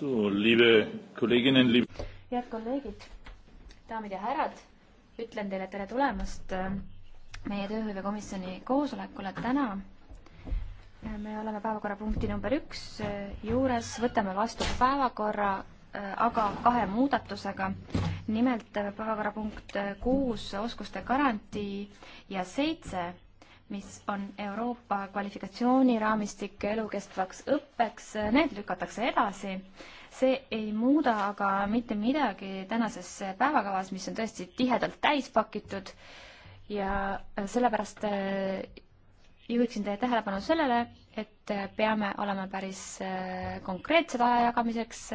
So, liebe Kolleginnen, liebe head kolleegid, daamid ja härrad, ütlen teile tere tulemast äh, meie tööhõivekomisjoni koosolekule täna. Äh, me oleme päevakorrapunkti number üks äh, juures, võtame vastu päevakorra, aga kahe muudatusega. nimelt päevakorrapunkt kuus, oskuste garantii ja seitse mis on Euroopa kvalifikatsiooniraamistik elukestvaks õppeks, need lükatakse edasi. see ei muuda aga mitte midagi tänases päevakavas, mis on tõesti tihedalt täis pakitud ja sellepärast juhiksin teie tähelepanu sellele, et peame olema päris äh, konkreetsed aja jagamiseks.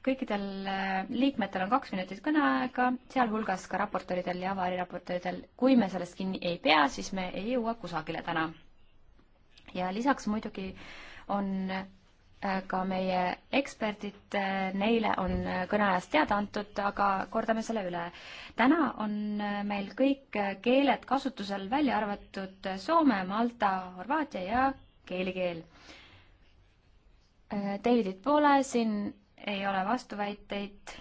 kõikidel äh, liikmetel on kaks minutit kõneaega, sealhulgas ka raportööridel ja avariraportööridel. kui me sellest kinni ei pea, siis me ei jõua kusagile täna. ja lisaks muidugi on ka meie eksperdid, äh, neile on äh, kõneajast teada antud, aga kordame selle üle. täna on äh, meil kõik keeled kasutusel, välja arvatud soome, malta, horvaatia ja keelikeel. Davidit pole, siin ei ole vastuväiteid.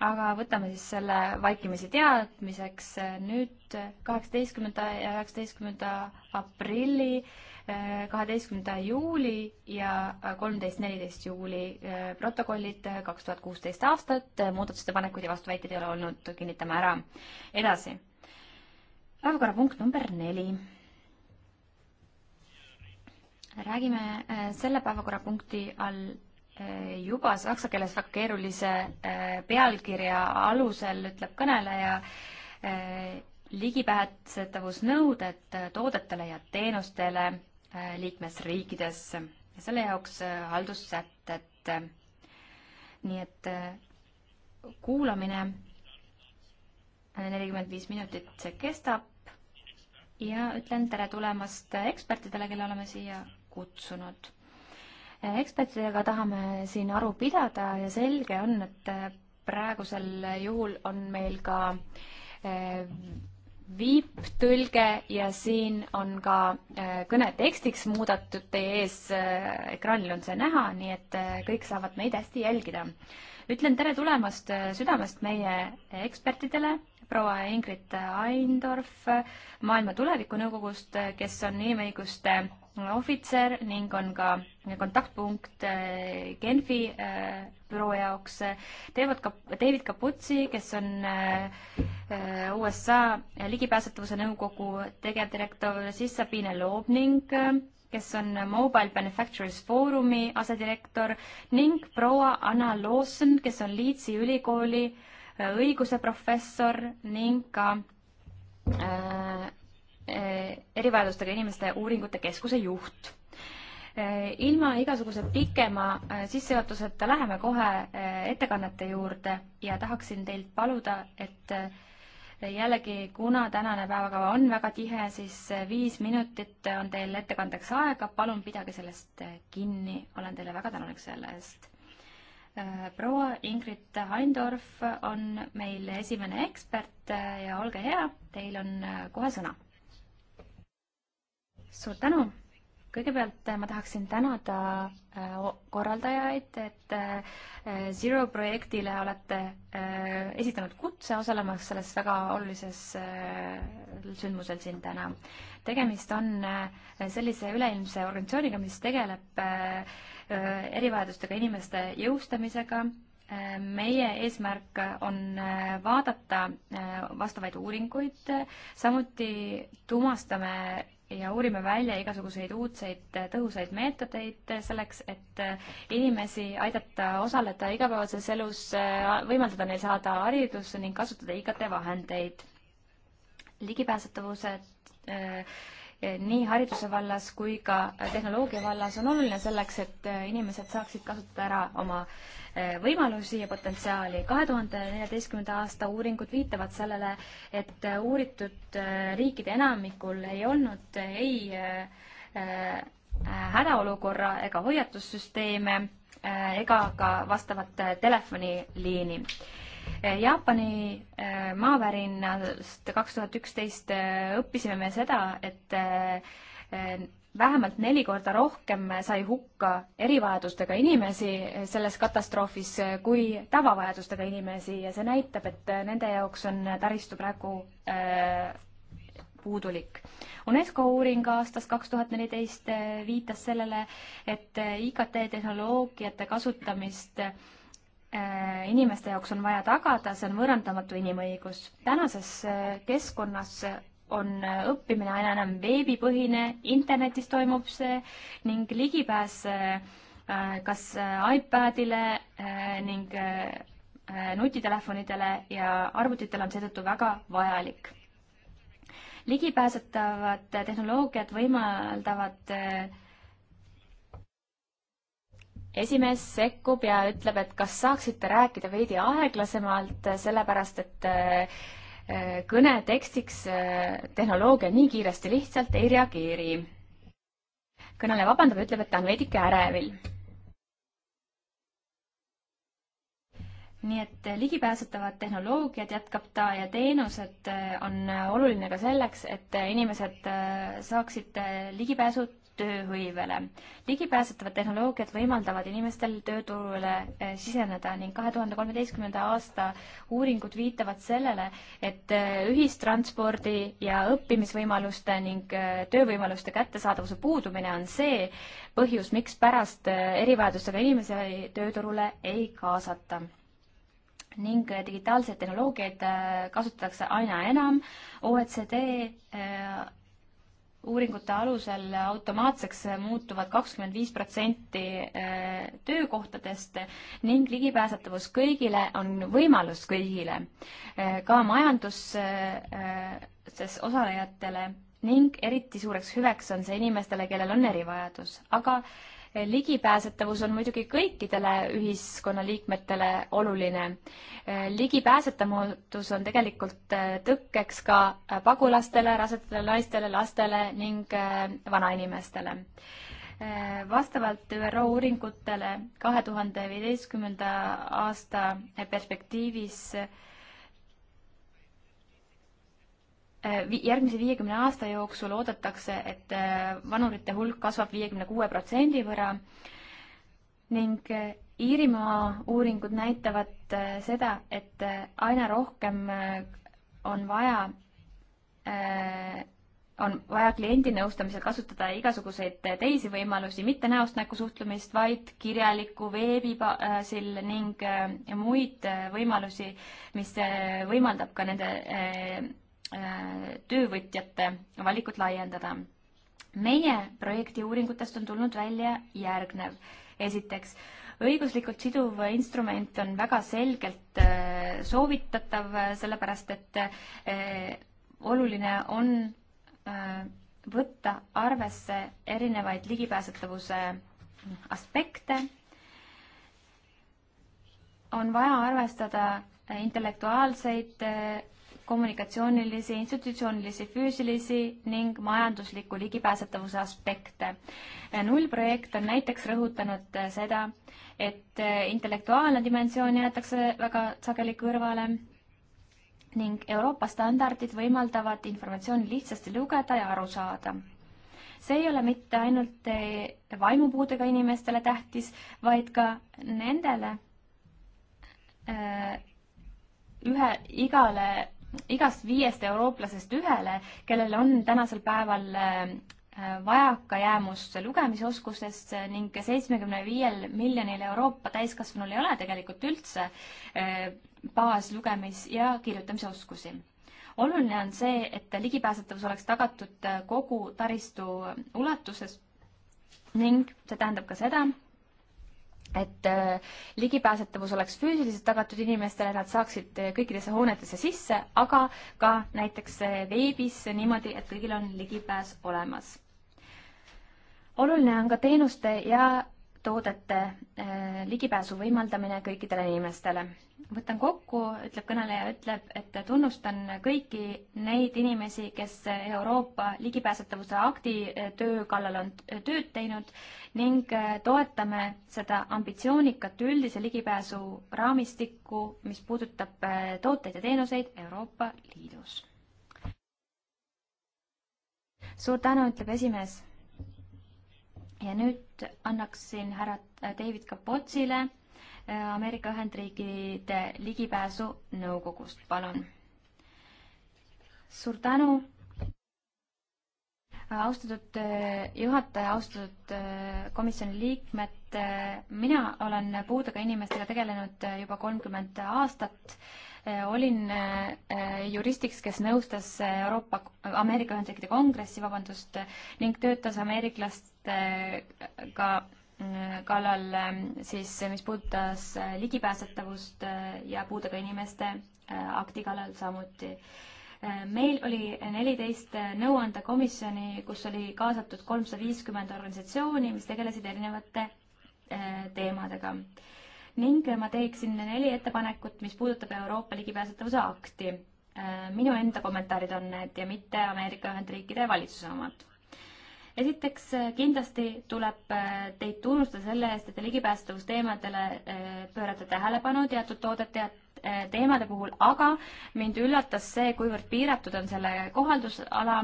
aga võtame siis selle vaikimisi teadmiseks nüüd kaheksateistkümnenda ja üheksateistkümnenda aprilli kaheteistkümnenda juuli ja kolmteist, neliteist juuli äh, protokollid äh, kaks tuhat kuusteist aastat, äh, muudatusettepanekuid ja vastuväiteid ei ole olnud, kinnitame ära. edasi. päevakorrapunkt number neli. räägime selle päevakorrapunkti all juba saksa keeles väga keerulise pealkirja alusel, ütleb kõneleja, ligipääsetavusnõuded toodetele ja teenustele Äh, liikmesriikides ja selle jaoks äh, haldussätted. nii et äh, kuulamine nelikümmend viis minutit see kestab ja ütlen tere tulemast ekspertidele, kelle oleme siia kutsunud. ekspertidega tahame siin aru pidada ja selge on, et praegusel juhul on meil ka viiptõlge ja siin on ka äh, kõne tekstiks muudatud teie ees, äh, ekraanil on see näha, nii et äh, kõik saavad meid hästi jälgida. ütlen tere tulemast südamest meie ekspertidele, proua Ingrid Aindorf Maailma Tulevikunõukogust, kes on inimõiguste ohvitser ning on ka kontaktpunkt Genfi büroo jaoks, eh, teevad ka, David Capuzzi, kes on eh, eh, USA ligipääsetavuse nõukogu tegevdirektor, siis Sabine Loobning, kes on Mobile Manufacturers Forumi asedirektor ning proua Anna Lawson, kes on Leedsi ülikooli õiguse professor ning ka äh, erivajadustega inimeste uuringute keskuse juht Eh, ilma igasuguse pikema eh, sissejuhatuseta läheme kohe eh, ettekannete juurde ja tahaksin teilt paluda, et jällegi, kuna tänane päevakava on väga tihe, siis viis minutit on teil ettekandeks aega, palun pidage sellest kinni, olen teile väga tänulik selle eest. proua Ingrid Heindorf on meil esimene ekspert ja olge hea, teil on kohe sõna. suur tänu kõigepealt äh, ma tahaksin tänada äh, korraldajaid, et äh, Zero projektile olete esitanud kutse osalemaks selles väga olulises sündmusel siin täna. tegemist on sellise üleilmse organisatsiooniga, mis tegeleb erivajadustega inimeste jõustamisega meie eesmärk on vaadata vastavaid uuringuid, samuti tuumastame ja uurime välja igasuguseid uudseid tõhusaid meetodeid selleks, et inimesi aidata osaleda igapäevases elus, võimaldada neil saada haridusse ning kasutada IKT vahendeid. ligipääsetavused äh, nii hariduse vallas kui ka tehnoloogia vallas on oluline selleks, et äh, inimesed saaksid kasutada ära oma äh, võimalusi ja potentsiaali. kahe tuhande neljateistkümnenda aasta uuringud viitavad sellele, et äh, uuritud riikide enamikul ei olnud ei hädaolukorra ega hoiatussüsteeme ega ka vastavat telefoniliini Eh, Jaapani eh, maavärinast kaks tuhat üksteist eh, õppisime me seda, et vähemalt neli korda rohkem sai hukka erivajadustega inimesi selles katastroofis kui tavavajadustega inimesi ja see näitab, et nende jaoks on taristu praegu äh, puudulik. UNESCO uuring aastast kaks tuhat neliteist viitas sellele, et IKT tehnoloogiate kasutamist äh, Äh, inimeste jaoks on vaja tagada, see on võõrandamatu inimõigus. tänases äh, keskkonnas on äh, õppimine aina enam veebipõhine, internetis toimub see ning ligipääs kas iPadile ning nutitelefonidele ja arvutitele on seetõttu väga vajalik. ligipääsetavad tehnoloogiad võimaldavad esimees sekkub ja ütleb, et kas saaksite rääkida veidi aeglasemalt, sellepärast et äh, äh, kõne tekstiks äh, tehnoloogia nii kiiresti lihtsalt ei reageeri. kõneleja vabandab, ütleb, et ta on veidike ärevil. nii et ligipääsetavad tehnoloogiad jätkab ta ja teenused on oluline ka selleks, et inimesed saaksid ligipääsu tööhõivele. ligipääsetavad tehnoloogiad võimaldavad inimestel tööturule eh, siseneda ning kahe tuhande kolmeteistkümnenda aasta uuringud viitavad sellele, et eh, ühistranspordi ja õppimisvõimaluste ning eh, töövõimaluste kättesaadavuse puudumine on see põhjus, mikspärast erivajadustega inimesi tööturule ei kaasata ning digitaalseid tehnoloogiaid kasutatakse aina enam. OECD uuringute alusel automaatseks muutuvad kakskümmend viis protsenti äh, töökohtadest ning ligipääsetavus kõigile on võimalus kõigile, äh, ka majanduses äh, osalejatele ning eriti suureks hüveks on see inimestele, kellel on erivajadus, aga ligipääsetavus on muidugi kõikidele ühiskonnaliikmetele oluline. Eh, ligipääsetamatus on tegelikult eh, tõkkeks ka eh, pagulastele, rasedatele naistele, lastele ning vanainimestele vastavalt ÜRO uuringutele kahe tuhande viieteistkümnenda aasta perspektiivis Äh, järgmise viiekümne aasta jooksul oodatakse, et äh, vanurite hulk kasvab viiekümne kuue protsendi võrra ning äh, Iirimaa uuringud näitavad seda, et aina rohkem on vaja, on vaja kliendi nõustamisel kasutada igasuguseid teisi võimalusi, mitte näost näkku suhtlemist, vaid kirjalikku veebi baasil ning muid võimalusi, mis võimaldab ka nende Äh, töövõtjate valikut laiendada. meie projekti uuringutest on tulnud välja järgnev. esiteks, õiguslikult siduv instrument on väga selgelt äh, soovitatav, äh, sellepärast et oluline on võtta arvesse erinevaid ligipääsetavuse aspekte. on vaja arvestada intellektuaalseid kommunikatsioonilisi, institutsioonilisi, füüsilisi ning majandusliku ligipääsetavuse aspekte. nullprojekt on näiteks rõhutanud seda, et intellektuaalne dimensioon jäetakse väga sageli kõrvale ning Euroopa standardid võimaldavad informatsiooni lihtsasti lugeda ja aru saada see ei ole mitte ainult vaimupuudega inimestele tähtis, vaid ka nendele ühe igale igast viiest eurooplasest ühele, kellel on tänasel päeval äh, vajakajäämus lugemisoskusest ning seitsmekümne viiel miljonil Euroopa täiskasvanul ei ole tegelikult üldse äh, baaslugemis- ja kirjutamisoskusi oluline on see, et ligipääsetavus oleks tagatud äh, kogu taristu ulatuses ning see tähendab ka seda, et äh, ligipääsetavus oleks füüsiliselt tagatud inimestele, nad saaksid äh, kõikidesse hoonetesse sisse, aga ka näiteks äh, veebis niimoodi, et kõigil on ligipääs olemas. oluline on ka teenuste ja toodete ligipääsu võimaldamine kõikidele inimestele võtan kokku, ütleb kõneleja, ütleb, et tunnustan kõiki neid inimesi, kes Euroopa ligipääsetavuse akti töö kallal on tööd teinud ning toetame seda ambitsioonikat üldise ligipääsu raamistikku, mis puudutab tooteid ja teenuseid Euroopa Liidus. suur tänu, ütleb esimees. ja nüüd annaksin härra David Kapotsile Ameerika Ühendriikide ligipääsu nõukogust, palun. suur tänu. austatud äh, juhataja, austatud äh, komisjoni liikmed, äh, mina olen puudega inimestega tegelenud juba kolmkümmend aastat olin juristiks, kes nõustas Euroopa, Ameerika Ühendriikide Kongressi, vabandust, ning töötas ameeriklastega kallal eh, siis, eh, mis puudutas eh, ligipääsetavust ja puudega inimeste akti kallal samuti. meil oli neliteist nõuandekomisjoni, kus oli kaasatud kolmsada viiskümmend organisatsiooni, mis tegelesid erinevate teemadega. ning ma teeksin neli ettepanekut, mis puudutab Euroopa ligipääsetavuse akti. minu enda kommentaarid on need ja mitte Ameerika Ühendriikide valitsuse omad esiteks äh, kindlasti tuleb äh, teid tunnustada selle eest, et te ligipääsetusteemadele äh, pöörate tähelepanu teatud toodete ja teemade puhul, aga mind üllatas see, kuivõrd piiratud on selle kohaldusala.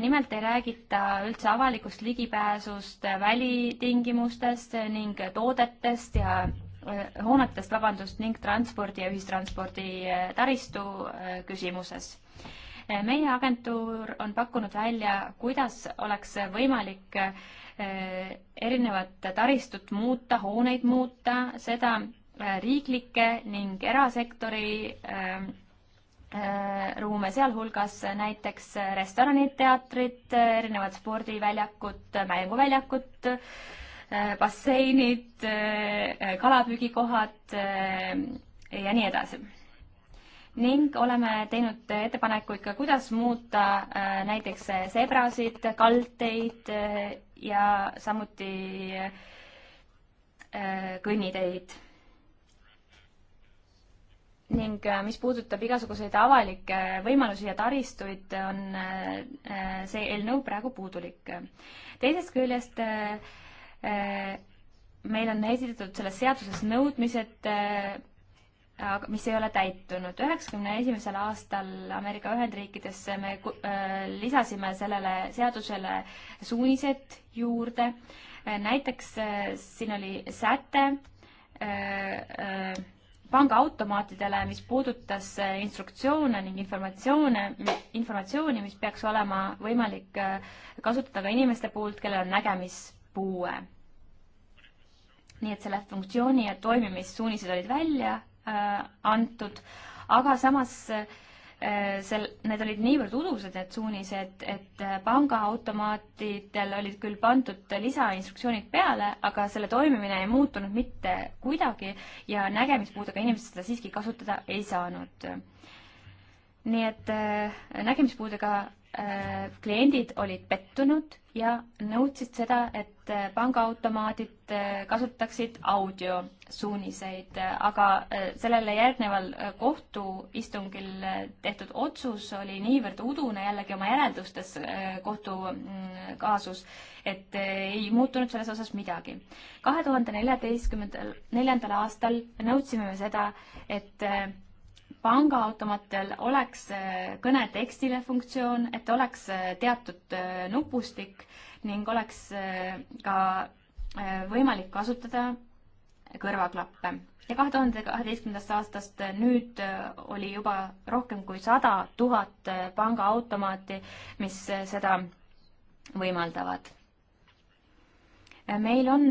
nimelt ei räägita üldse avalikust ligipääsust, välitingimustest ning toodetest ja hoonetest, vabandust, ning transpordi ja ühistranspordi taristu küsimuses meie agentuur on pakkunud välja, kuidas oleks võimalik äh, erinevat taristut muuta, hooneid muuta, seda äh, riiklikke ning erasektori äh, ruume, sealhulgas näiteks restoranid, teatrid, erinevad spordiväljakud, mänguväljakud, basseinid, kalapüügikohad ja nii edasi ning oleme teinud ettepanekuid ka, kuidas muuta äh, näiteks äh, sebrasid, kaldteid äh, ja samuti kõnniteid ning mis puudutab igasuguseid avalikke võimalusi ja taristuid, on see eelnõu praegu puudulik. teisest küljest meil on esitatud selles seaduses nõudmised aga mis ei ole täitunud. üheksakümne esimesel aastal Ameerika Ühendriikides me äh, lisasime sellele seadusele suunised juurde. Äh, näiteks äh, siin oli säte pangaautomaatidele, mis puudutas instruktsioone ning informatsioone, informatsiooni, mis peaks olema võimalik kasutada ka inimeste poolt, kellel on nägemispuue nii et selle funktsiooni ja toimimissuunised olid välja Äh, antud, aga samas äh, sel, need olid niivõrd udused, need suunised, et äh, pangaautomaatidel olid küll pandud lisainstruktsioonid peale, aga selle toimimine ei muutunud mitte kuidagi ja nägemispuudega inimesed seda siiski kasutada ei saanud. nii et nägemispuudega kliendid olid pettunud ja nõudsid seda, et pangaautomaadid äh, kasutaksid audiosuuniseid, aga äh, sellele järgneval äh, kohtuistungil tehtud otsus oli niivõrd udune jällegi oma järeldustes kohtukaasus, mm, et ei muutunud selles osas midagi. kahe tuhande neljateistkümnendal, neljandal aastal nõudsime me seda, et pangaautomaatel oleks äh, kõnetekstile funktsioon, et oleks äh, teatud äh, nupustik ning oleks ka võimalik kasutada kõrvaklappe. ja kahe tuhande kaheteistkümnendast aastast nüüd oli juba rohkem kui sada tuhat pangaautomaati, mis seda võimaldavad. meil on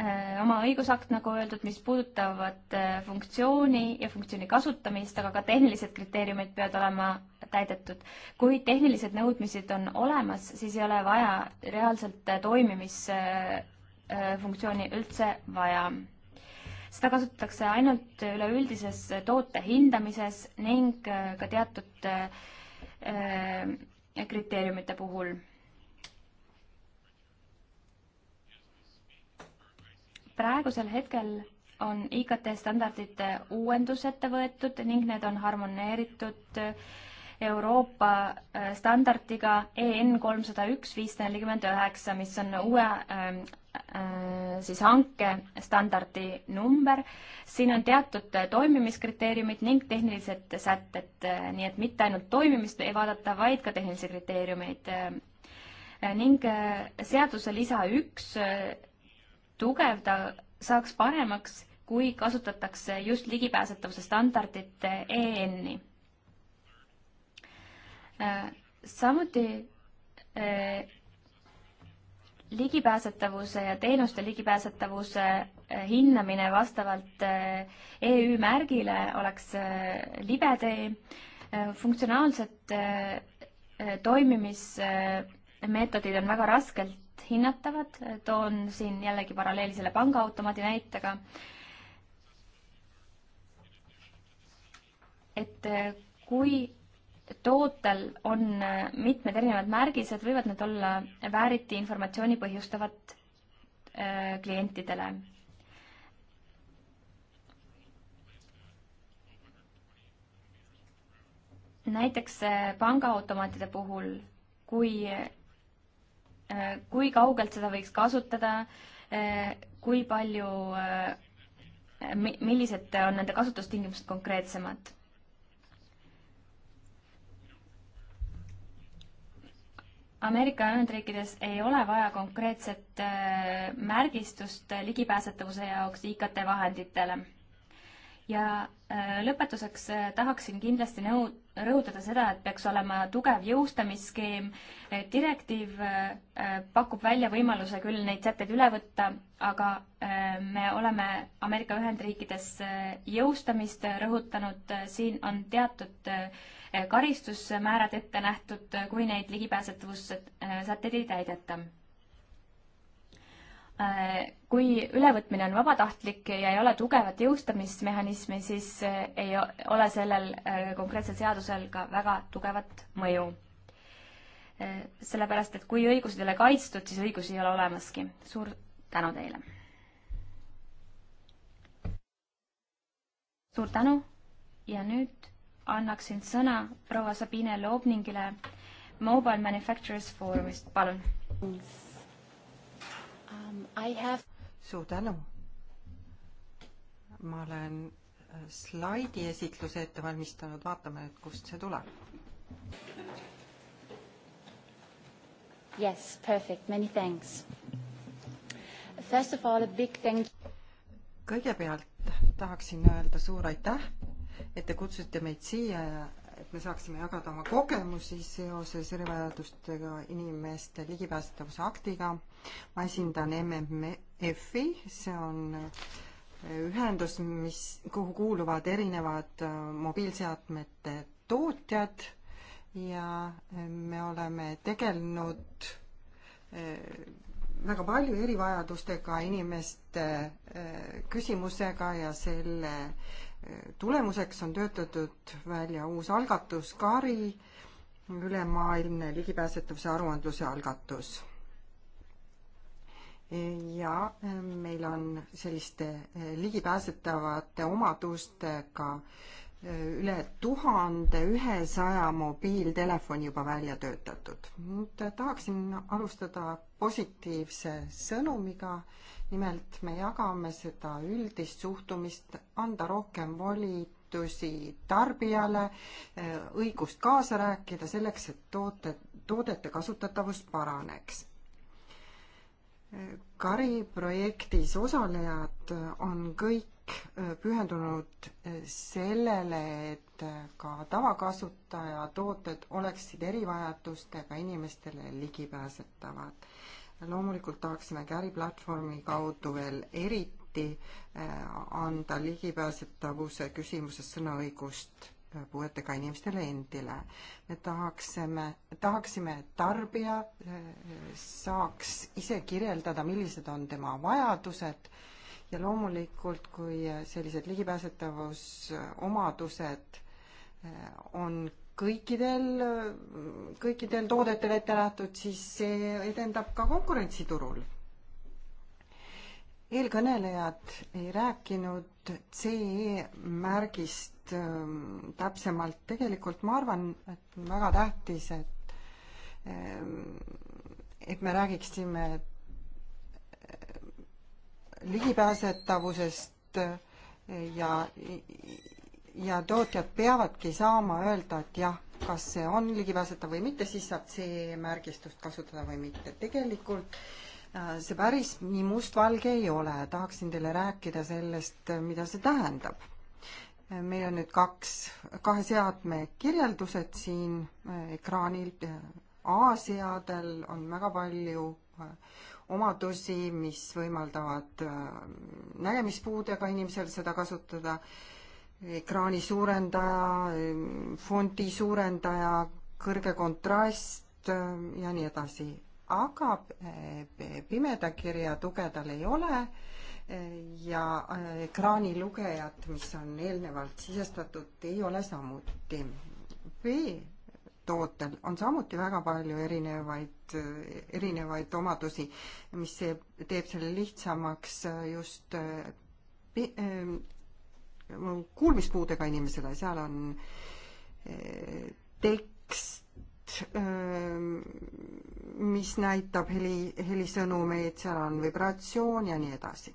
Äh, oma õigusakt, nagu öeldud, mis puudutavad äh, funktsiooni ja funktsiooni kasutamist, aga ka tehnilised kriteeriumid peavad olema täidetud. kui tehnilised nõudmised on olemas, siis ei ole vaja reaalselt äh, toimimisfunktsiooni üldse vaja. seda kasutatakse ainult üleüldises toote hindamises ning ka teatud kriteeriumite puhul praegusel hetkel on IKT standardite uuendus ette võetud ning need on harmoneeritud Euroopa äh, standardiga EN kolmsada üks viis nelikümmend üheksa, mis on uue ähm, äh, siis hanke standardi number. siin on teatud äh, toimimiskriteeriumid ning tehnilised sätted, äh, nii et mitte ainult toimimist ei vaadata, vaid ka tehnilisi kriteeriumeid ning seaduse lisa üks tugev ta saaks paremaks, kui kasutatakse just ligipääsetavuse standardit EN-i. Äh, samuti äh, ligipääsetavuse ja teenuste ligipääsetavuse äh, hinnamine vastavalt EÜ märgile oleks libe tee, funktsionaalsed toimimismeetodid on väga raskelt ennast hinnatavad, toon siin jällegi paralleeli selle pangaautomaadi näitega, et kui tootel on mitmed erinevad märgised, võivad need olla vääriti informatsiooni põhjustavad äh, klientidele. näiteks äh, pangaautomaatide puhul, kui kui kaugelt seda võiks kasutada, kui palju, millised on nende kasutustingimused konkreetsemad? Ameerika Ühendriikides ei ole vaja konkreetset äh, märgistust ligipääsetavuse jaoks IKT vahenditele ja äh, lõpetuseks äh, tahaksin kindlasti nõu-, rõhutada seda, et peaks olema tugev jõustamisskeem. Äh, direktiiv pakub välja võimaluse küll neid sätteid üle võtta, aga me oleme Ameerika Ühendriikides jõustamist rõhutanud, siin on teatud karistusmäärad ette nähtud, kui neid ligipääsetavussätteid ei täideta kui ülevõtmine on vabatahtlik ja ei ole tugevat jõustamismehhanismi, siis eh, ei ole sellel eh, konkreetsel seadusel ka väga tugevat mõju. Eh, sellepärast, et kui õigused ei ole kaitstud, siis õigusi ei ole olemaski. suur tänu teile! suur tänu ja nüüd annaksin sõna proua Sabine Loobningile Mobile Manufacturers Forumist, palun! um,? Have... suur tänu. ma olen äh, slaidi esitluse ette valmistanud, vaatame nüüd, kust see tuleb. Yes, perfect, many thanks. First of all a big thank you. kõigepealt tahaksin öelda suur aitäh, et te kutsusite meid siia ja et me saaksime jagada oma kogemusi seoses erivajadustega inimeste ligipääsetavuse aktiga. ma esindan MMF-i, see on ühendus, mis, kuhu kuuluvad erinevad äh, mobiilseadmete tootjad ja äh, me oleme tegelenud äh, väga palju erivajadustega inimeste küsimusega ja selle tulemuseks on töötatud välja uus algatus, KARI, ülemaailmne ligipääsetavuse aruandluse algatus ja eh, meil on selliste eh, ligipääsetavate omadustega üle tuhande ühesaja mobiiltelefoni juba välja töötatud. nüüd tahaksin alustada positiivse sõnumiga. nimelt me jagame seda üldist suhtumist, anda rohkem volitusi tarbijale, õigust kaasa rääkida selleks, et toote, toodete kasutatavus paraneks Kari projektis osalejad on kõik kõik äh, pühendunud äh, sellele, et äh, ka tavakasutaja tooted oleksid erivajadustega inimestele ligipääsetavad. loomulikult tahaksime ka äriplatvormi kaudu veel eriti anda ligipääsetavuse küsimuses sõnaõigust puuetega inimestele endile. me tahaksime, tahaksime, et tarbija saaks ise kirjeldada, millised on tema vajadused ja loomulikult, kui sellised ligipääsetavusomadused eh, on kõikidel, kõikidel toodetel ette nähtud, siis see edendab ka konkurentsi turul. eelkõnelejad ei rääkinud CE märgist ehm, täpsemalt, tegelikult ma arvan, et on väga tähtis, et ehm, et me räägiksime ligipääsetavusest eh, ja, ja tootjad peavadki saama öelda, et jah, kas see on ligipääsetav või mitte, siis saab CE-märgistust kasutada või mitte. tegelikult eh, see päris nii mustvalge ei ole, tahaksin teile rääkida sellest, eh, mida see tähendab meil on nüüd kaks, kahe seadme kirjeldused siin ekraanil. A-seadel on väga palju omadusi, mis võimaldavad äh, nägemispuudega inimesel seda kasutada, ekraani suurendaja, äh, fondi suurendaja, kõrge kontrast äh, ja nii edasi. aga pimeda kirja tuge tal ei ole ja ekraanilugejat, mis on eelnevalt sisestatud, ei ole samuti. B tootel on samuti väga palju erinevaid, erinevaid omadusi, mis teeb selle lihtsamaks just eh, eh, kuulmispuudega inimesele, seal on eh, tekst, mis näitab heli, helisõnumeid, seal on vibratsioon ja nii edasi.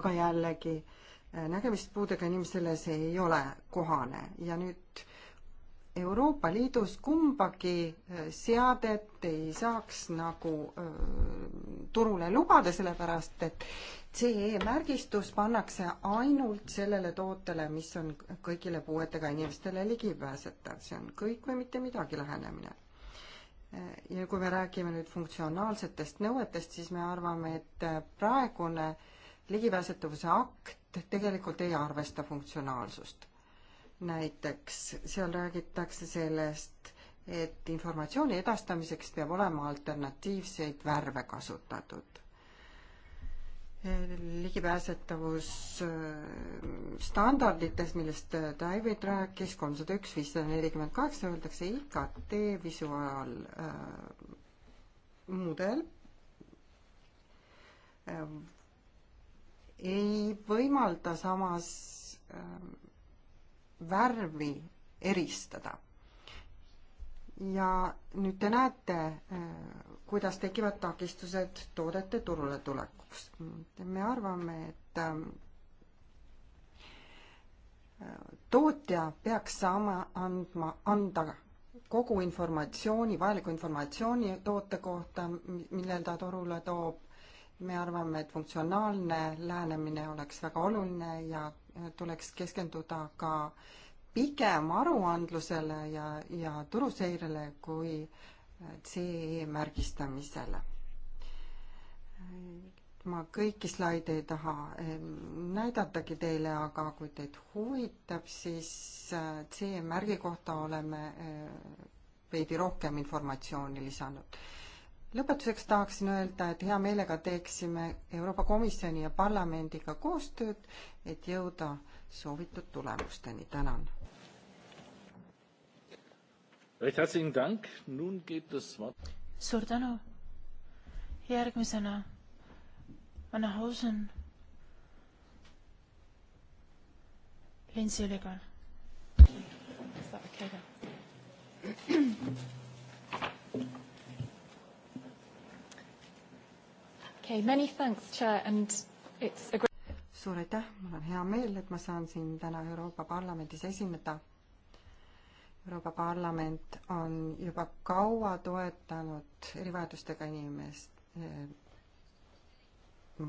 aga jällegi, nägemispuudega inimesele see ei ole kohane ja nüüd Euroopa Liidus kumbagi äh, seadet ei saaks nagu äh, turule lubada, sellepärast et CE märgistus pannakse ainult sellele tootele, mis on kõigile puuetega inimestele ligipääsetav, see on kõik või mitte midagi lähenemine. Äh, ja kui me räägime nüüd funktsionaalsetest nõuetest, siis me arvame, et praegune ligipääsetavuse akt tegelikult ei arvesta funktsionaalsust näiteks seal räägitakse sellest, et informatsiooni edastamiseks peab olema alternatiivseid värve kasutatud. ligipääsetavusstandardites, äh, millest äh, David rääkis, kolmsada üks, viissada nelikümmend kaheksa, öeldakse IKT visuaalmudel äh, äh, ei võimalda samas äh, värvi eristada. ja nüüd te näete, äh, kuidas tekivad takistused toodete turule tulekuks. me arvame, et äh, tootja peaks saama andma, anda kogu informatsiooni, vajaliku informatsiooni toote kohta, millel ta turule toob. me arvame, et funktsionaalne lähenemine oleks väga oluline ja tuleks keskenduda ka pigem aruandlusele ja, ja turuseirele kui CE märgistamisele. ma kõiki slaide ei taha eh, näidatagi teile, aga kui teid huvitab, siis eh, CE märgi kohta oleme eh, veidi rohkem informatsiooni lisanud lõpetuseks tahaksin öelda, et hea meelega teeksime Euroopa Komisjoni ja parlamendiga koostööd, et jõuda soovitud tulemusteni, tänan. suur tänu. järgmisena Anna Hausen, Linsi ülikool. Is that okay then? okay,. Great... suur aitäh, mul on hea meel, et ma saan siin täna Euroopa Parlamendis esineda. Euroopa Parlament on juba kaua toetanud erivajadustega inimeste eh,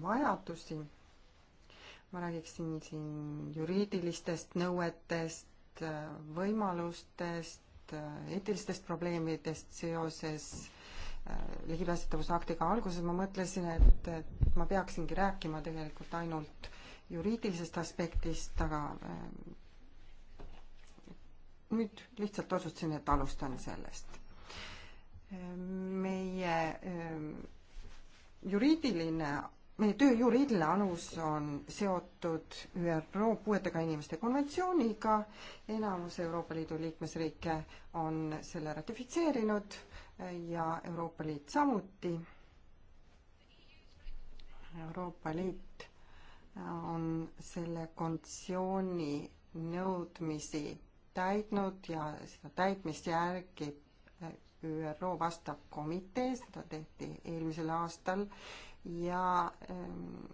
vajadusi. ma räägiksin siin juriidilistest nõuetest, eh, võimalustest, eh, eetilistest probleemidest seoses Äh, ligipääsetavusaktiga alguses ma mõtlesin, et, et ma peaksingi rääkima tegelikult ainult juriidilisest aspektist, aga äh, nüüd lihtsalt otsustasin, et alustan sellest. meie äh, juriidiline, meie töö juriidiline alus on seotud ÜRO puuetega inimeste konventsiooniga, enamus Euroopa Liidu liikmesriike on selle ratifitseerinud ja Euroopa Liit samuti. Euroopa Liit äh, on selle konventsiooni nõudmisi täitnud ja seda täitmist järgib äh, ÜRO vastav komitee, seda tehti eelmisel aastal ja ähm,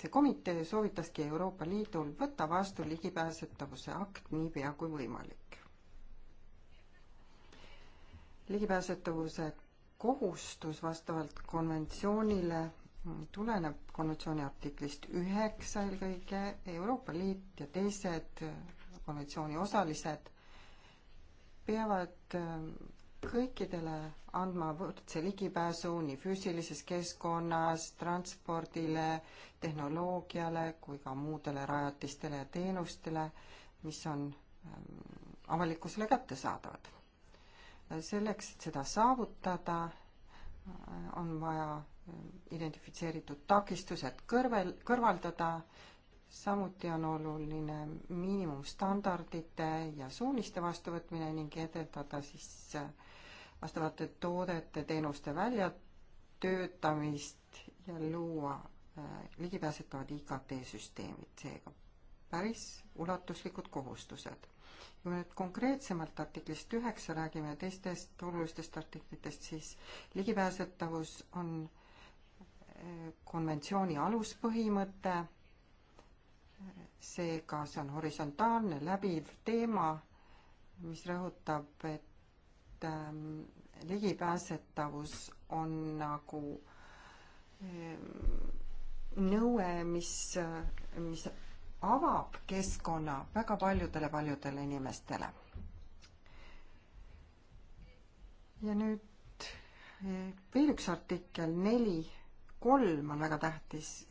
see komitee soovitaski Euroopa Liidul võtta vastu ligipääsetavuse akt niipea kui võimalik ligipääsetavuse kohustus vastavalt konventsioonile tuleneb konventsiooni artiklist üheksa eelkõige, Euroopa Liit ja teised konventsiooni osalised peavad äh, kõikidele andma võrdse ligipääsu nii füüsilises keskkonnas, transpordile, tehnoloogiale kui ka muudele rajatistele ja teenustele, mis on ähm, avalikkusele kättesaadavad selleks, et seda saavutada, on vaja äh, identifitseeritud takistused kõrvel, kõrvaldada, samuti on oluline miinimumstandardite ja suuniste vastuvõtmine ning edendada siis äh, vastavate toodete, teenuste väljatöötamist ja luua äh, ligipääsetavad IKT-süsteemid, seega päris ulatuslikud kohustused kui me nüüd konkreetsemalt artiklist üheksa räägime ja teistest olulistest artiklitest, siis ligipääsetavus on eh, konventsiooni aluspõhimõte, seega see on horisontaalne läbiv teema, mis rõhutab, et ehm, ligipääsetavus on nagu ehm, nõue, mis, mis avab keskkonna väga paljudele-paljudele inimestele. ja nüüd eh, veel üks artikkel neli kolm on väga tähtis.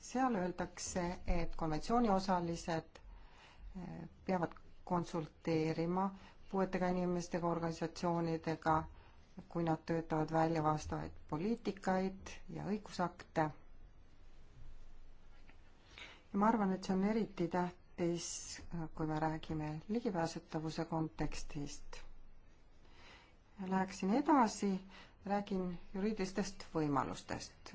seal öeldakse, et konventsiooni osalised eh, peavad konsulteerima puuetega inimestega, organisatsioonidega, kui nad töötavad välja vastavaid poliitikaid ja õigusakte ja ma arvan, et see on eriti tähtis, kui me räägime ligipääsetavuse kontekstist. Läheksin edasi, räägin juriidilistest võimalustest.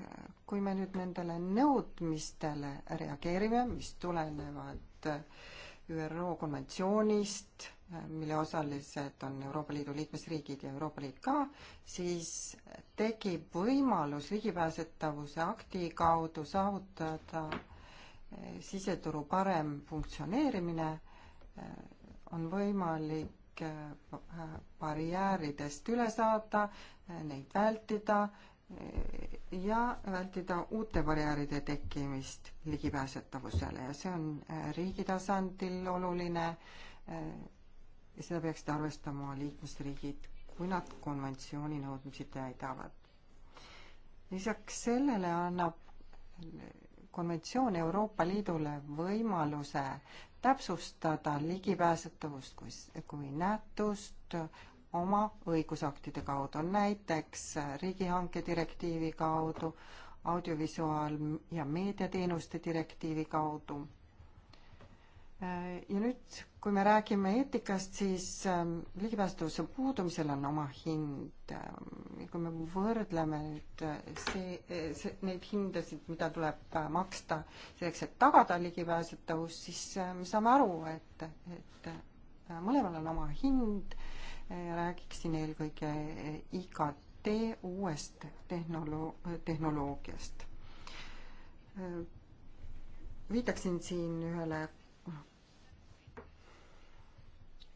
kui me nüüd nendele nõudmistele reageerime, mis tulenevad ÜRO konventsioonist, mille osalised on Euroopa Liidu liikmesriigid ja Euroopa Liit ka, siis tekib võimalus ligipääsetavuse akti kaudu saavutada siseturu parem funktsioneerimine eh, on võimalik eh, barjääridest üle saada, eh, neid vältida ja vältida uute barjääride tekkimist ligipääsetavusele ja see on riigi tasandil oluline. seda peaksid arvestama liikmesriigid, kui nad konventsiooni nõudmisi täidavad. lisaks sellele annab konventsioon Euroopa Liidule võimaluse täpsustada ligipääsetavust kui, kui nähtust oma õigusaktide kaudu, näiteks riigihanke direktiivi kaudu, audiovisuaal- ja meediateenuste direktiivi kaudu ja nüüd, kui me räägime eetikast, siis ähm, ligipääsetavuse puudumisel on oma hind. Ähm, kui me võrdleme nüüd äh, see, äh, see, neid hindasid, mida tuleb äh, maksta selleks, et tagada ligipääsetavus, siis me saame aru, et, et mõlemal on oma hind. räägiksin eelkõige IKT uuest tehnolo-, tehnoloogiast. viitaksin siin ühele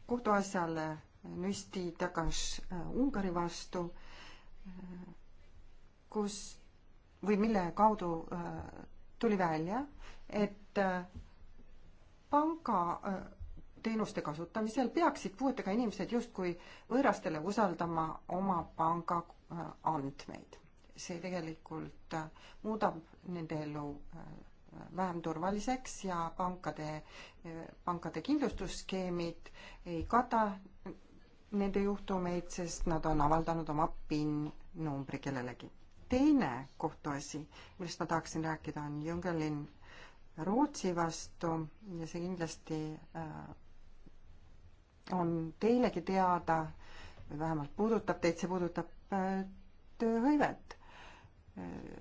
kohtuasjale Nüsti Tagas äh, Ungari vastu, äh, kus või mille kaudu äh, tuli välja, et panga teenuste kasutamisel peaksid puuetega inimesed justkui võõrastele usaldama oma panga andmeid. see tegelikult muudab nende elu vähem turvaliseks ja pankade, pankade kindlustusskeemid ei kata nende juhtumeid, sest nad on avaldanud oma PIN-numbri kellelegi. teine kohtuasi, millest ma tahaksin rääkida, on Jõngelin Rootsi vastu ja see kindlasti äh, on teilegi teada või vähemalt puudutab teid, see puudutab äh, tööhõivet. Äh,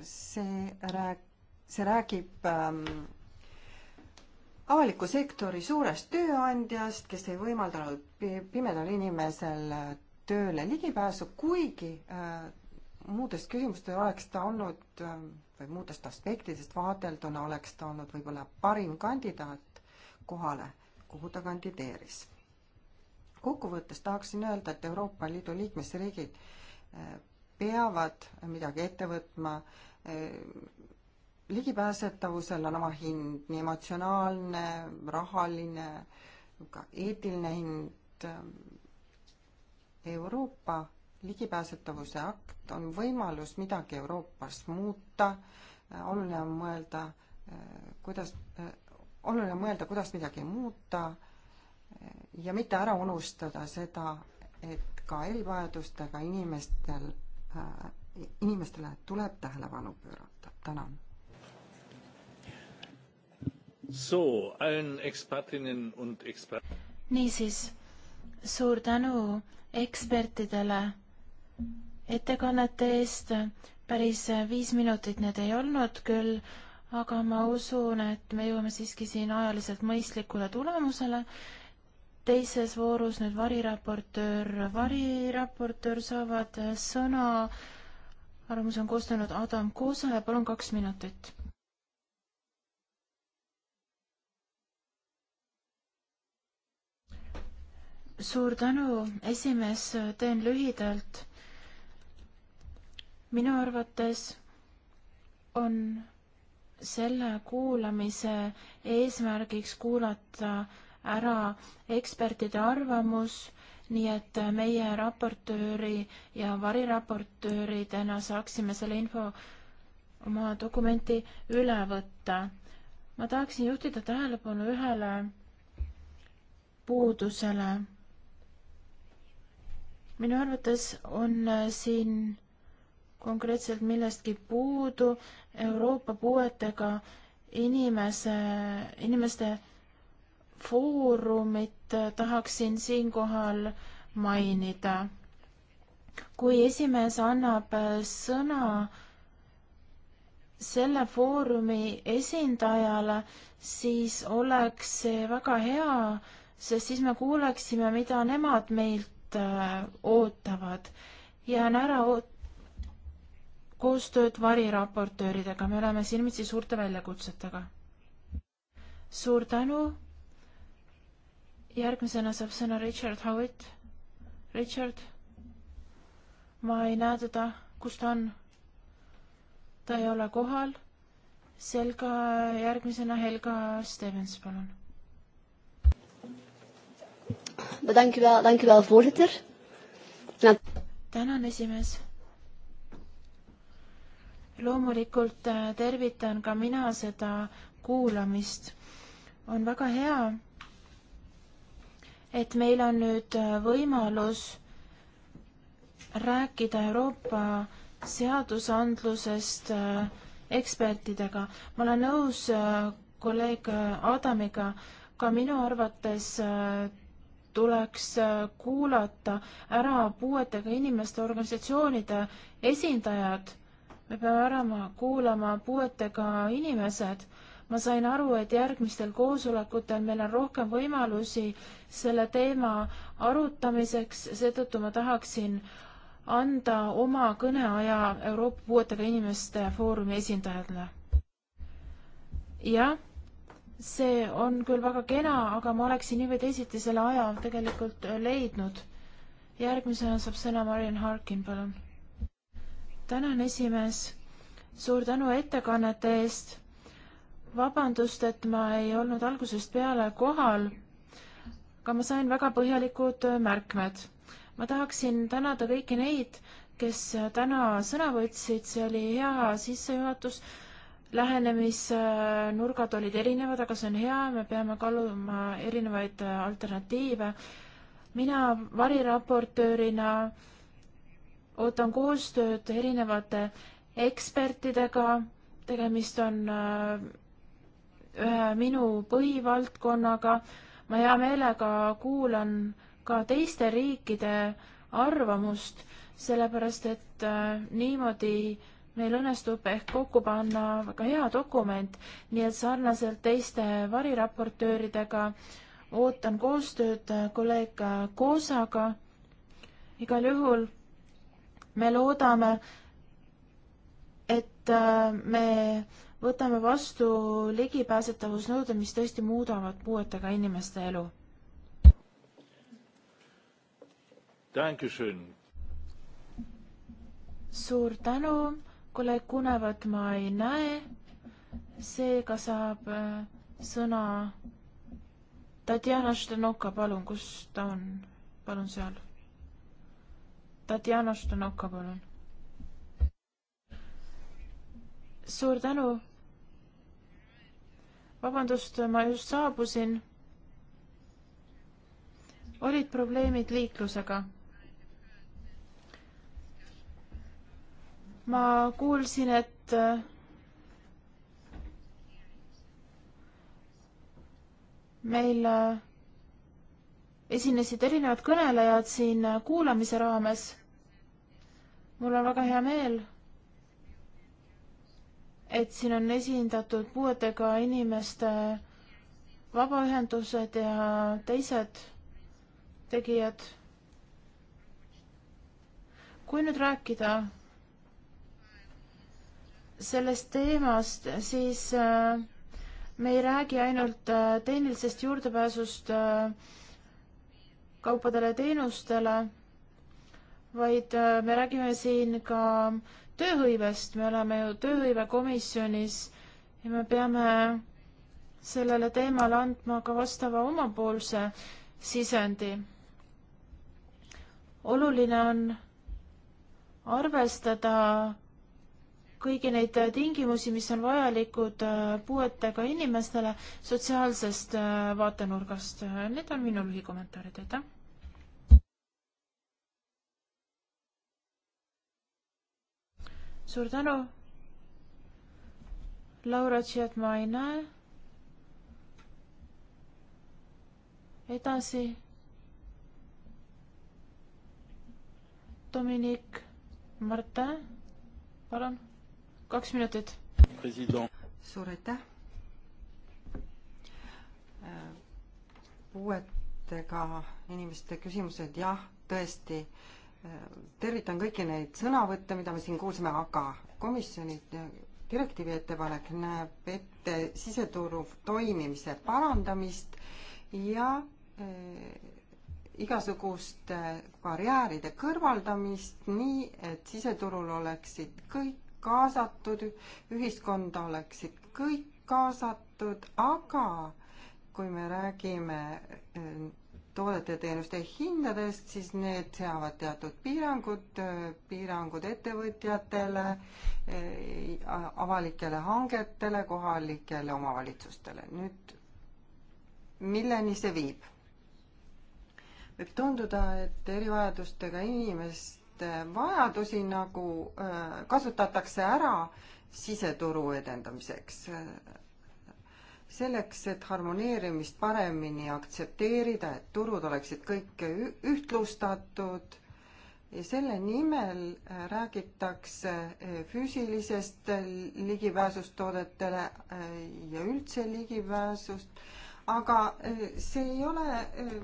see rääk-, see räägib ähm, avaliku sektori suurest tööandjast, kes ei võimaldanud pimedal inimesel äh, tööle ligipääsu, kuigi äh, muudest küsimustest oleks ta olnud äh, või muudest aspektidest vaadelduna oleks ta olnud võib-olla parim kandidaat kohale, kuhu ta kandideeris. kokkuvõttes tahaksin öelda, et Euroopa Liidu liikmesriigid äh, peavad midagi ette võtma äh, ligipääsetavusel on oma hind, nii emotsionaalne, rahaline, ka eetiline hind. Euroopa ligipääsetavuse akt on võimalus midagi Euroopas muuta, oluline on mõelda, kuidas, oluline on mõelda, kuidas midagi muuta ja mitte ära unustada seda, et ka erivajadustega inimestel, inimestele tuleb tähelepanu pöörata. tänan niisiis, suur tänu ekspertidele ettekannete eest. päris viis minutit need ei olnud küll, aga ma usun, et me jõuame siiski siin ajaliselt mõistlikule tulemusele. teises voorus nüüd variraportöör, variraportöör saavad sõna. arvamuse on koostanud Adam Kuuse, palun kaks minutit suur tänu, esimees, teen lühidalt. minu arvates on selle kuulamise eesmärgiks kuulata ära ekspertide arvamus, nii et meie raportööri ja variraportööridena saaksime selle info oma dokumenti üle võtta. ma tahaksin juhtida tähelepanu ühele puudusele minu arvates on äh, siin konkreetselt millestki puudu Euroopa puuetega inimese, inimeste foorumit äh, tahaksin siinkohal mainida. kui esimees annab äh, sõna selle foorumi esindajale, siis oleks see väga hea, sest siis me kuuleksime, mida nemad meilt Äh, ootavad. jään ära oot-, koostööd variraportööridega, me oleme silmitsi suurte väljakutsetega. suur tänu. järgmisena saab sõna Richard Howitt. Richard, ma ei näe teda, kus ta on? ta ei ole kohal. selga järgmisena Helga Stevens, palun Dank u wel, dank u wel voorzitter. Ja. tänan, esimees. loomulikult äh, tervitan ka mina seda kuulamist. on väga hea, et meil on nüüd äh, võimalus rääkida Euroopa seadusandlusest äh, ekspertidega. ma olen nõus kolleeg Adamiga, ka minu arvates tuleks äh, kuulata ära puuetega inimeste organisatsioonide esindajad. me peame ära kuulama puuetega inimesed. ma sain aru, et järgmistel koosolekutel meil on rohkem võimalusi selle teema arutamiseks, seetõttu ma tahaksin anda oma kõneaja Euroopa Puuetega Inimeste Foorumi esindajale. jah see on küll väga kena, aga ma oleksin nii või teisiti selle aja tegelikult leidnud. järgmisena saab sõna Marian Harkin, palun. tänan, esimees. suur tänu ettekannete eest. vabandust, et ma ei olnud algusest peale kohal, aga ma sain väga põhjalikud märkmed. ma tahaksin tänada kõiki neid, kes täna sõna võtsid, see oli hea sissejuhatus lähenemisnurgad olid erinevad, aga see on hea, me peame kaaluma erinevaid äh, alternatiive. mina variraportöörina ootan koostööd erinevate ekspertidega, tegemist on äh, ühe minu põhivaldkonnaga, ma hea meelega kuulan ka teiste riikide arvamust, sellepärast et äh, niimoodi äh, meil õnnestub ehk kokku panna väga hea dokument, nii et sarnaselt teiste variraportööridega ootan koostööd kolleeg Koosaga. igal juhul me loodame, et äh, me võtame vastu ligipääsetavusnõuded, mis tõesti muudavad puuetega inimeste elu. suur tänu kolleeg Kunevat ma ei näe, seega saab äh, sõna Tatjana Štenoka, palun, kus ta on? palun seal. Tatjana Štenoka, palun. suur tänu. vabandust, ma just saabusin. olid probleemid liiklusega ma kuulsin, et äh, meil äh, esinesid erinevad kõnelejad siin kuulamise raames. mul on väga hea meel, et siin on esindatud puuetega inimeste vabaühendused ja teised tegijad. kui nüüd rääkida sellest teemast, siis äh, me ei räägi ainult äh, tehnilisest juurdepääsust äh, kaupadele ja teenustele, vaid me räägime siin ka tööhõivest, me oleme ju tööhõivekomisjonis ja me peame sellele teemale andma ka vastava omapoolse sisendi. oluline on arvestada kõiki neid äh, tingimusi, mis on vajalikud äh, puuetega inimestele sotsiaalsest äh, vaatenurgast. Need on minu lühikommentaarid, aitäh. suur tänu. Laura Tšiat ma ei näe. edasi. Dominique Martin, palun kaks minutit. suur aitäh. Äh, puuetega inimeste küsimused, jah, tõesti, äh, tervitan kõiki neid sõnavõtte, mida me siin kuulsime, aga komisjoni direktiivi ettepanek näeb ette siseturu toimimise parandamist ja äh, igasuguste barjääride kõrvaldamist nii, et siseturul oleksid kõik kaasatud, ühiskonda oleksid kõik kaasatud, aga kui me räägime eh, toodete ja teenuste hindadest, siis need seavad teatud piirangud, eh, piirangud ettevõtjatele, eh, avalikele hangetele, kohalikele omavalitsustele. nüüd milleni see viib? võib tunduda, et erivajadustega inimest Äh, vajadusi nagu äh, kasutatakse ära siseturu edendamiseks. selleks, et harmoneerimist paremini aktsepteerida, et turud oleksid kõik ühtlustatud ja selle nimel äh, räägitakse füüsilisest ligipääsust toodetele ja üldse ligipääsust, aga see ei ole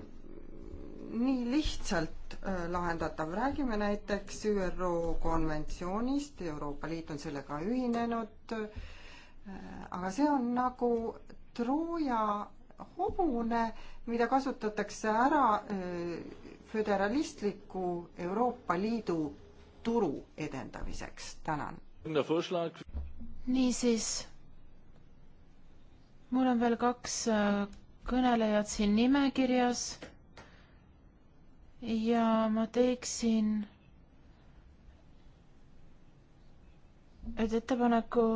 nii lihtsalt äh, lahendatav, räägime näiteks ÜRO konventsioonist, Euroopa Liit on sellega ühinenud, äh, aga see on nagu Trooja hobune, mida kasutatakse ära äh, föderalistliku Euroopa Liidu turu edendamiseks, tänan. niisiis, mul on veel kaks kõnelejat siin nimekirjas ja ma teeksin et ettepaneku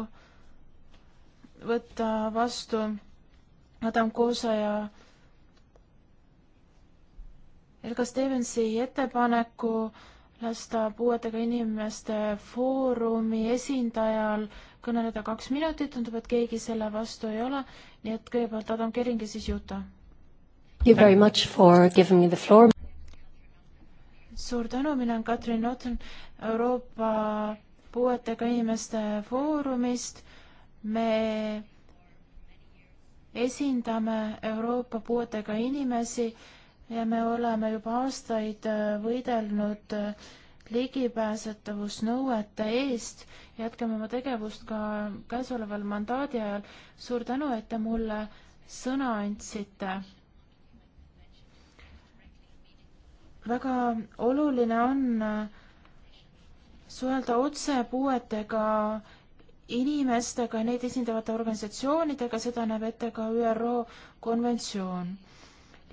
võtta vastu Adam Koosa ja Helga Stevensi ettepaneku lasta puuetega inimeste foorumi esindajal kõneleda kaks minutit, tundub, et keegi selle vastu ei ole, nii et kõigepealt Adam Kering ja siis Juta. Thank you very much for giving me the floor suur tänu, mina olen Katrin Otten Euroopa puuetega inimeste foorumist. me esindame Euroopa puuetega inimesi ja me oleme juba aastaid äh, võidelnud äh, ligipääsetavusnõuete eest. jätkame oma tegevust ka käesoleval mandaadi ajal. suur tänu, et te mulle sõna andsite väga oluline on äh, suhelda otse puuetega inimestega ja neid esindavate organisatsioonidega, seda näeb ette ka ÜRO konventsioon.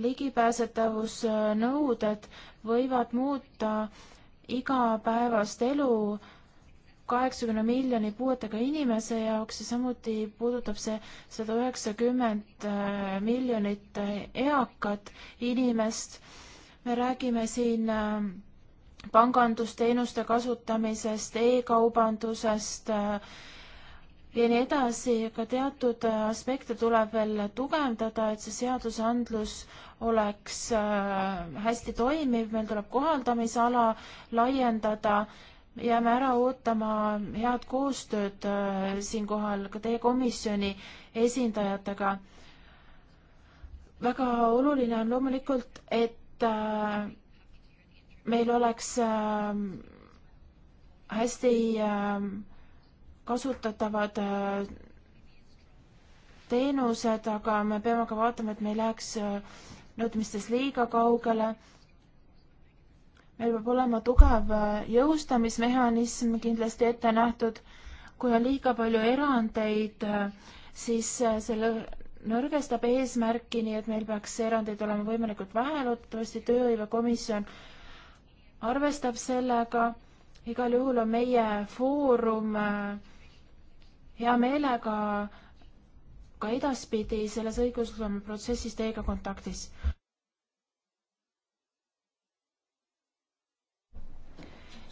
ligipääsetavusnõuded äh, võivad muuta igapäevast elu kaheksakümne miljoni puuetega inimese jaoks ja samuti puudutab see sada üheksakümmend äh, miljonit eakat inimest me räägime siin äh, pangandusteenuste kasutamisest e, e-kaubandusest äh, ja nii edasi, aga teatud äh, aspekte tuleb veel tugevdada, et see seadusandlus oleks hästi toimiv, meil tuleb kohaldamisala laiendada, jääme ära ootama head koostööd siinkohal ka teie komisjoni esindajatega. väga oluline on loomulikult, et Äh, meil oleks ähm, hästi ähm, kasutatavad äh, teenused, aga me peame ka vaatama, et me ei läheks äh, nõudmistes liiga kaugele. meil peab olema tugev jõustamismehhanism kindlasti ette nähtud. kui on liiga palju erandeid, siis selle nõrgestab eesmärki, nii et meil peaks erandeid olema võimalikult vähe, loodetavasti tööhõivekomisjon arvestab sellega. igal juhul on meie foorum äh, hea meelega ka edaspidi selles õigusloome protsessis teiega kontaktis.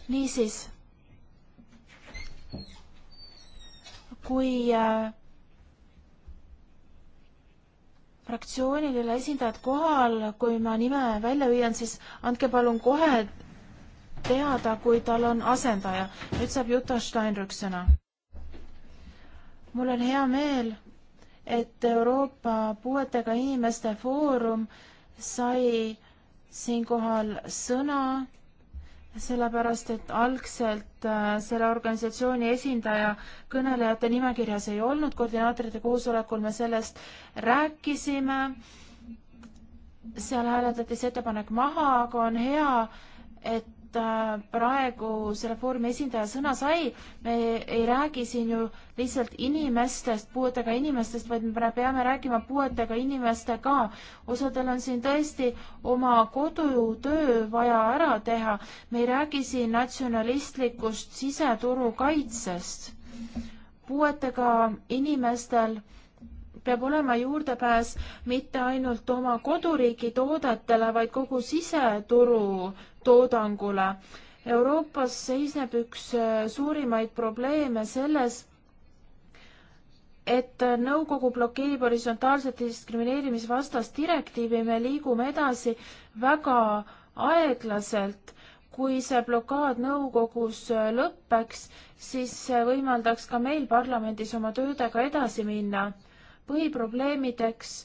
niisiis, kui äh, fraktsioonil ei ole esindajat kohal, kui ma nime välja hüüan, siis andke palun kohe teada, kui tal on asendaja. nüüd saab Juta Steinrück sõna. mul on hea meel, et Euroopa Puuetega Inimeste Foorum sai siinkohal sõna sellepärast, et algselt äh, selle organisatsiooni esindaja kõnelejate nimekirjas ei olnud, koordinaatorite koosolekul me sellest rääkisime, seal hääletati see ettepanek maha, aga on hea, et Äh, praegu selle foorumi esindaja sõna sai, me ei räägi siin ju lihtsalt inimestest, puuetega inimestest, vaid me peame rääkima puuetega inimestega. osadel on siin tõesti oma kodutöö vaja ära teha. me ei räägi siin natsionalistlikust siseturu kaitsest. puuetega inimestel peab olema juurdepääs mitte ainult oma koduriigi toodetele, vaid kogu siseturu toodangule. Euroopas seisneb üks äh, suurimaid probleeme selles, et nõukogu blokeerib horisontaalset diskrimineerimisvastast direktiivi, me liigume edasi väga aeglaselt. kui see blokaad nõukogus äh, lõpeks, siis äh, võimaldaks ka meil parlamendis oma töödega edasi minna. põhiprobleemideks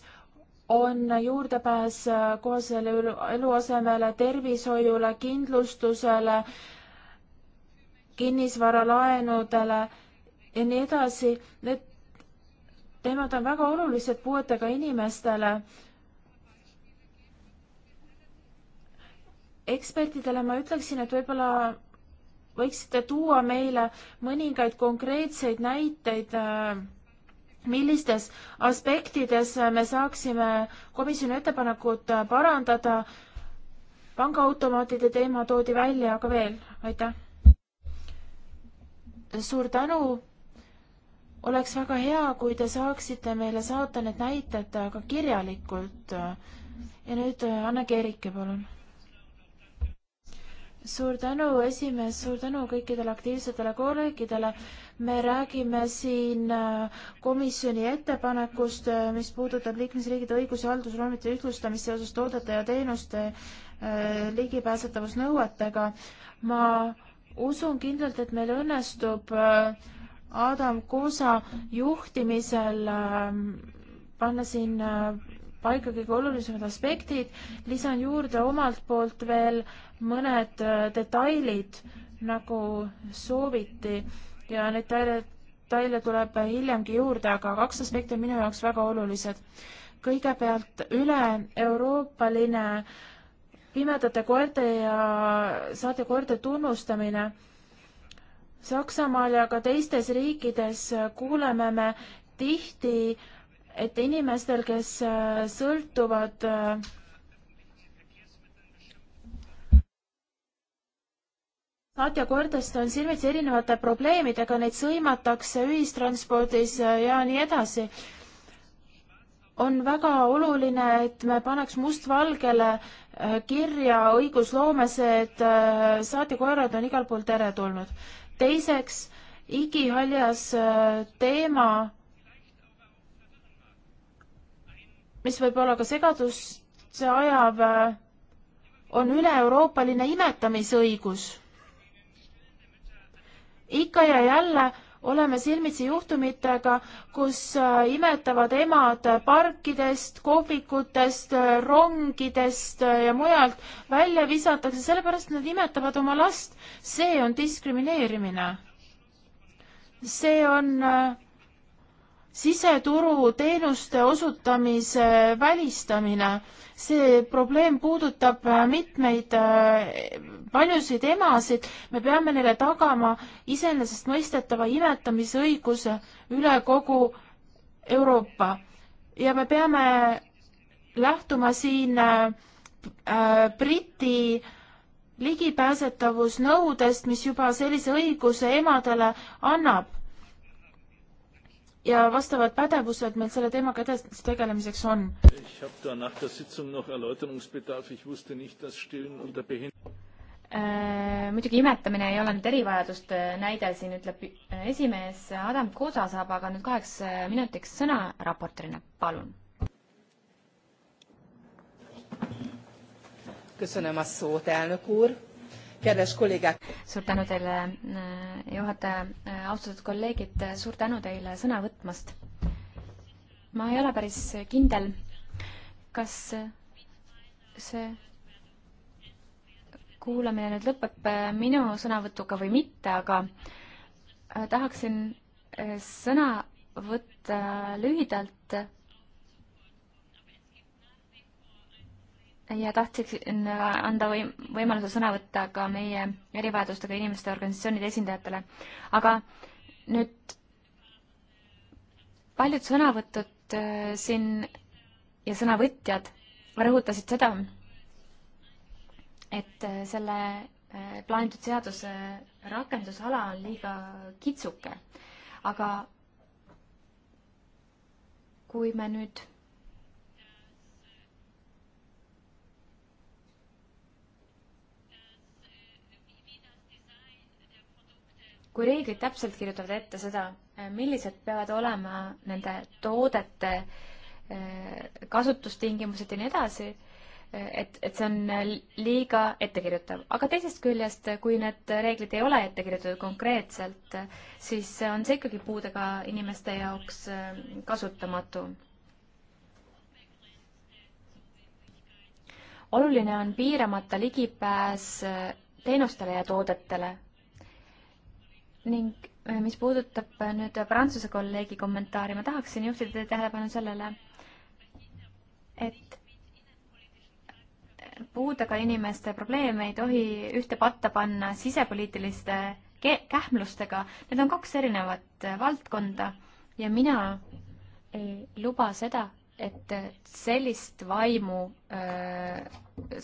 on juurdepääs äh, kohasele eluasemele, tervishoiule, kindlustusele, kinnisvaralaenudele ja nii edasi. Need teemad on väga olulised puuetega inimestele. ekspertidele ma ütleksin, et võib-olla võiksite tuua meile mõningaid konkreetseid näiteid äh, millistes aspektides me saaksime komisjoni ettepanekut parandada. pangaautomaatide teema toodi välja, aga veel, aitäh. suur tänu. oleks väga hea, kui te saaksite meile saata need näited ka kirjalikult. ja nüüd Anne-Keerike, palun suur tänu, esimees, suur tänu kõikidele aktiivsetele kolleegidele. me räägime siin äh, komisjoni ettepanekust, äh, mis puudutab liikmesriigide õiguse haldusraamide ühtlustamist seoses toodete ja teenuste äh, ligipääsetavusnõuetega. ma usun kindlalt, et meil õnnestub Adam Kuusa juhtimisel panna siin paika kõige olulisemad aspektid, lisan juurde omalt poolt veel mõned äh, detailid, nagu sooviti ja neid detaile tuleb hiljemgi juurde, aga kaks aspekti on minu jaoks väga olulised. kõigepealt üle-euroopaline pimedate koerte ja saatekoerte tunnustamine Saksamaal ja ka teistes riikides kuuleme me tihti et inimestel, kes äh, sõltuvad äh, saatjakordest on silmitsi erinevate probleemidega, neid sõimatakse ühistranspordis äh, ja nii edasi. on väga oluline, et me paneks mustvalgele kirja õigusloomes, et saatjakoerad on igal pool teretulnud. teiseks, igihaljas teema mis võib-olla ka segadusse ajab, äh, on üle-euroopaline imetamisõigus. ikka ja jälle oleme silmitsi juhtumitega, kus äh, imetavad emad parkidest, kohvikutest, äh, rongidest ja mujalt välja visatakse, sellepärast nad imetavad oma last. see on diskrimineerimine. see on äh, siseturu teenuste osutamise välistamine. see probleem puudutab mitmeid, äh, paljusid emasid, me peame neile tagama iseenesestmõistetava imetamisõiguse üle kogu Euroopa ja me peame lähtuma siin äh, äh Briti ligipääsetavusnõudest, mis juba sellise õiguse emadele annab ja vastavad pädevused meil selle teemaga edasi tegelemiseks on. Äh, muidugi imetamine ei ole nüüd erivajaduste äh, näide, siin ütleb äh, esimees Adam Kosa saab aga nüüd kaheks minutiks sõna raportorina, palun. köszönöm a szót, elnök úr kedves kolleegad! suur tänu teile, äh, juhataja, äh, austatud kolleegid, äh, suur tänu teile sõna võtmast. ma ei ole päris kindel, kas see kuulamine nüüd lõpeb minu sõnavõtuga või mitte, aga tahaksin sõna võtta lühidalt ja tahtsin äh, anda võim-, võimaluse sõna võtta ka meie erivajadustega inimeste organisatsioonide esindajatele. aga nüüd paljud sõnavõtud äh, siin ja sõnavõtjad rõhutasid seda, et äh, selle plaanitud seaduse rakendusala on liiga kitsuke. aga kui me nüüd kui reeglid täpselt kirjutavad ette seda, eh, millised peavad olema nende toodete eh, kasutustingimused ja nii edasi, eh, et, et see on liiga ettekirjutav. aga teisest küljest, kui need reeglid ei ole ette kirjutatud konkreetselt, siis on see ikkagi puudega inimeste jaoks kasutamatu. oluline on piiramata ligipääs teenustele ja toodetele ning äh, mis puudutab äh, nüüd Prantsuse kolleegi kommentaari, ma tahaksin juhtida teie tähelepanu sellele, et äh, puudega inimeste probleeme ei tohi ühte patta panna sisepoliitiliste kähmlustega, need on kaks erinevat valdkonda ja mina ei luba seda, et sellist vaimu öö,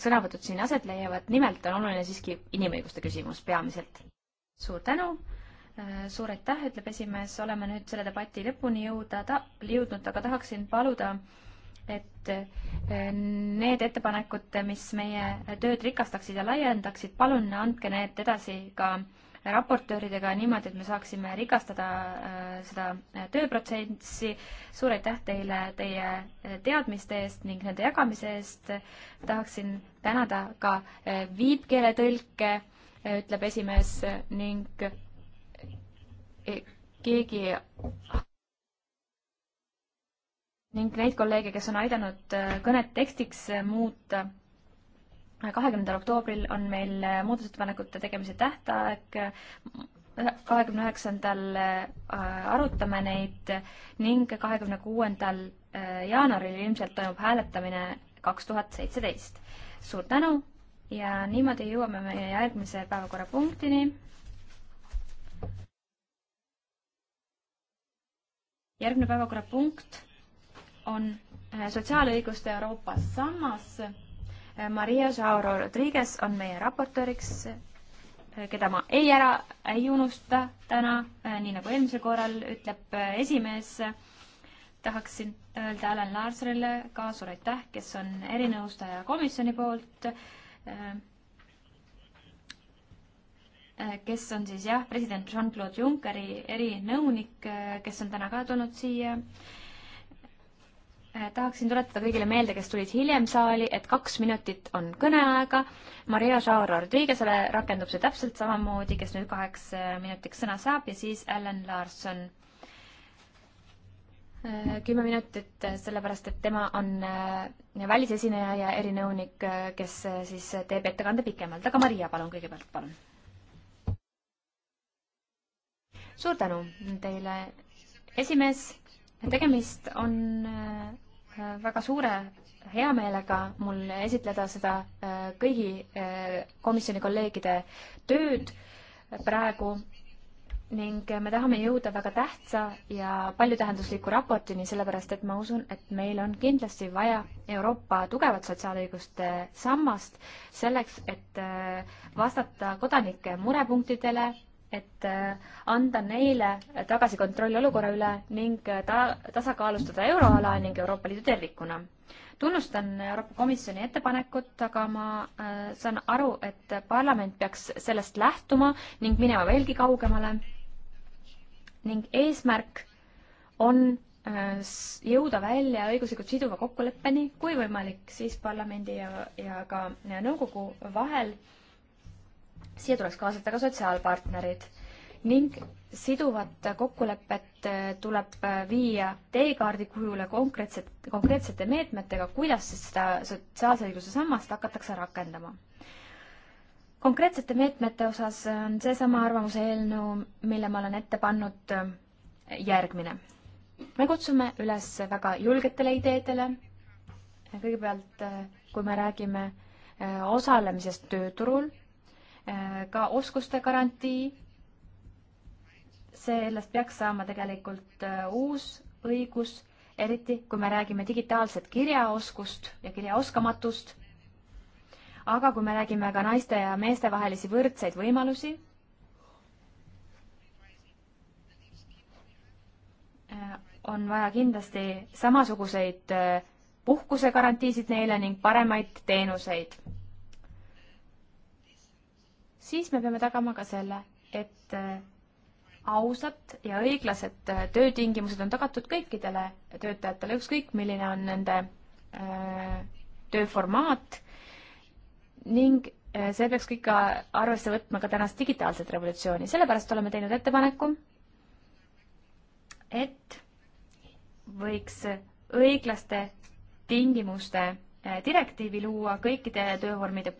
sõnavõtud siin aset leiavad, nimelt on oluline siiski inimõiguste küsimus peamiselt. suur tänu Äh, suur aitäh, ütleb esimees, oleme nüüd selle debati lõpuni jõuda ta-, jõudnud, aga tahaksin paluda, et äh, need ettepanekud, mis meie tööd rikastaksid ja laiendaksid, palun andke need edasi ka raportööridega niimoodi, et me saaksime rikastada äh, seda tööprotsessi. suur aitäh teile teie teadmiste eest ning nende jagamise eest. tahaksin tänada ka viipkeeletõlke, ütleb esimees ning keegi ning neid kolleege, kes on aidanud äh, kõnet tekstiks äh, muuta. kahekümnendal oktoobril on meil äh, muudatusettepanekute tegemise tähtaeg. kahekümne üheksandal arutame neid ning kahekümne kuuendal jaanuaril ilmselt toimub hääletamine kaks tuhat seitseteist. suur tänu ja niimoodi jõuame meie järgmise päevakorrapunktini järgmine päevakorrapunkt on äh, sotsiaalõiguste Euroopa sammas. Äh, Maria Sauro Rodriguez on meie raportööriks, äh, keda ma ei ära, ei unusta täna, nii nagu eelmisel korral ütleb esimees. tahaksin öelda Alan Laarsonile ka suur aitäh, kes on erinõustaja komisjoni poolt Äh, kes on siis jah, president Jean-Claude Junckeri erinõunik, äh, kes on täna ka tulnud siia. Äh, tahaksin tuletada kõigile meelde, kes tulid hiljem saali, et kaks minutit on kõneaega. Maria Šaur-Rodriguez'ele rakendub see täpselt samamoodi, kes nüüd kaheks minutiks sõna saab ja siis Ellen Larson kümme minutit, sellepärast et tema on välisesineja ja erinõunik, kes siis teeb ettekande pikemalt, aga Maria, palun kõigepealt, palun suur tänu teile, esimees, tegemist on äh, väga suure heameelega mul esitleda seda äh, kõigi äh, komisjoni kolleegide tööd praegu ning me tahame jõuda väga tähtsa ja paljutähendusliku raportini, sellepärast et ma usun, et meil on kindlasti vaja Euroopa tugevat sotsiaalõiguste sammast selleks, et vastata kodanike murepunktidele et äh, anda neile tagasi kontroll olukorra üle ning äh, ta-, tasakaalustada euroala ning Euroopa Liidu tervikuna. tunnustan Euroopa Komisjoni ettepanekut, aga ma äh, saan aru, et parlament peaks sellest lähtuma ning minema veelgi kaugemale ning eesmärk on jõuda välja õiguslikult siduva kokkuleppeni, kui võimalik, siis parlamendi ja, ja ka ja nõukogu vahel äh, siia tuleks kaasata ka sotsiaalpartnerid ning siduvat kokkulepet äh, tuleb äh, viia teekaardi kujule konkreetset, konkreetsete meetmetega, kuidas siis seda sotsiaalse õiguse sammast hakatakse rakendama. konkreetsete meetmete osas on seesama arvamuse eelnõu, mille ma olen ette pannud, äh, järgmine. me kutsume üles väga julgetele ideedele, kõigepealt kui me räägime osalemisest tööturul Äh, ka oskuste garantii. sellest peaks saama tegelikult äh, uus õigus, eriti kui me räägime digitaalset kirjaoskust ja kirjaoskamatust. aga kui me räägime ka naiste ja meeste vahelisi võrdseid võimalusi, äh, on vaja kindlasti samasuguseid puhkusegarantiisid neile ning paremaid teenuseid siis me peame tagama ka selle, et äh, ausad ja õiglased äh, töötingimused on tagatud kõikidele töötajatele, ükskõik milline on nende äh, tööformaat ning see peaks kõik ka arvesse võtma ka tänast digitaalset revolutsiooni, sellepärast oleme teinud ettepaneku, et võiks õiglaste tingimuste direktiivi luua kõikide töövormide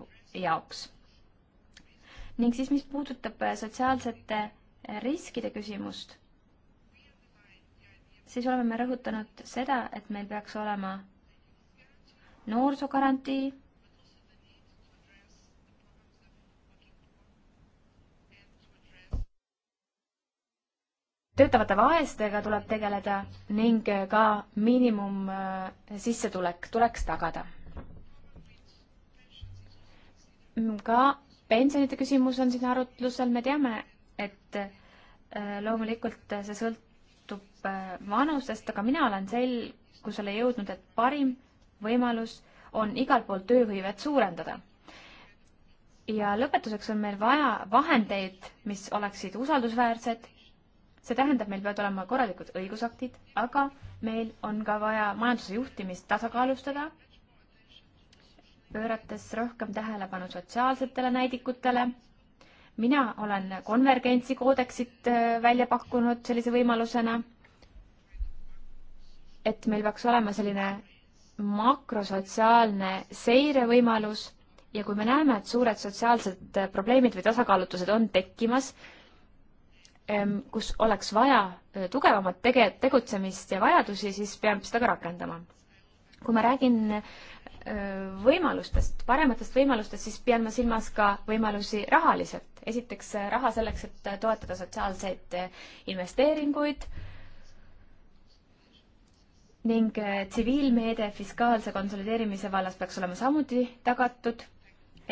jaoks ning siis, mis puudutab äh, sotsiaalsete äh, riskide küsimust, siis oleme me rõhutanud seda, et meil peaks olema noorsoogarantii, töötavate vaestega tuleb tegeleda ning äh, ka miinimum sissetulek tuleks tagada. ka pensionide küsimus on siin arutlusel, me teame, et äh, loomulikult see sõltub äh, vanusest, aga mina olen selgusele jõudnud, et parim võimalus on igal pool tööhõivet suurendada. ja lõpetuseks on meil vaja vahendeid, mis oleksid usaldusväärsed. see tähendab, meil peavad olema korralikud õigusaktid, aga meil on ka vaja majanduse juhtimist tasakaalustada pöörates rohkem tähelepanu sotsiaalsetele näidikutele. mina olen konvergentsikoodeksit äh, välja pakkunud sellise võimalusena, et meil peaks olema selline makrosotsiaalne seirevõimalus ja kui me näeme, et suured sotsiaalsed äh, probleemid või tasakaalutused on tekkimas, ähm, kus oleks vaja äh, tugevamat tege-, tegutsemist ja vajadusi, siis peab seda ka rakendama. kui ma räägin Äh, võimalustest, parematest võimalustest, siis pean ma silmas ka võimalusi rahaliselt. esiteks äh, raha selleks, et äh, toetada sotsiaalseid investeeringuid ning tsiviilmeede fiskaalse konsolideerimise vallas peaks olema samuti tagatud.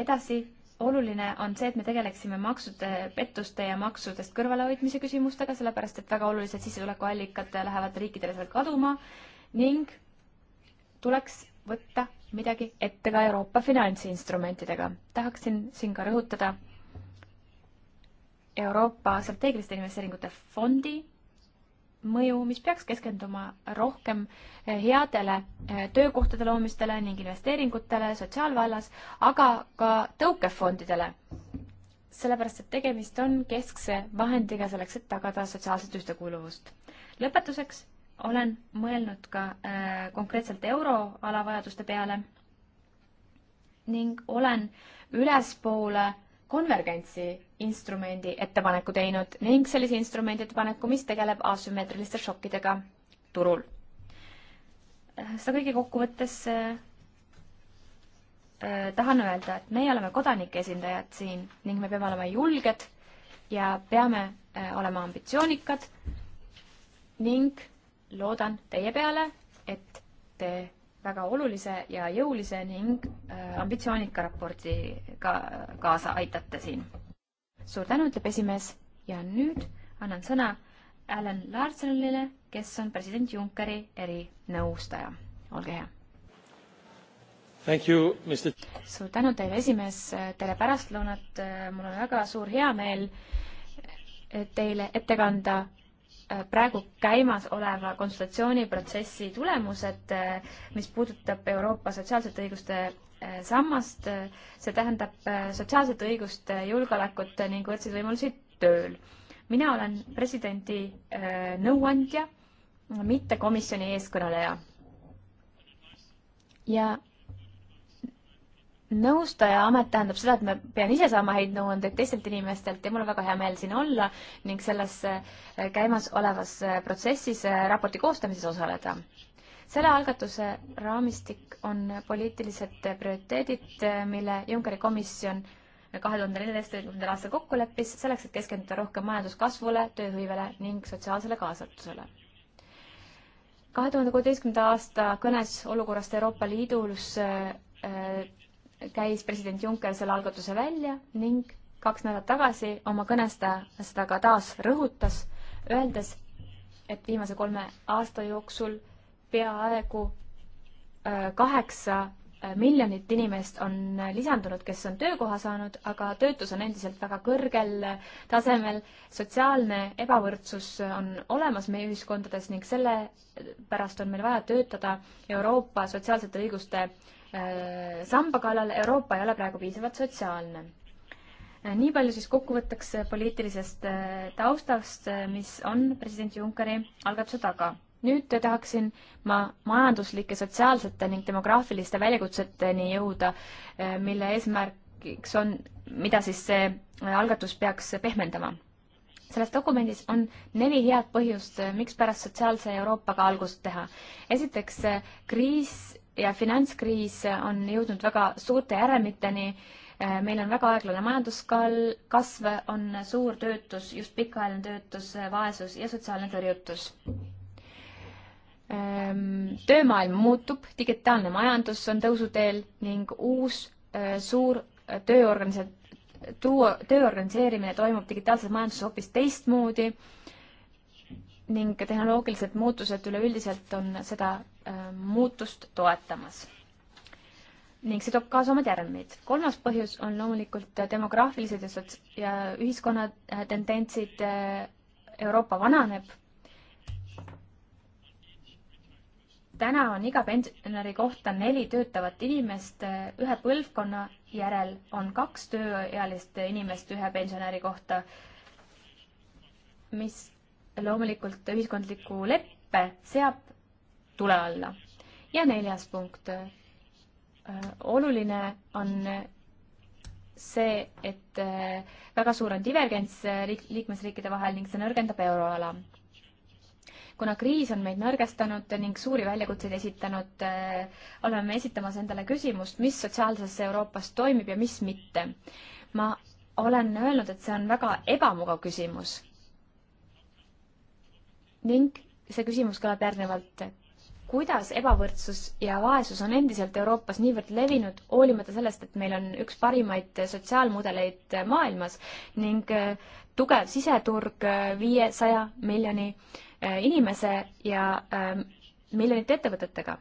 edasi, oluline on see, et me tegeleksime maksude, pettuste ja maksudest kõrvalehoidmise küsimustega, sellepärast et väga olulised sissetulekuallikad lähevad riikidele seal kaduma ning tuleks võtta midagi ette ka Euroopa finantsinstrumentidega. tahaksin siin ka rõhutada Euroopa strateegiliste investeeringute fondi mõju, mis peaks keskenduma rohkem eh, headele eh, töökohtade loomistele ning investeeringutele sotsiaalvallas, aga ka tõukefondidele. sellepärast, et tegemist on keskse vahendiga selleks, et tagada sotsiaalset ühtekuuluvust. lõpetuseks olen mõelnud ka äh, konkreetselt euroala vajaduste peale ning olen ülespoole konvergentsi instrumendi ettepaneku teinud ning sellise instrumendi ettepaneku, mis tegeleb asümmeetriliste šokkidega turul. Äh, seda kõige kokkuvõttes äh, äh, tahan öelda, et meie oleme kodanike esindajad siin ning me peame olema julged ja peame äh, olema ambitsioonikad ning loodan teie peale, et te väga olulise ja jõulise ning äh, ambitsioonika raporti ka kaasa aitate siin. suur tänu, ütleb esimees ja nüüd annan sõna Alan Larsonile, kes on president Junckeri erinõustaja. olge hea. Thank you, Mr. suur tänu teile, esimees, tere pärastlõunat, mul on väga suur heameel teile ette kanda Äh, praegu käimasoleva konsultatsiooniprotsessi tulemused, äh, mis puudutab Euroopa sotsiaalsete õiguste äh, sammast, see tähendab sotsiaalset õigust, julgeolekut ning võrdseid võimalusi tööl. mina olen presidendi nõuandja, mitte komisjoni eeskõneleja. ja nõustaja amet tähendab seda, et ma pean ise saama häid nõuandeid teistelt inimestelt ja mul on väga hea meel siin olla ning selles äh, käimasolevas äh, protsessis äh, raporti koostamises osaleda. selle algatuse raamistik on poliitilised prioriteedid, mille Junckeri komisjon kahe tuhande neljateistkümnendal aastal kokku leppis, selleks et keskenduda rohkem majanduskasvule, tööhõivele ning sotsiaalsele kaasatusele kahe tuhande kuueteistkümnenda aasta kõnes olukorrast Euroopa Liidus käis president Juncker selle algatuse välja ning kaks nädalat tagasi oma kõnes ta seda ka taas rõhutas, öeldes, et viimase kolme aasta jooksul peaaegu äh, kaheksa äh, miljonit inimest on lisandunud, kes on töökoha saanud, aga töötus on endiselt väga kõrgel tasemel. sotsiaalne ebavõrdsus on olemas meie ühiskondades ning sellepärast on meil vaja töötada Euroopa sotsiaalsete õiguste Äh, samba kallal, Euroopa ei ole praegu piisavalt sotsiaalne. Äh, nii palju siis kokkuvõtteks äh, poliitilisest taustast, mis on president Junckeri algatuse taga. nüüd tahaksin ma majanduslike, sotsiaalsete ning demograafiliste väljakutseteni jõuda, mille eesmärgiks on, mida siis see algatus peaks pehmendama selles dokumendis on neli head põhjust, mikspärast sotsiaalse Euroopaga algust teha. esiteks, kriis ja finantskriis on jõudnud väga suurte järemiteni. meil on väga aeglane majanduskasv, on suur töötus, just pikaajaline töötus, vaesus ja sotsiaalne tõrjutus. Ehm, töömaailm muutub, digitaalne majandus on tõusuteel ning uus eh, suur eh, tööorganisa-, töö, töö organiseerimine toimub digitaalses majanduses hoopis teistmoodi ning tehnoloogilised muutused üleüldiselt on seda äh, muutust toetamas. ning see toob kaasa omad järelmid. kolmas põhjus on loomulikult demograafilised ja sots- ja ühiskonna äh, tendentsid. Äh, Euroopa vananeb. täna on iga pensionäri kohta neli töötavat inimest, ühe põlvkonna järel on kaks tööealist inimest ühe pensionäri kohta, mis loomulikult ühiskondliku leppe seab tule alla. ja neljas punkt. Äh, oluline on see, et äh, väga suur on divergents äh, liikmesriikide vahel ning see nõrgendab euroala. kuna kriis on meid nõrgestanud ning suuri väljakutseid esitanud, oleme esitamas endale küsimust, mis sotsiaalses Euroopas toimib ja mis mitte. ma olen öelnud, et see on väga ebamugav küsimus ning see küsimus kõlab järgnevalt. kuidas ebavõrdsus ja vaesus on endiselt Euroopas niivõrd levinud, hoolimata sellest, et meil on üks parimaid sotsiaalmudeleid maailmas ning äh, tugev siseturg äh, viiesaja miljoni äh, inimese ja ähm, miljonite ettevõtetega?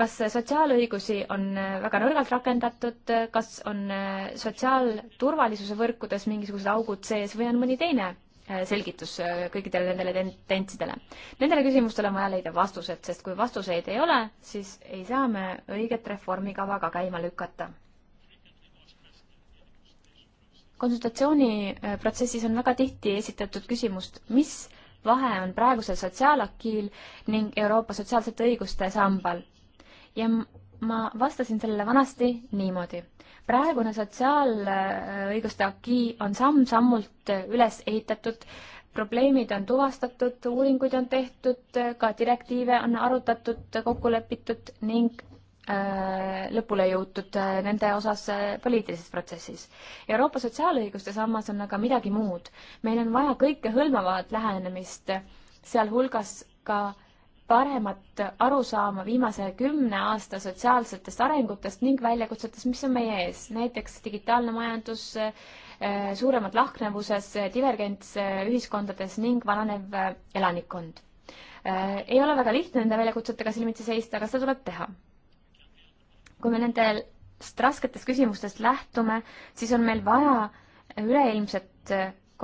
kas sotsiaalõigusi on väga nõrgalt rakendatud, kas on sotsiaalturvalisuse võrkudes mingisugused augud sees või on mõni teine Äh, selgitus äh, kõikidele nendele tendentsidele. Nendele küsimustele on vaja leida vastused, sest kui vastuseid ei ole, siis ei saa me õiget reformikava ka käima lükata. konsultatsiooniprotsessis on väga tihti esitatud küsimust, mis vahe on praegusel sotsiaalakiil ning Euroopa sotsiaalsete õiguste sambal. ja ma vastasin sellele vanasti niimoodi praegune sotsiaalõiguste aki on samm-sammult üles ehitatud, probleemid on tuvastatud, uuringuid on tehtud, ka direktiive on arutatud, kokku lepitud ning äh, lõpule jõutud äh, nende osas äh, poliitilises protsessis. Euroopa sotsiaalõiguste sammas on aga midagi muud. meil on vaja kõikehõlmavat lähenemist, sealhulgas ka äh, paremat arusaama viimase kümne aasta sotsiaalsetest arengutest ning väljakutsetest, mis on meie ees, näiteks digitaalne majandus, eh, suuremad lahknevuses, divergents eh, ühiskondades ning vananev eh, elanikkond. ei ole väga lihtne nende väljakutsetega silmitsi seista, aga seda tuleb teha. kui me nendest rasketest küsimustest lähtume, siis on meil vaja üleilmset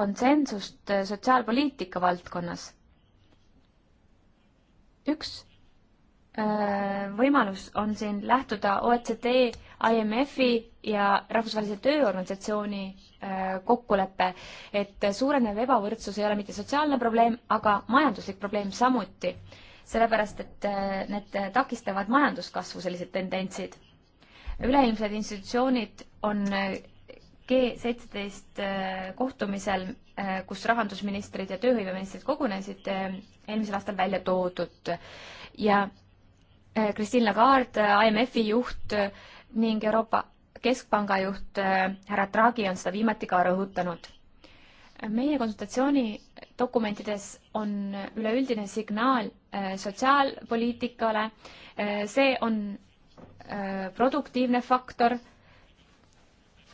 konsensust sotsiaalpoliitika valdkonnas üks äh, võimalus on siin lähtuda OECD, IMF-i ja Rahvusvahelise Tööorganisatsiooni äh, kokkulepe, et suurenev ebavõrdsus ei ole mitte sotsiaalne probleem, aga majanduslik probleem samuti. sellepärast, et äh, need takistavad majanduskasvu, sellised tendentsid. üleilmsed institutsioonid on G seitseteist kohtumisel, kus rahandusministrid ja tööhõiveministrid kogunesid, eelmisel aastal välja toodud ja äh, Christine Lagarde, IMF-i juht äh, ning Euroopa Keskpanga juht äh, härra Draghi on seda viimati ka rõhutanud meie konsultatsioonidokumentides on üleüldine signaal sotsiaalpoliitikale, see on produktiivne faktor,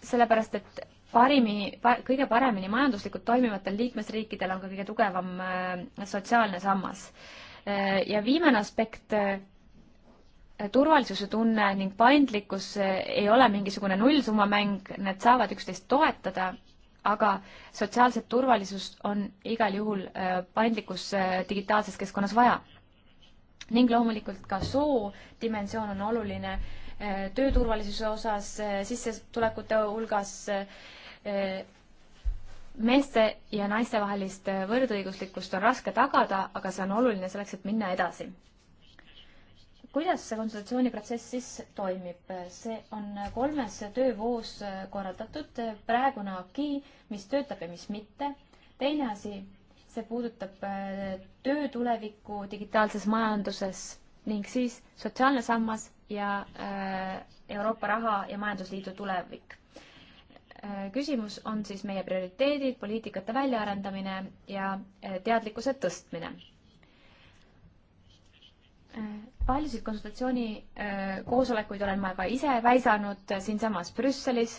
sellepärast et parimi, kõige paremini majanduslikult toimivatel liikmesriikidel on ka kõige tugevam äh, sotsiaalne sammas. Äh, ja viimane aspekt, äh, turvalisuse tunne ning paindlikkus ei ole mingisugune nullsummamäng, need saavad üksteist toetada, aga sotsiaalset turvalisust on igal juhul paindlikkus digitaalses keskkonnas vaja. ning loomulikult ka soo dimensioon on oluline tööturvalisuse osas, sissetulekute hulgas Äh, meeste ja naiste vahelist äh, võrdõiguslikkust on raske tagada, aga see on oluline selleks, et minna edasi. kuidas see konsultatsiooniprotsess siis toimib? see on kolmes töövoos äh, korraldatud, praegune AKI, mis töötab ja mis mitte. teine asi, see puudutab töö tulevikku digitaalses majanduses ning siis sotsiaalne sammas ja Euroopa raha ja majandusliidu tulevik Äh, küsimus on siis meie prioriteedid, poliitikate väljaarendamine ja äh, teadlikkuse tõstmine. Äh, paljusid konsultatsiooni koosolekuid olen ma ka ise väisanud siinsamas Brüsselis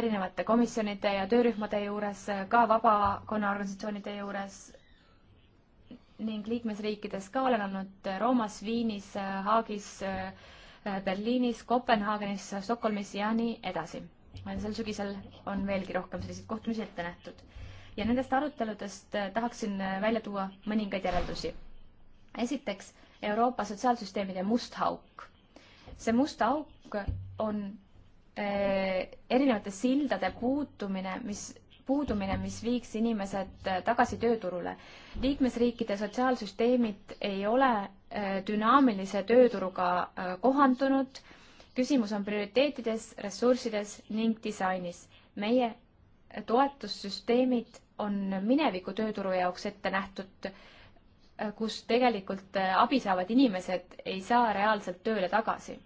erinevate komisjonide ja töörühmade juures, ka vabakonnaorganisatsioonide juures ning liikmesriikides ka olen olnud Roomas, Viinis, Haagis, Berliinis, Kopenhaagenis, Stockholmis ja nii edasi sel sügisel on veelgi rohkem selliseid kohtumisi ette nähtud. ja nendest aruteludest äh, tahaksin äh, välja tuua mõningaid järeldusi. esiteks, Euroopa sotsiaalsüsteemide must auk. see must auk on äh, erinevate sildade puutumine, mis puudumine, mis viiks inimesed äh, tagasi tööturule. liikmesriikide sotsiaalsüsteemid ei ole dünaamilise tööturuga kohandunud äh,, küsimus on prioriteetides, ressurssides ning disainis. meie toetussüsteemid on mineviku tööturu jaoks ette nähtud, äh, kus tegelikult äh, abi saavad inimesed ei saa reaalselt tööle tagasi.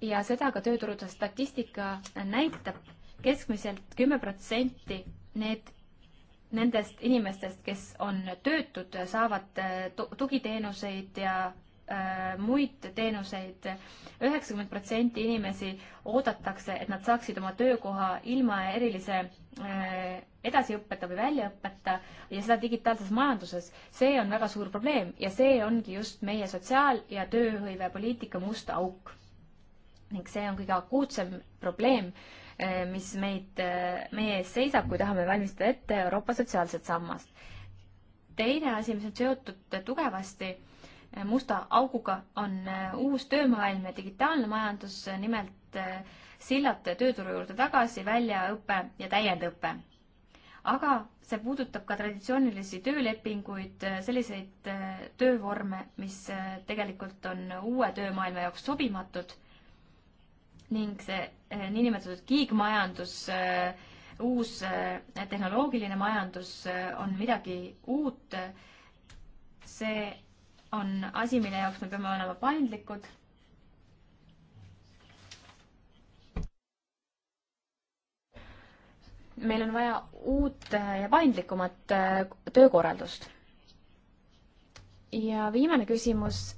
ja seda ka tööturutuse statistika näitab keskmiselt, keskmiselt kümme protsenti need nendest inimestest, kes on töötud, saavad äh, tugiteenuseid ja Äh, muid teenuseid. üheksakümmend protsenti inimesi oodatakse, et nad saaksid oma töökoha ilma erilise äh, edasiõppeta või väljaõppeta ja seda digitaalses majanduses. see on väga suur probleem ja see ongi just meie sotsiaal- ja tööhõivepoliitika must auk. ning see on kõige akuutsem probleem, äh, mis meid, meie ees seisab, kui tahame valmistada ette Euroopa sotsiaalset sammast. teine asi, mis on seotud tugevasti musta auguga, on äh, uus töömaailm ja digitaalne majandus, äh, nimelt äh, sillad tööturu juurde tagasi, väljaõpe ja täiendõpe. aga see puudutab ka traditsioonilisi töölepinguid, selliseid töövorme, mis tegelikult on uue töömaailma jaoks sobimatud ning see niinimetatud giigmajandus uus tehnoloogiline majandus on midagi uut. see on asi, mille jaoks me peame olema paindlikud. meil on vaja uut ja paindlikumat äh, töökorraldust. ja viimane küsimus.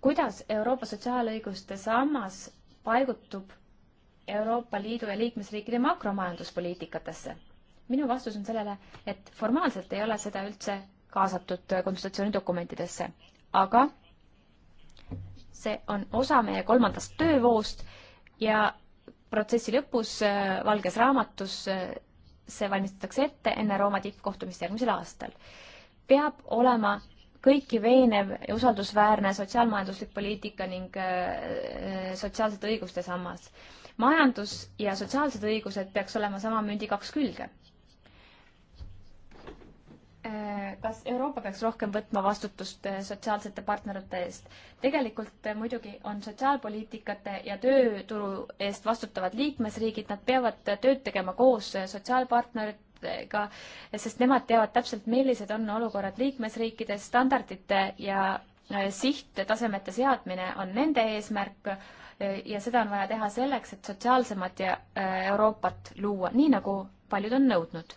kuidas Euroopa sotsiaalõiguste sammas paigutub Euroopa Liidu ja liikmesriikide makromajanduspoliitikatesse? minu vastus on sellele, et formaalselt ei ole seda üldse kaasatud konsultatsioonidokumentidesse, aga see on osa meie kolmandast töövoost ja protsessi lõpus äh, Valges Raamatus äh, see valmistatakse ette enne Rooma tippkohtumist järgmisel aastal. peab olema kõiki veenev ja usaldusväärne sotsiaalmajanduslik poliitika ning äh, sotsiaalsete õiguste sammas. majandus ja sotsiaalsed õigused peaks olema sama mündi kaks külge Äh, kas Euroopa peaks rohkem võtma vastutust äh, sotsiaalsete partnerite eest? tegelikult äh, muidugi on sotsiaalpoliitikate ja tööturu eest vastutavad liikmesriigid, nad peavad tööd tegema koos sotsiaalpartneritega, sest nemad teavad täpselt, millised on olukorrad liikmesriikides, standardite ja sihttasemete seadmine on nende eesmärk ja seda on vaja teha selleks, et sotsiaalsemat ja Euroopat luua, nii nagu paljud on nõudnud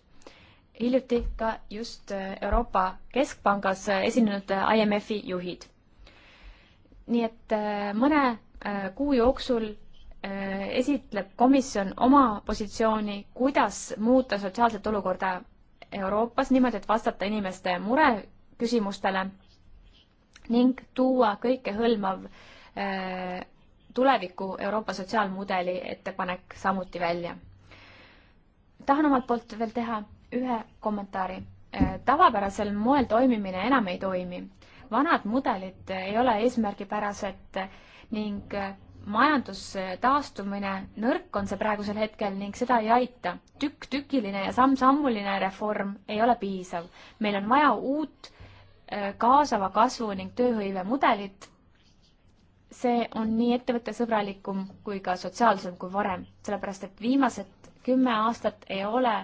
hiljuti ka just äh, Euroopa Keskpangas äh, esinenud äh, IMF-i juhid. nii et mõne kuu jooksul esitleb komisjon oma positsiooni, kuidas muuta sotsiaalset olukorda Euroopas niimoodi, et vastata inimeste mureküsimustele ning tuua kõikehõlmav tuleviku Euroopa sotsiaalmudeli ettepanek samuti välja. tahan omalt poolt veel teha ühe kommentaari. Äh, tavapärasel moel toimimine enam ei toimi. vanad mudelid äh, ei ole eesmärgipärased äh, ning majandustaastumine nõrk on see praegusel hetkel ning seda ei aita. tükk-tükiline ja samm-sammuline reform ei ole piisav. meil on vaja uut kaasava kasvu ning tööhõive mudelit. see on nii ettevõttesõbralikum kui ka sotsiaalsem kui varem, sellepärast et viimased kümme aastat ei ole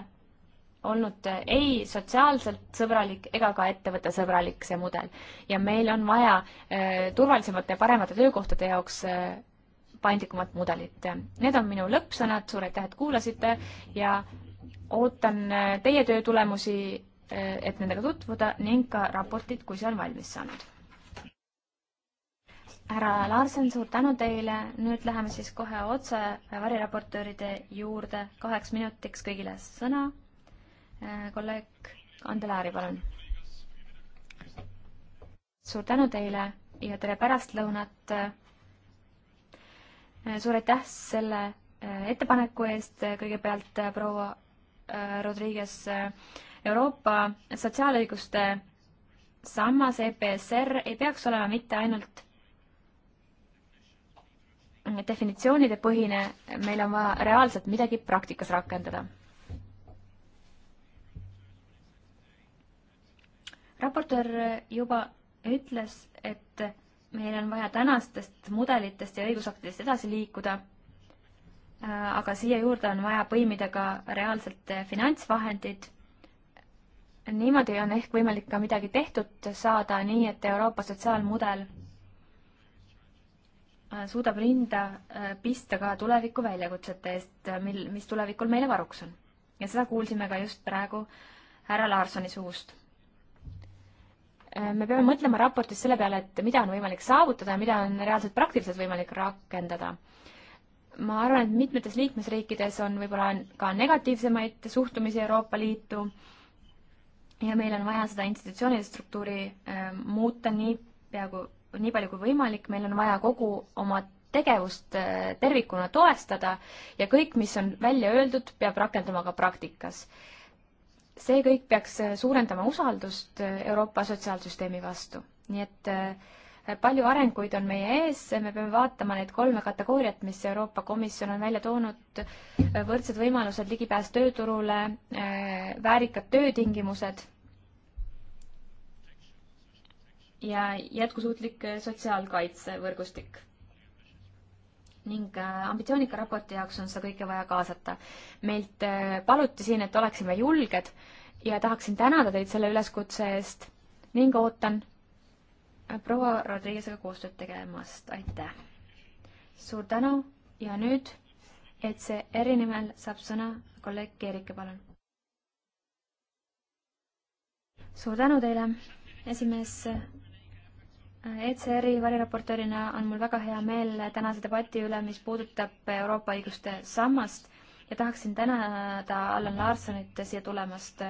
olnud ei sotsiaalselt sõbralik ega ka ettevõttesõbralik see mudel. ja meil on vaja äh, turvalisemate ja paremate töökohtade jaoks äh, paindlikumat mudelit. Need on minu lõppsõnad, suur aitäh, et kuulasite ja ootan äh, teie töö tulemusi, äh, et nendega tutvuda ning ka raportit, kui see on valmis saanud. härra Larsen, suur tänu teile, nüüd läheme siis kohe otse variraportööride juurde, kaheks minutiks kõigile sõna Äh, kolleeg Andelaari, palun. suur tänu teile ja tere pärastlõunat. Äh, suur aitäh selle äh, ettepaneku eest, kõigepealt proua Rodriguez Euroopa sotsiaalõiguste sammas EPSR ei peaks olema mitte ainult definitsioonide põhine, meil on vaja reaalselt midagi praktikas rakendada raportöör juba ütles, et meil on vaja tänastest mudelitest ja õigusaktidest edasi liikuda, äh, aga siia juurde on vaja põimida ka reaalselt finantsvahendid. niimoodi on ehk võimalik ka midagi tehtud saada, nii et Euroopa sotsiaalmudel äh, suudab rinda äh, pista ka tuleviku väljakutsete eest, mil, mis tulevikul meile varuks on. ja seda kuulsime ka just praegu härra Laarsoni suust Äh, me peame mõtlema raportis selle peale, et mida on võimalik saavutada ja mida on reaalselt praktiliselt võimalik rakendada. ma arvan, et mitmetes liikmesriikides on võib-olla ka negatiivsemaid suhtumisi Euroopa Liitu ja meil on vaja seda institutsioonide struktuuri äh, muuta nii peaaegu, nii palju kui võimalik, meil on vaja kogu oma tegevust äh, tervikuna toestada ja kõik, mis on välja öeldud, peab rakenduma ka praktikas see kõik peaks äh, suurendama usaldust äh, Euroopa sotsiaalsüsteemi vastu. nii et äh, palju arenguid on meie ees, me peame vaatama neid kolme kategooriat, mis Euroopa Komisjon on välja toonud, võrdsed võimalused, ligipääs tööturule, väärikad töötingimused ja jätkusuutlik sotsiaalkaitsevõrgustik ning äh, ambitsioonika raporti jaoks on seda kõike vaja kaasata. meilt äh, paluti siin, et oleksime julged ja tahaksin tänada teid selle üleskutse eest ning ootan äh, proua Rodriguez'ega koostööd tegemast, aitäh! suur tänu ja nüüd, et see eri nimel saab sõna kolleeg Keerike, palun! suur tänu teile, esimees ECR-i variraportöörina on mul väga hea meel tänase debati üle, mis puudutab Euroopa õiguste sammast ja tahaksin tänada Allan Larsonit siia tulemast.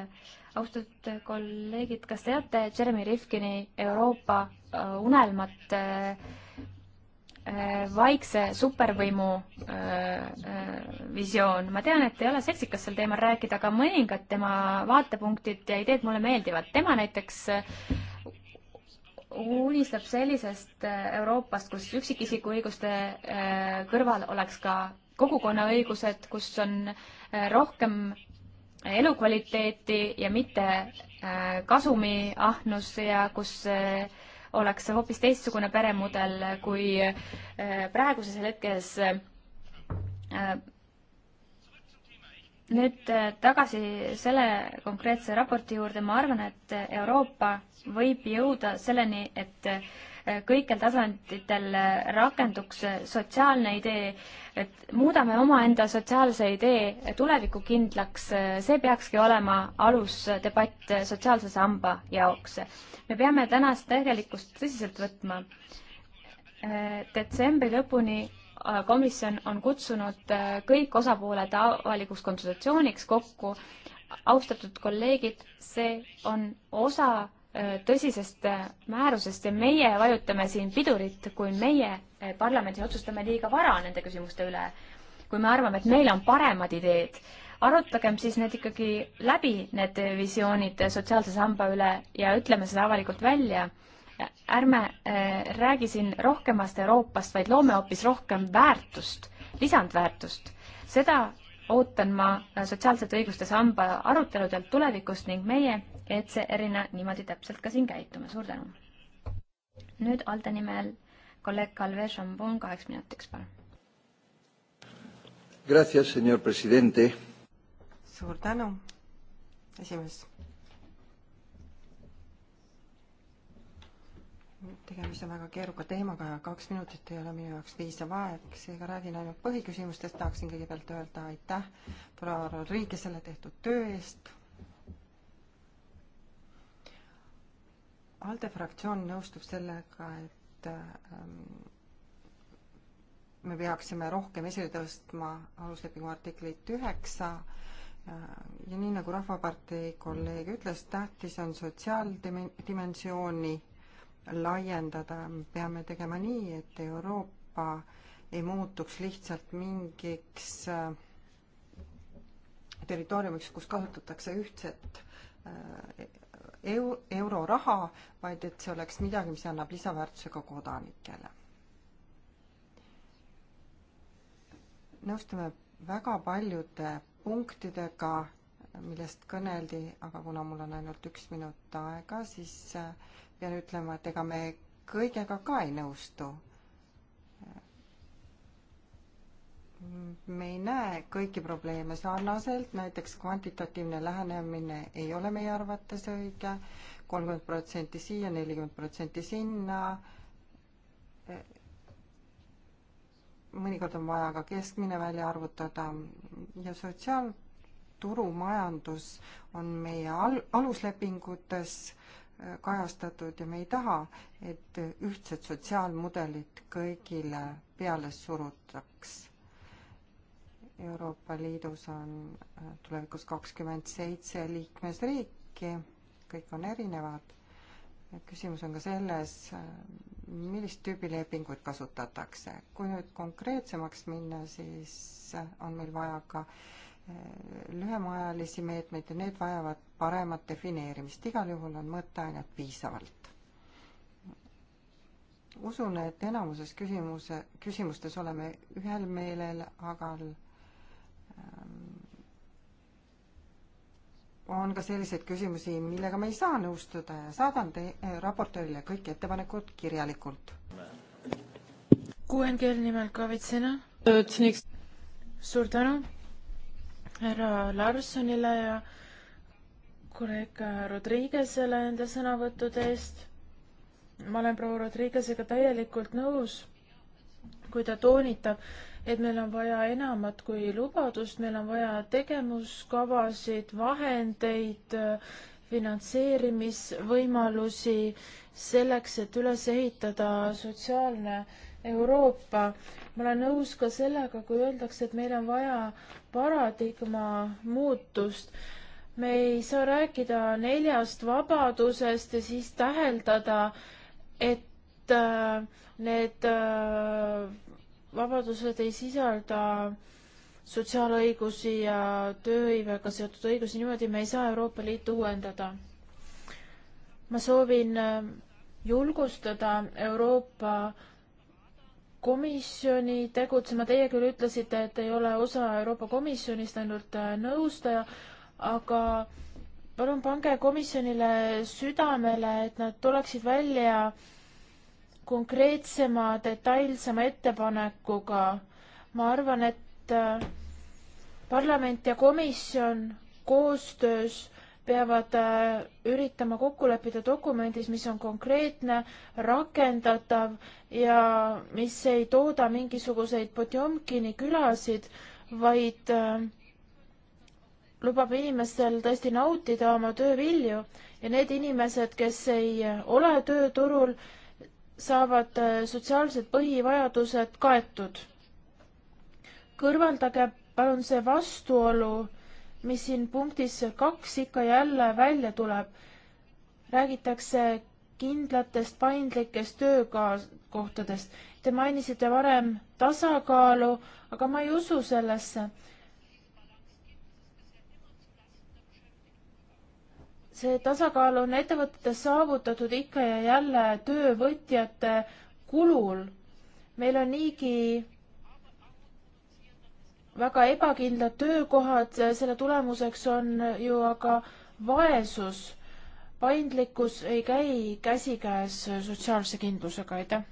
austatud kolleegid, kas teate Jeremy Rifkini Euroopa äh, unelmat äh, äh, vaikse supervõimu visioon. ma tean, et ei ole seksikas sel teemal rääkida, aga mõningad tema vaatepunktid ja ideed mulle meeldivad. tema näiteks unistab sellisest äh, Euroopast, kus üksikisiku õiguste äh, kõrval oleks ka kogukonnaõigused, kus on äh, rohkem elukvaliteeti ja mitte kasumiahnus ja kus oleks hoopis teistsugune peremudel kui praeguses hetkes nüüd äh, tagasi selle konkreetse raporti juurde, ma arvan, et Euroopa võib jõuda selleni, et äh, kõikjal tasanditel äh, rakenduks sotsiaalne idee, et muudame omaenda sotsiaalse idee tulevikukindlaks, see peakski olema alusdebatt sotsiaalse samba jaoks. me peame tänast tegelikkust tõsiselt võtma. detsembri lõpuni Äh, komisjon on kutsunud äh, kõik osapooled avalikuks konsultatsiooniks kokku. austatud kolleegid, see on osa äh, tõsisest määrusest ja meie vajutame siin pidurit, kui meie parlamendis otsustame liiga vara nende küsimuste üle. kui me arvame, et meil on paremad ideed, arutagem siis need ikkagi läbi, need visioonid sotsiaalse samba üle ja ütleme seda avalikult välja ärme äh, räägi siin rohkemast Euroopast, vaid loome hoopis rohkem väärtust, lisandväärtust. seda ootan ma äh, sotsiaalsete õiguste samba aruteludelt tulevikust ning meie ECR-ina niimoodi täpselt ka siin käitume. suur tänu! nüüd Alde nimel kolleeg Kalve Šambon kaheks minutiks, palun. Gracias, senor presidente. suur tänu, esimees tegemist on väga keeruka teemaga ja kaks minutit ei ole minu jaoks piisav aeg, seega räägin ainult põhiküsimustest, tahaksin kõigepealt öelda aitäh proua Rodriguez'ele tehtud töö eest. ALDE fraktsioon nõustub sellega, et ähm, me peaksime rohkem esile tõstma aluslepingu artiklit üheksa ja nii, nagu Rahvapartei kolleeg ütles, tähtis on sotsiaaldimensiooni laiendada, me peame tegema nii, et Euroopa ei muutuks lihtsalt mingiks äh, territooriumiks, kus kasutatakse ühtset äh, eu-, euroraha, vaid et see oleks midagi, mis annab lisaväärtuse ka kodanikele. nõustume väga paljude punktidega, millest kõneldi, aga kuna mul on ainult üks minut aega, siis äh, pean ütlema, et ega me kõigega ka ei nõustu. me ei näe kõiki probleeme sarnaselt, näiteks kvantitatiivne lähenemine ei ole meie arvates õige, kolmkümmend protsenti siia, nelikümmend protsenti sinna mõnikord on vaja ka keskmine välja arvutada ja sotsiaalturumajandus on meie al-, aluslepingutes kajastatud ja me ei taha, et ühtset sotsiaalmudelit kõigile peale surutaks. Euroopa Liidus on äh, tulevikus kakskümmend seitse liikmesriiki, kõik on erinevad. küsimus on ka selles, äh, millist tüüpi lepinguid kasutatakse. kui nüüd konkreetsemaks minna, siis äh, on meil vaja ka äh, lühemaajalisi meetmeid ja need vajavad paremat defineerimist. igal juhul on mõtteainet piisavalt. usun, et enamuses küsimuse, küsimustes oleme ühel meelel, aga ähm, on ka selliseid küsimusi, millega me ei saa nõustuda ja saadan te äh, raportöörile kõik ettepanekud kirjalikult. QNG nimel Kavitsina. Äh, suur tänu härra Larsonile ja kolleeg Rodriguezele nende sõnavõttude eest. ma olen proua Rodriguezega täielikult nõus, kui ta toonitab, et meil on vaja enamat kui lubadust, meil on vaja tegevuskavasid, vahendeid, finantseerimisvõimalusi selleks, et üles ehitada sotsiaalne Euroopa ma olen nõus ka sellega, kui öeldakse, et meil on vaja paradigma muutust. me ei saa rääkida neljast vabadusest ja siis täheldada, et äh, need äh, vabadused ei sisalda sotsiaalõigusi ja tööhõivega seotud õigusi, niimoodi me ei saa Euroopa Liitu uuendada. ma soovin äh, julgustada Euroopa komisjoni tegutsema, teie küll ütlesite, et ei ole osa Euroopa Komisjonist, ainult äh, nõustaja, aga palun pange komisjonile südamele, et nad tuleksid välja konkreetsema, detailsema ettepanekuga. ma arvan, et äh, parlament ja komisjon koostöös peavad äh, üritama kokku leppida dokumendis, mis on konkreetne, rakendatav ja mis ei tooda mingisuguseid Potjomkini külasid, vaid äh, lubab inimestel tõesti nautida oma töövilju ja need inimesed, kes ei äh, ole tööturul, saavad sotsiaalsed põhivajadused kaetud. kõrvaldage palun see vastuolu mis siin punktis kaks ikka jälle välja tuleb. räägitakse kindlatest paindlikest töökohtadest. Te mainisite varem tasakaalu, aga ma ei usu sellesse. see tasakaal on ettevõtetes saavutatud ikka ja jälle töövõtjate kulul. meil on niigi väga ebakindlad töökohad, selle tulemuseks on ju aga vaesus. paindlikkus ei käi käsikäes sotsiaalse kindlusega, aitäh.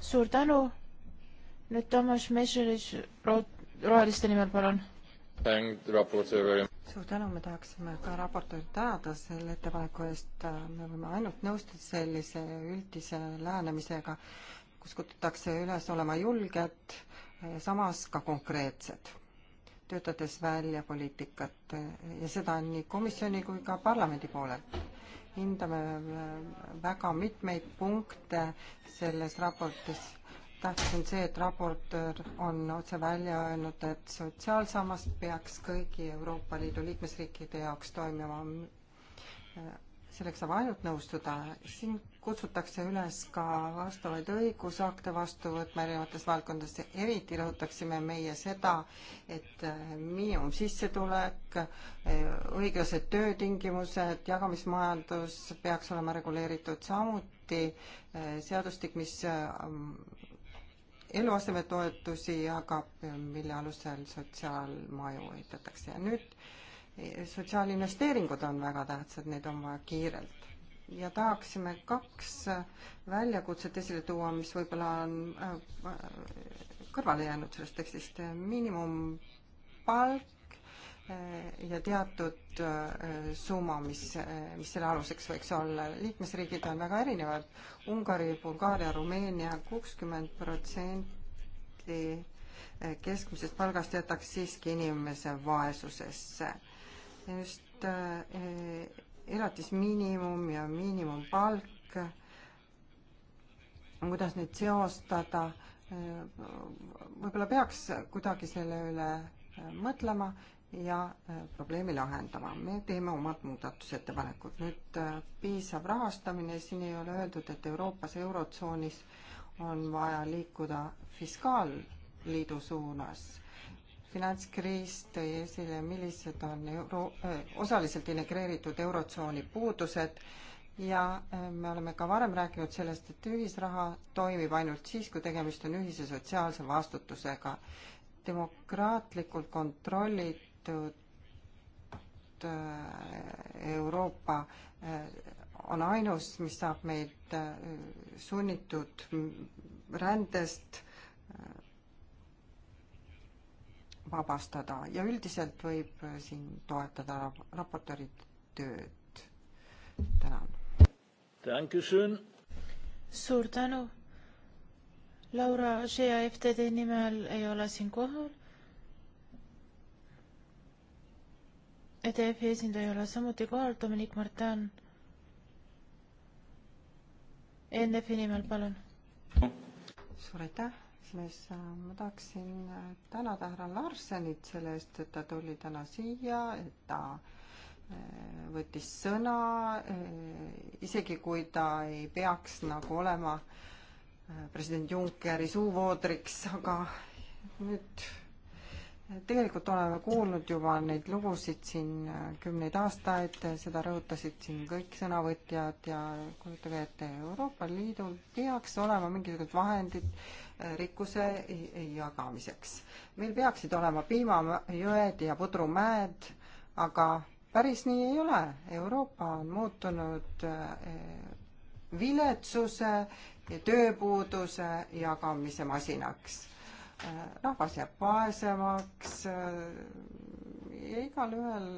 suur tänu. nüüd Toomas Mešelis roheliste nimel, palun. suur tänu, me tahaksime ka raportööri tänada selle ettepaneku eest. me võime ainult nõustuda sellise üldise lähenemisega, kus kutsutakse üles olema julged Eh, samas ka konkreetsed, töötades välja poliitikat eh, ja seda nii komisjoni kui ka parlamendi poolelt. hindame eh, väga mitmeid punkte selles raportis. tähtis on see, et raportöör on otse välja öelnud, et sotsiaalsammas peaks kõigi Euroopa Liidu liikmesriikide jaoks toimima sellega saab ainult nõustuda. siin kutsutakse üles ka vastavaid õigusakte vastu võtma erinevates valdkondades, eriti rõhutaksime meie seda, et miinimumsissetulek, õiglased töötingimused, jagamismajandus peaks olema reguleeritud, samuti seadustik, mis eluasemetoetusi jagab, mille alusel sotsiaalmaju ehitatakse ja nüüd sotsiaalinvesteeringud on väga tähtsad, neid on vaja kiirelt. ja tahaksime kaks äh, väljakutset esile tuua, mis võib-olla on äh, kõrvale jäänud sellest tekstist. miinimumpalk äh, ja teatud summa, mis, mis selle aluseks võiks olla. liikmesriigid on väga erinevad. Ungari, Bulgaaria, Rumeenia kuuskümmend protsenti keskmisest palgast jätaks siiski inimese vaesusesse just äh, elatismiinimum ja miinimumpalk, kuidas neid seostada, äh, võib-olla peaks kuidagi selle üle äh, mõtlema ja probleemi lahendama. me teeme omad muudatusettepanekud. nüüd piisav rahastamine, siin ei ole öeldud, et Euroopas, Eurotsoonis on vaja liikuda fiskaalliidu suunas finantskriis tõi esile, millised on euro, äh, osaliselt integreeritud Eurotsooni puudused ja äh, me oleme ka varem rääkinud sellest, et ühisraha toimib ainult siis, kui tegemist on ühise sotsiaalse vastutusega. demokraatlikult kontrollitud äh, Euroopa on ainus, mis saab meid sunnitud rändest vabastada ja üldiselt võib äh, siin toetada raportööri tööd. tänan. suur tänu. Laura Shea FTD nimel ei ole siin kohal. EDF-i esindaja ei ole samuti kohal, Dominic Martin. ENF-i nimel, palun. suur aitäh ütles. Äh, ma tahaksin äh, tänada härra Larsenit selle eest, et ta tuli täna siia, et ta äh, võttis sõna, isegi kui ta ei peaks nagu olema president Junckeri suuvoodriks, aga nüüd tegelikult oleme kuulnud juba neid lugusid siin kümneid aastaid, seda rõhutasid siin kõik sõnavõtjad ja kujutage ette, Euroopa Liidul peaks olema mingisugused vahendid eh, rikkuse jagamiseks. meil peaksid olema piimajõed ja pudrumäed, aga päris nii ei ole. Euroopa on muutunud eh, viletsuse ja tööpuuduse jagamise masinaks Äh, rahvas jääb vaesemaks äh, ja igalühel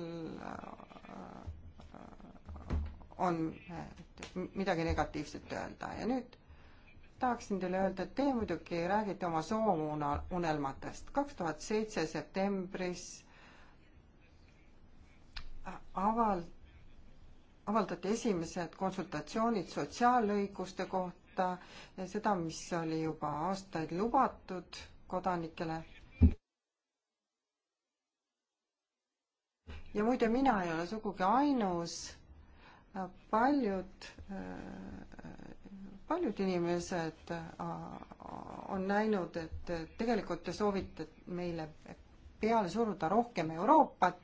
äh, on midagi negatiivset öelda ja nüüd tahaksin teile öelda, et teie muidugi räägite oma soovunelmatest. kaks tuhat seitse septembris aval-, avaldati esimesed konsultatsioonid sotsiaalõiguste kohta ja seda, mis oli juba aastaid lubatud kodanikele. ja muide, mina ei ole sugugi ainus, paljud, äh, paljud inimesed äh, on näinud, et äh, tegelikult te soovite meile peale suruda rohkem Euroopat,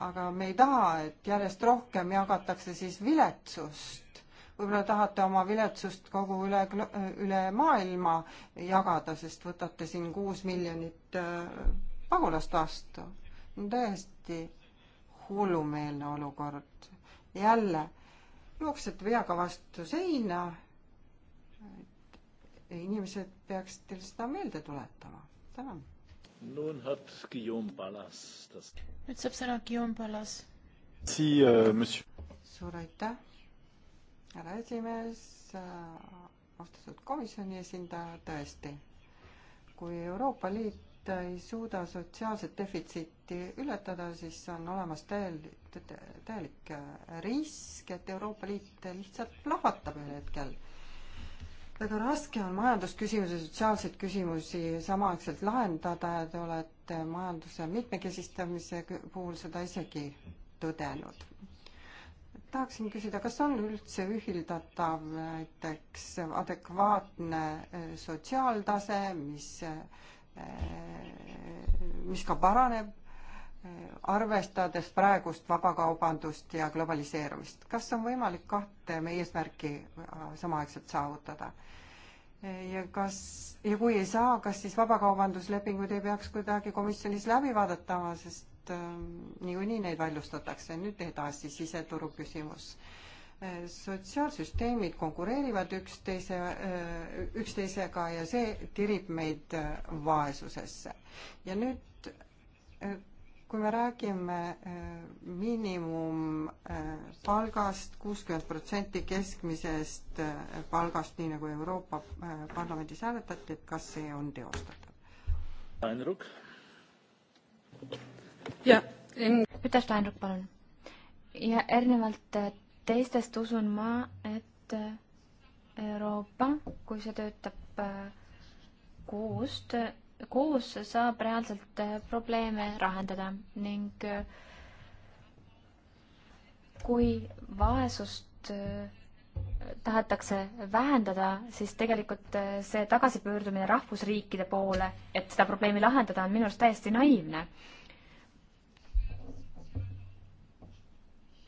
aga me ei taha, et järjest rohkem jagatakse siis viletsust võib-olla tahate oma viletsust kogu üle, üle maailma jagada, sest võtate siin kuus miljonit äh, pagulast vastu. täiesti hullumeelne olukord. jälle jooksete veaga vastu seina. inimesed peaksid teil seda meelde tuletama. tänan. nüüd saab sõna Guillaume Palas. Äh, suur aitäh härra esimees, äh, austatud komisjoni esindaja, tõesti, kui Euroopa Liit ei suuda sotsiaalset defitsiiti ületada, siis on olemas täielik, täielik risk, et Euroopa Liit lihtsalt plahvatab ühel hetkel. väga raske on majandusküsimusi, sotsiaalseid küsimusi samaaegselt lahendada ja te olete majanduse mitmekesistamise puhul seda isegi tõdenud tahaksin küsida, kas on üldse ühildatav näiteks adekvaatne eh, sotsiaaltase, mis, eh, mis ka paraneb, eh, arvestades praegust vabakaubandust ja globaliseerumist, kas on võimalik kahte meie eesmärki samaaegselt saavutada? ja kas, ja kui ei saa, kas siis vabakaubanduslepingud ei peaks kuidagi komisjonis läbi vaadatama, sest Ähm, niikuinii neid väljustatakse. nüüd edasi siseturu küsimus. Äh, sotsiaalsüsteemid konkureerivad üksteise, äh, üksteisega ja see tirib meid äh, vaesusesse. ja nüüd kui me räägime miinimumpalgast, kuuskümmend protsenti keskmisest palgast, nii nagu Euroopa Parlamendis hääletati, et kas see on teostatav? Rainer Rukk. Peter Steinruck, palun. ja erinevalt äh, teistest usun ma, et äh, Euroopa, kui see töötab äh, koost, koos saab reaalselt probleeme lahendada ning kui vaesust tahetakse vähendada, siis tegelikult see tagasipöördumine rahvusriikide poole, et seda probleemi lahendada, on minu arust täiesti naiivne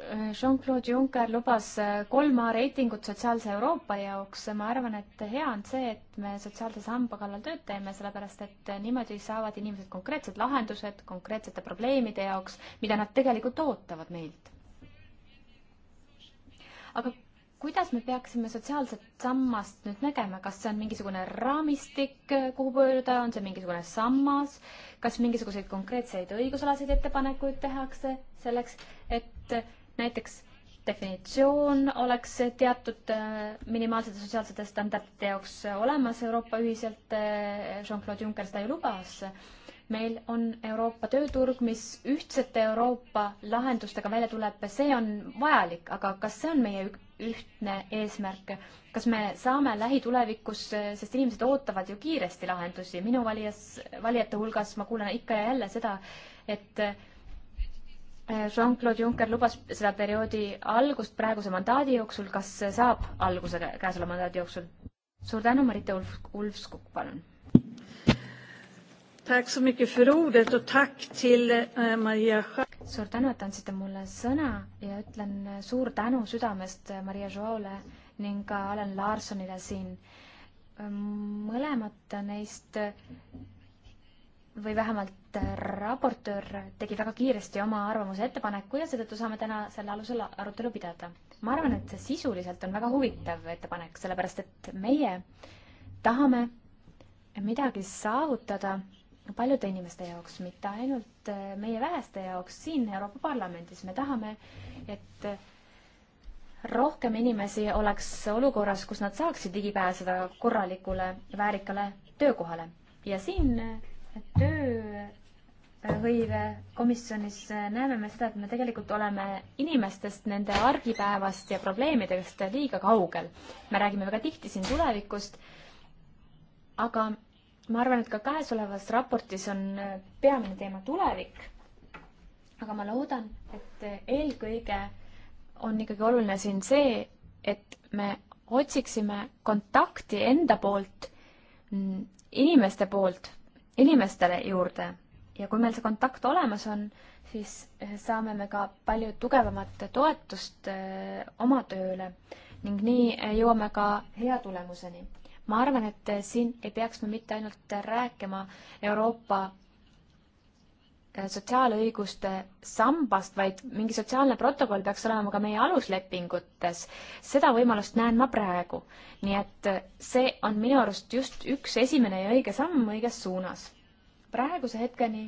Jean-Claude Juncker lubas äh, kolm A-reitingut sotsiaalse Euroopa jaoks. ma arvan, et hea on see, et me sotsiaalse samba kallal tööd teeme, sellepärast et äh, niimoodi saavad inimesed konkreetsed lahendused konkreetsete probleemide jaoks, mida nad tegelikult ootavad meilt. aga kuidas me peaksime sotsiaalset sammast nüüd nägema, kas see on mingisugune raamistik, äh, kuhu pöörduda, on see mingisugune sammas, kas mingisuguseid konkreetseid õigusalaseid ettepanekuid tehakse selleks, et näiteks definitsioon oleks teatud äh, minimaalsete sotsiaalsete standardite jaoks olemas Euroopa ühiselt, äh, Jean-Claude Juncker seda ju lubas. meil on Euroopa tööturg, mis ühtsete Euroopa lahendustega välja tuleb, see on vajalik, aga kas see on meie ühtne eesmärk, kas me saame lähitulevikus, äh, sest inimesed ootavad ju kiiresti lahendusi, minu valijas, valijate hulgas ma kuulen ikka ja jälle seda, et äh, Jean-Claude Juncker lubas seda perioodi algust praeguse mandaadi jooksul, kas see saab alguse käesoleva mandaadi jooksul? suur tänu, Marita Ulf, Ulfskog, palun. Eh, suur tänu, et andsite mulle sõna ja ütlen eh, suur tänu südamest eh, Maria Joaole ning ka Alan Larsonile siin. mõlemad neist või vähemalt et raportöör tegi väga kiiresti oma arvamuse ettepaneku ja seetõttu saame täna selle alusel arutelu pidada. ma arvan, et see sisuliselt on väga huvitav ettepanek, sellepärast et meie tahame midagi saavutada paljude inimeste jaoks, mitte ainult meie väheste jaoks siin Euroopa Parlamendis, me tahame, et rohkem inimesi oleks olukorras, kus nad saaksid ligi pääseda korralikule väärikale töökohale. ja siin töö hõivekomisjonis äh, näeme me seda, et me tegelikult oleme inimestest, nende argipäevast ja probleemidest liiga kaugel. me räägime väga tihti siin tulevikust, aga ma arvan, et ka käesolevas raportis on äh, peamine teema tulevik. aga ma loodan, et äh, eelkõige on ikkagi oluline siin see, et me otsiksime kontakti enda poolt, mm, inimeste poolt, inimestele juurde ja kui meil see kontakt olemas on, siis eh, saame me ka palju tugevamat toetust eh, oma tööle ning nii eh, jõuame ka hea tulemuseni. ma arvan, et siin ei peaks me mitte ainult rääkima Euroopa sotsiaalõiguste sambast, vaid mingi sotsiaalne protokoll peaks olema ka meie aluslepingutes. seda võimalust näen ma praegu. nii et see on minu arust just üks esimene ja õige samm õiges suunas praeguse hetkeni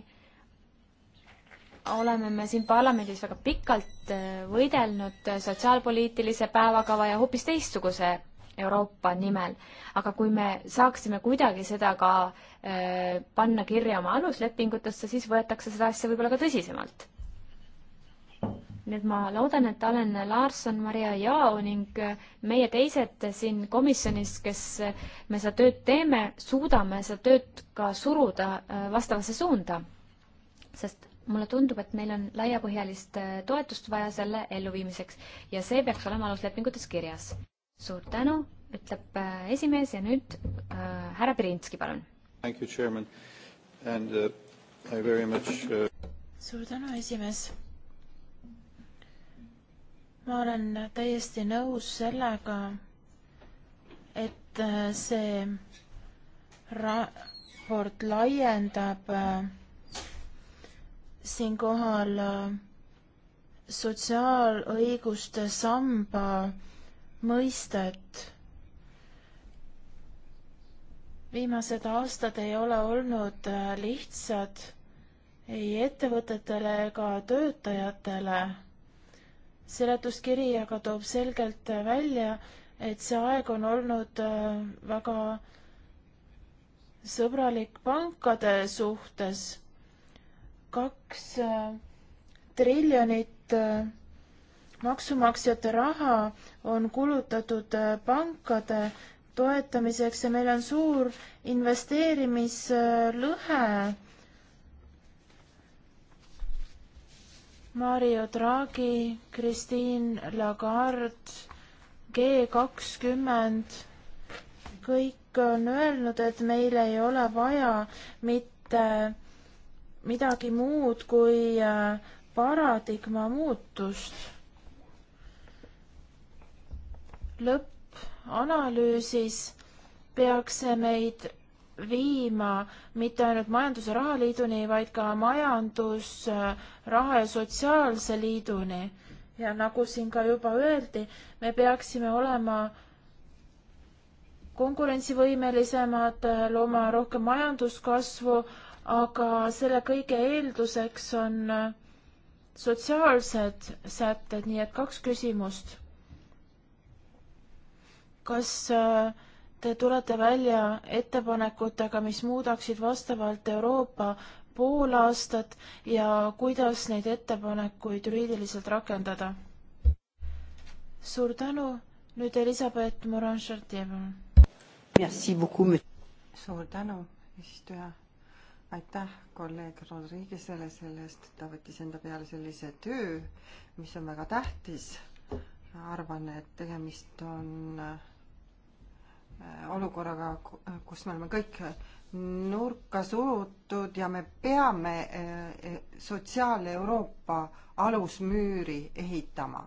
oleme me siin parlamendis väga pikalt äh, võidelnud sotsiaalpoliitilise päevakava ja hoopis teistsuguse Euroopa nimel. aga kui me saaksime kuidagi seda ka äh, panna kirja oma aluslepingutesse, siis võetakse seda asja võib-olla ka tõsisemalt nii et ma loodan, et Alen Larson, Maria Jao ning äh, meie teised siin komisjonis, kes äh, me seda tööd teeme, suudame seda tööd ka suruda äh, vastavasse suunda. sest mulle tundub, et meil on laiapõhjalist toetust vaja selle elluviimiseks ja see peaks olema aluslepingutes kirjas. suur tänu, ütleb esimees ja nüüd äh, härra Pirinski, palun. Uh, uh... suur tänu, esimees ma olen täiesti nõus sellega, et äh, see raport laiendab äh, siinkohal äh, sotsiaalõiguste samba mõistet. viimased aastad ei ole olnud lihtsad ei ettevõtetele ega töötajatele seletuskiri aga toob selgelt välja, et see aeg on olnud äh, väga sõbralik pankade suhtes. kaks äh, triljonit äh, maksumaksjate raha on kulutatud pankade toetamiseks ja meil on suur investeerimislõhe Mario Draghi, Christine Lagarde, G kakskümmend, kõik on öelnud, et meil ei ole vaja mitte midagi muud kui äh, paradigma muutust. lõppanalüüsis peaks see meid viima mitte ainult Majandus- ja Rahaliiduni, vaid ka Majandus, äh, Raha ja Sotsiaalse Liiduni. ja nagu siin ka juba öeldi, me peaksime olema konkurentsivõimelisemad, äh, looma rohkem majanduskasvu, aga selle kõige eelduseks on äh, sotsiaalsed sätted, nii et kaks küsimust. kas äh, Te tulete välja ettepanekutega, mis muudaksid vastavalt Euroopa pool aastat ja kuidas neid ettepanekuid juriidiliselt rakendada? suur tänu, nüüd Elizabeth Morin-Chartier, palun. suur tänu, eesistuja aitäh kolleeg Rodriguez'ele selle eest, et ta võttis enda peale sellise töö, mis on väga tähtis. arvan, et tegemist on Äh, olukorraga, kus me oleme kõik nurka surutud ja me peame äh, Sotsiaal-Euroopa alusmüüri ehitama.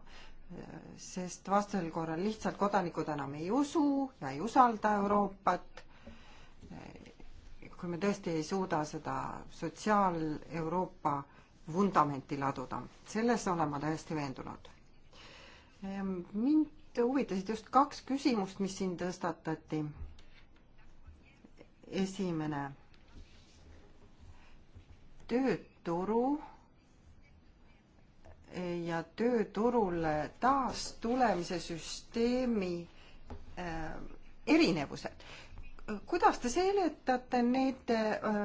sest vastasel korral lihtsalt kodanikud enam ei usu ja ei usalda Euroopat. kui me tõesti ei suuda seda Sotsiaal-Euroopa vundamenti laduda, selles olen ma täiesti veendunud. Ehm, mind huvitasid just kaks küsimust, mis siin tõstatati. esimene, tööturu ja tööturule taastulemise süsteemi äh, erinevused. kuidas te seletate nende äh,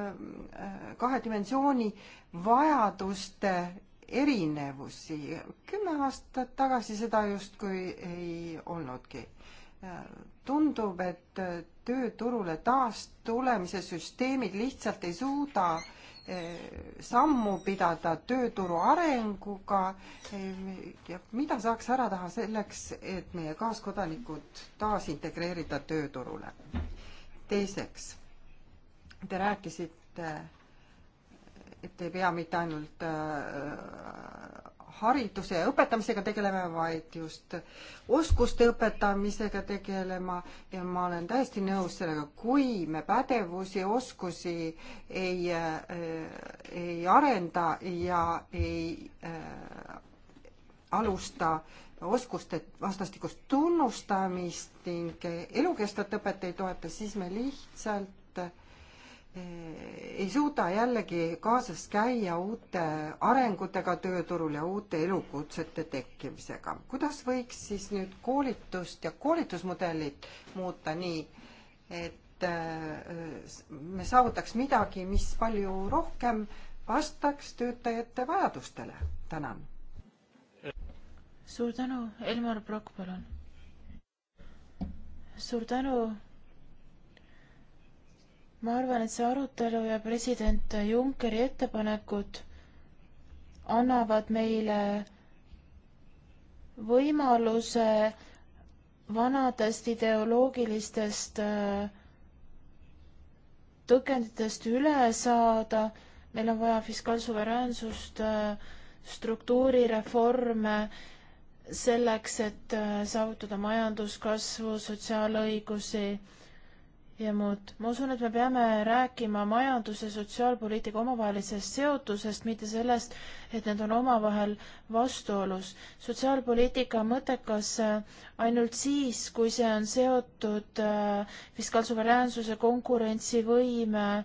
äh, kahe dimensiooni vajaduste erinevusi. kümme aastat tagasi seda justkui ei olnudki. tundub, et tööturule taastulemise süsteemid lihtsalt ei suuda eh, sammu pidada tööturu arenguga eh, ja mida saaks ära teha selleks, et meie kaaskodanikud taasintegreerida tööturule? teiseks, te rääkisite et ei pea mitte ainult äh, hariduse ja õpetamisega tegelema, vaid just oskuste õpetamisega tegelema ja ma olen täiesti nõus sellega, kui me pädevusi, oskusi ei, äh, ei arenda ja ei äh, alusta oskuste vastastikust tunnustamist ning elukestvat õpet ei toeta, siis me lihtsalt äh, ei suuda jällegi kaasas käia uute arengutega tööturul ja uute elukutsete tekkimisega. kuidas võiks siis nüüd koolitust ja koolitusmudelit muuta nii, et äh, me saavutaks midagi, mis palju rohkem vastaks töötajate vajadustele? tänan. suur tänu, Elmar Brokk, palun. suur tänu ma arvan, et see arutelu ja president Junckeri ettepanekud annavad meile võimaluse vanadest ideoloogilistest äh, tõkenditest üle saada, meil on vaja fiskaalsuveräänsust, äh, struktuurireforme selleks, et äh, saavutada majanduskasvu, sotsiaalõigusi ja muud. ma usun, et me peame rääkima majandus- ja sotsiaalpoliitika omavahelisest seotusest, mitte sellest, et need on omavahel vastuolus. sotsiaalpoliitika on mõttekas äh, ainult siis, kui see on seotud äh, fiskaalsuveräänsuse, konkurentsivõime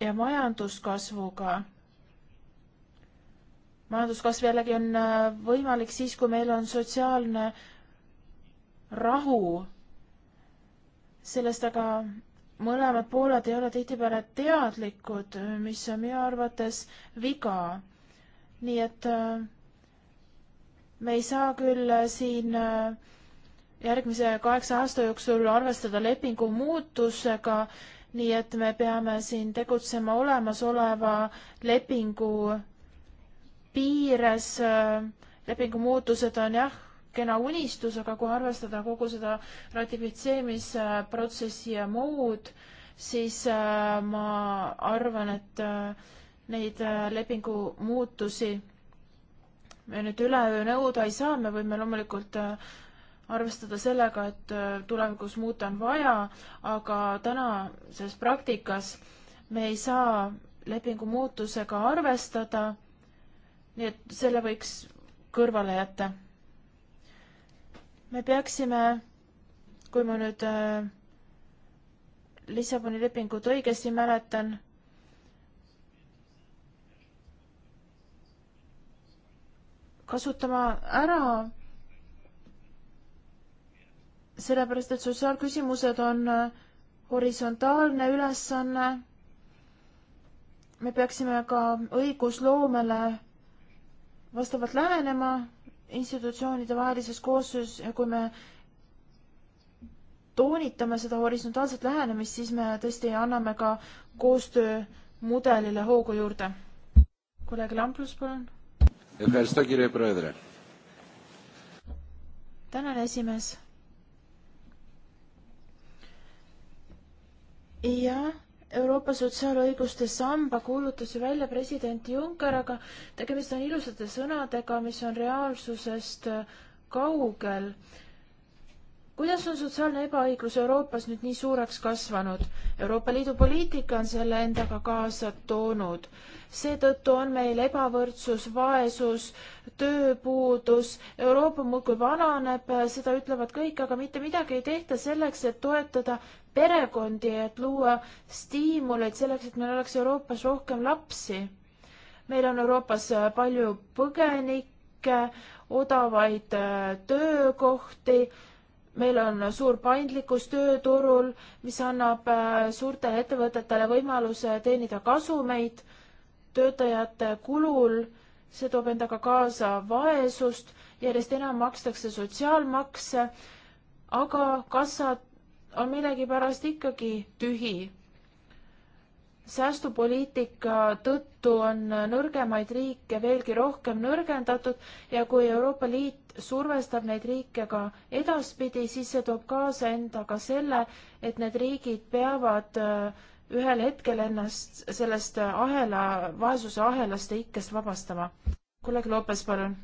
ja majanduskasvuga. majanduskasv jällegi on äh, võimalik siis, kui meil on sotsiaalne rahu sellest aga mõlemad pooled ei ole tihtipeale teadlikud, mis on minu arvates viga. nii et äh, me ei saa küll äh, siin äh, järgmise kaheksa aasta jooksul arvestada lepingu muutusega, nii et me peame siin tegutsema olemasoleva lepingu piires. lepingu muutused on jah kena unistus, aga kui arvestada kogu seda ratifitseerimisprotsessi ja muud, siis äh, ma arvan, et äh, neid äh, lepingu muutusi me nüüd üleöö nõuda ei saa, me võime loomulikult arvestada sellega, et tulevikus muuta on vaja, aga tänases praktikas me ei saa lepingu muutusega arvestada. nii et selle võiks kõrvale jätta me peaksime, kui ma nüüd äh, Lissaboni lepingut õigesti mäletan, kasutama ära, sellepärast et sotsiaalküsimused on äh, horisontaalne ülesanne. me peaksime ka õigusloomele vastavalt lähenema institutsioonide vahelises koostöös ja kui me toonitame seda horisontaalset lähenemist, siis me tõesti anname ka koostöömudelile hoogu juurde. kolleeg Lamplus, palun. tänan, esimees. jah Euroopa sotsiaalõiguste samba kuulutas ju välja president Juncker, aga tegemist on ilusate sõnadega, mis on reaalsusest äh, kaugel. kuidas on sotsiaalne ebaõiglus Euroopas nüüd nii suureks kasvanud? Euroopa Liidu poliitika on selle endaga kaasa toonud. seetõttu on meil ebavõrdsus, vaesus, tööpuudus, Euroopa muudkui vananeb, äh, seda ütlevad kõik, aga mitte midagi ei tehta selleks, et toetada perekondi, et luua stiimuleid selleks, et meil oleks Euroopas rohkem lapsi. meil on Euroopas äh, palju põgenikke, odavaid äh, töökohti, meil on suur paindlikkus tööturul, mis annab äh, suurtele ettevõtetele võimaluse teenida kasumeid töötajate kulul, see toob endaga kaasa vaesust, järjest enam makstakse sotsiaalmakse, aga kassad on millegipärast ikkagi tühi. säästupoliitika tõttu on nõrgemaid riike veelgi rohkem nõrgendatud ja kui Euroopa Liit survestab neid riike ka edaspidi, siis see toob kaasa endaga selle, et need riigid peavad äh, ühel hetkel ennast sellest ahela, vaesuse ahelast ja ikkest vabastama. kolleeg Lopes, palun.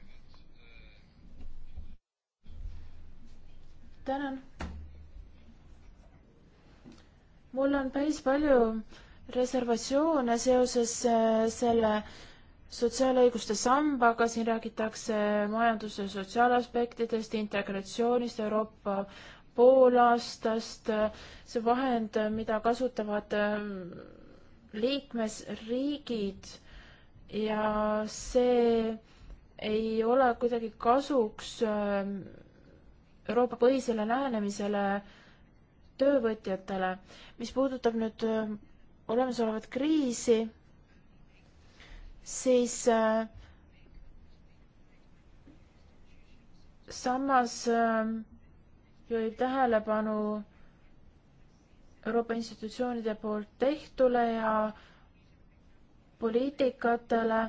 tänan mul on päris palju reservatsioone seoses äh, selle sotsiaalõiguste sambaga, siin räägitakse majanduse sotsiaalaspektidest, integratsioonist, Euroopa poolaastast, see vahend, mida kasutavad äh, liikmesriigid ja see ei ole kuidagi kasuks äh, Euroopa põhisele lähenemisele äh, töövõtjatele. mis puudutab nüüd äh, olemasolevat kriisi, siis äh, samas äh, juhib tähelepanu Euroopa institutsioonide poolt tehtule ja poliitikatele,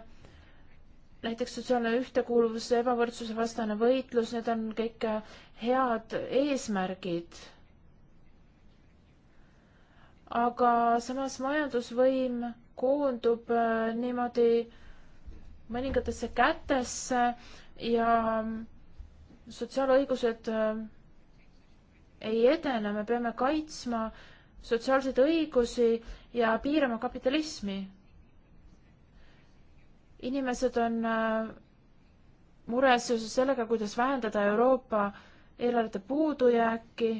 näiteks sotsiaalne ühtekuuluvus, ebavõrdsuse vastane võitlus, need on kõik head eesmärgid aga samas majandusvõim koondub äh, niimoodi mõningatesse kätesse ja ähm, sotsiaalõigused äh, ei edene, me peame kaitsma sotsiaalseid õigusi ja piirama kapitalismi. inimesed on äh, mures seoses sellega, kuidas vähendada Euroopa eelarvete puudujääki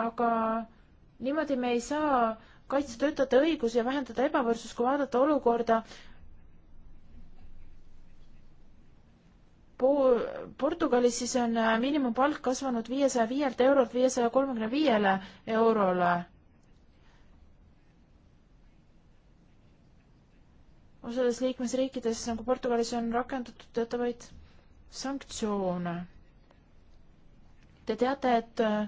aga niimoodi me ei saa kaitsta töötajate õigusi ja vähendada ebavõrdsust, kui vaadata olukorda po-, Portugalis siis on äh, miinimumpalk kasvanud viiesaja viielt eurolt viiesaja kolmekümne viiele eurole. osades liikmesriikides nagu Portugalis on rakendatud teatavaid sanktsioone. Te teate, et äh,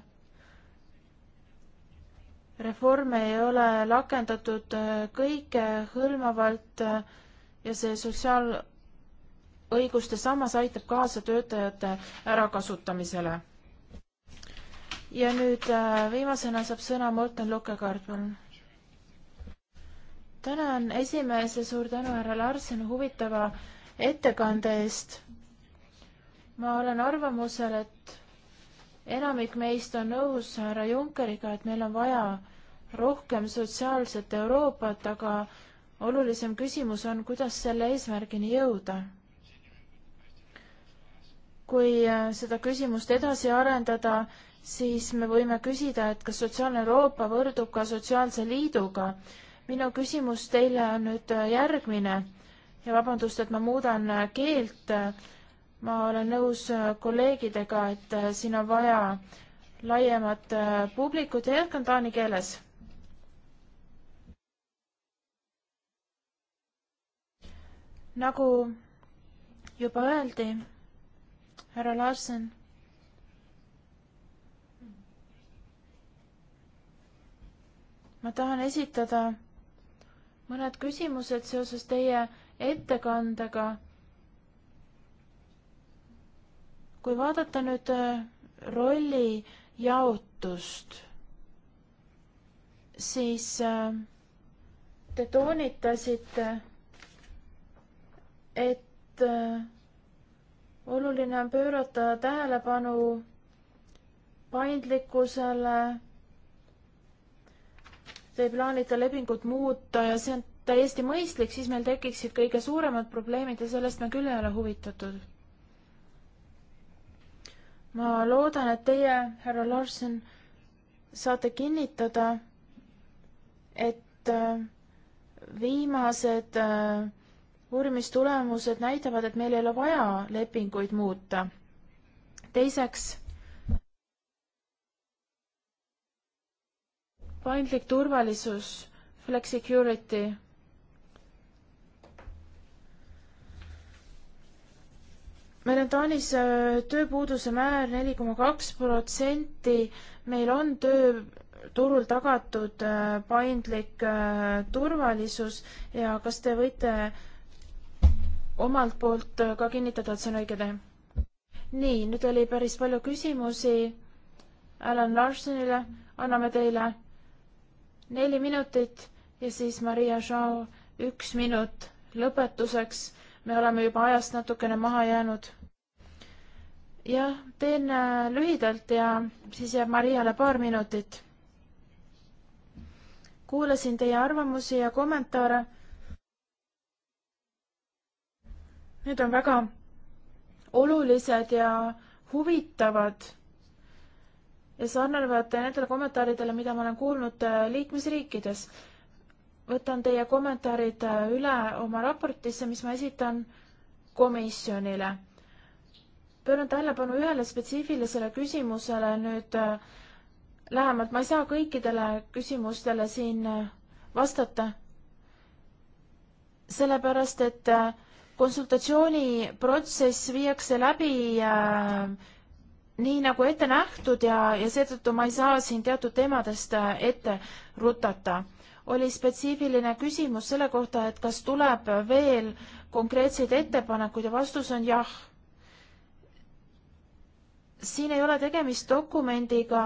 reforme ei ole lakendatud äh, kõike hõlmavalt äh, ja see sotsiaalõiguste sammas aitab kaasa töötajate ärakasutamisele. ja nüüd äh, viimasena saab sõna Morten Lokekaart, palun. tänan esimees ja suur tänu härra Larsen huvitava ettekande eest. ma olen arvamusel, et enamik meist on nõus härra Junckeriga, et meil on vaja rohkem sotsiaalset Euroopat, aga olulisem küsimus on, kuidas selle eesmärgini jõuda. kui äh, seda küsimust edasi arendada, siis me võime küsida, et kas sotsiaalne Euroopa võrdub ka sotsiaalse liiduga. minu küsimus teile on nüüd äh, järgmine ja vabandust, et ma muudan äh, keelt ma olen nõus äh, kolleegidega, et äh, siin on vaja laiemat äh, publikut ja jätkan taani keeles. nagu juba öeldi, härra Larsen ma tahan esitada mõned küsimused seoses teie ettekandega kui vaadata nüüd äh, rolli jaotust, siis äh, te toonitasite, et äh, oluline on pöörata tähelepanu paindlikkusele. Te ei plaanita lepingut muuta ja see on täiesti mõistlik, siis meil tekiksid kõige suuremad probleemid ja sellest me küll ei ole huvitatud ma loodan, et teie, härra Larsen, saate kinnitada, et äh, viimased äh, uurimistulemused näitavad, et meil ei ole vaja lepinguid muuta. teiseks, paindlik turvalisus, flexicurity meil on Taanis äh, tööpuuduse määr neli koma kaks protsenti, meil on tööturul tagatud äh, paindlik äh, turvalisus ja kas te võite omalt poolt ka kinnitada, et see on õige tee? nii, nüüd oli päris palju küsimusi Alan Larsonile, anname teile neli minutit ja siis Maria Shaw üks minut lõpetuseks me oleme juba ajast natukene maha jäänud. jah, teen äh, lühidalt ja siis jääb Mariale paar minutit. kuulasin teie arvamusi ja kommentaare. Need on väga olulised ja huvitavad ja sarnanevad nendele kommentaaridele, mida ma olen kuulnud äh, liikmesriikides võtan teie kommentaarid äh, üle oma raportisse, mis ma esitan komisjonile. pööran tähelepanu ühele spetsiifilisele küsimusele nüüd äh, lähemalt, ma ei saa kõikidele küsimustele siin äh, vastata, sellepärast et konsultatsiooniprotsess viiakse läbi äh, nii nagu ette nähtud ja, ja seetõttu ma ei saa siin teatud teemadest ette rutata oli spetsiifiline küsimus selle kohta, et kas tuleb veel konkreetseid ettepanekuid ja vastus on jah. siin ei ole tegemist dokumendiga,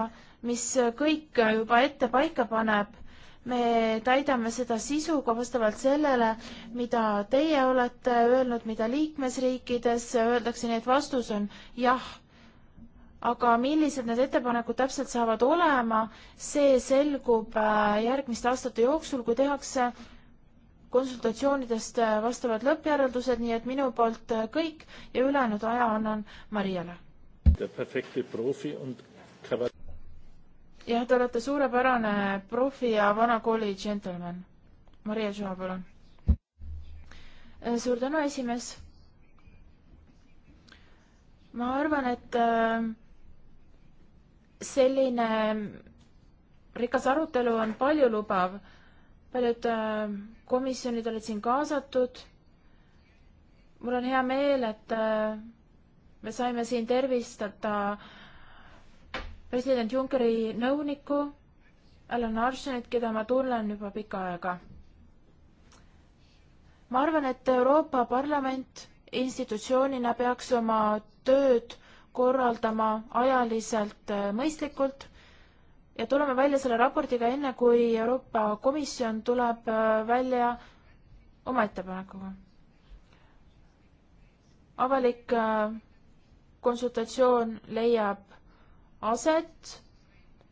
mis kõik juba ette paika paneb. me täidame seda sisuga vastavalt sellele, mida teie olete öelnud, mida liikmesriikides öeldakse, nii et vastus on jah aga millised need ettepanekud täpselt saavad olema, see selgub äh, järgmiste aastate jooksul, kui tehakse konsultatsioonidest äh, vastavad lõppjäreldused, nii et minu poolt äh, kõik ja ülejäänud aja annan Mariale. jah, te olete suurepärane profi ja vana kooli džentelmen. Maria Joa, palun. suur tänu, esimees. ma arvan, et äh, selline rikas arutelu on paljulubav. paljud äh, komisjonid olid siin kaasatud. mul on hea meel, et äh, me saime siin tervistada president Junckeri nõunikku Alan Arsenit, keda ma tunnen juba pikka aega. ma arvan, et Euroopa Parlament institutsioonina peaks oma tööd korraldama ajaliselt äh, mõistlikult ja tuleme välja selle raportiga enne, kui Euroopa Komisjon tuleb äh, välja oma ettepanekuga. avalik äh, konsultatsioon leiab aset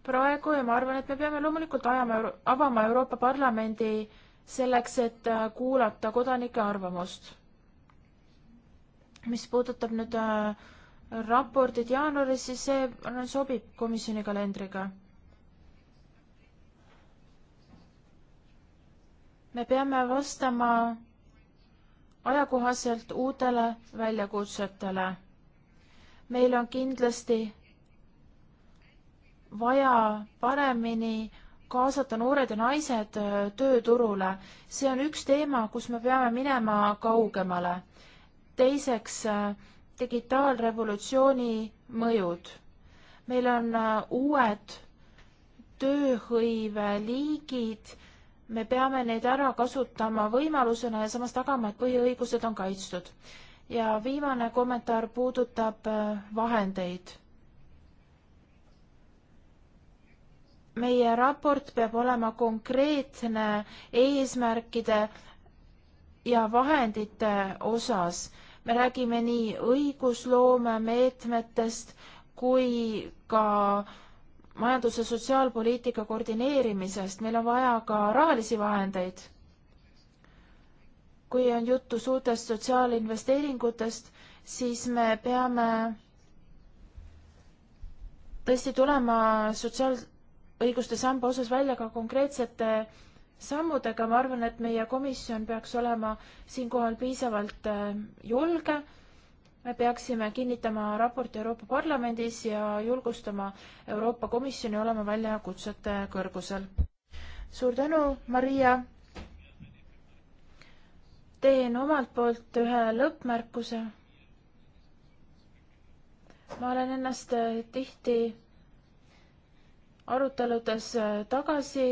praegu ja ma arvan, et me peame loomulikult ajama, avama Euroopa Parlamendi selleks, et kuulata kodanike arvamust. mis puudutab nüüd äh, raportid jaanuaris, siis see sobib komisjoni kalendriga. me peame vastama ajakohaselt uutele väljakutsetele. meil on kindlasti vaja paremini kaasata noored ja naised äh, tööturule. see on üks teema, kus me peame minema kaugemale. teiseks äh, digitaalrevolutsiooni mõjud. meil on äh, uued tööhõiveliigid, me peame neid ära kasutama võimalusena ja samas tagama, et põhiõigused on kaitstud. ja viimane kommentaar puudutab äh, vahendeid. meie raport peab olema konkreetne eesmärkide ja vahendite osas me räägime nii õigusloome meetmetest kui ka majanduse sotsiaalpoliitika koordineerimisest, meil on vaja ka rahalisi vahendeid. kui on juttu suurtest sotsiaalinvesteeringutest, siis me peame tõesti tulema sotsiaal-, õiguste samba osas välja ka konkreetsete sammudega, ma arvan, et meie komisjon peaks olema siinkohal piisavalt äh, julge. me peaksime kinnitama raporti Euroopa Parlamendis ja julgustama Euroopa Komisjoni olema väljakutsete kõrgusel. suur tänu, Maria. teen omalt poolt ühe lõppmärkuse. ma olen ennast tihti aruteludes tagasi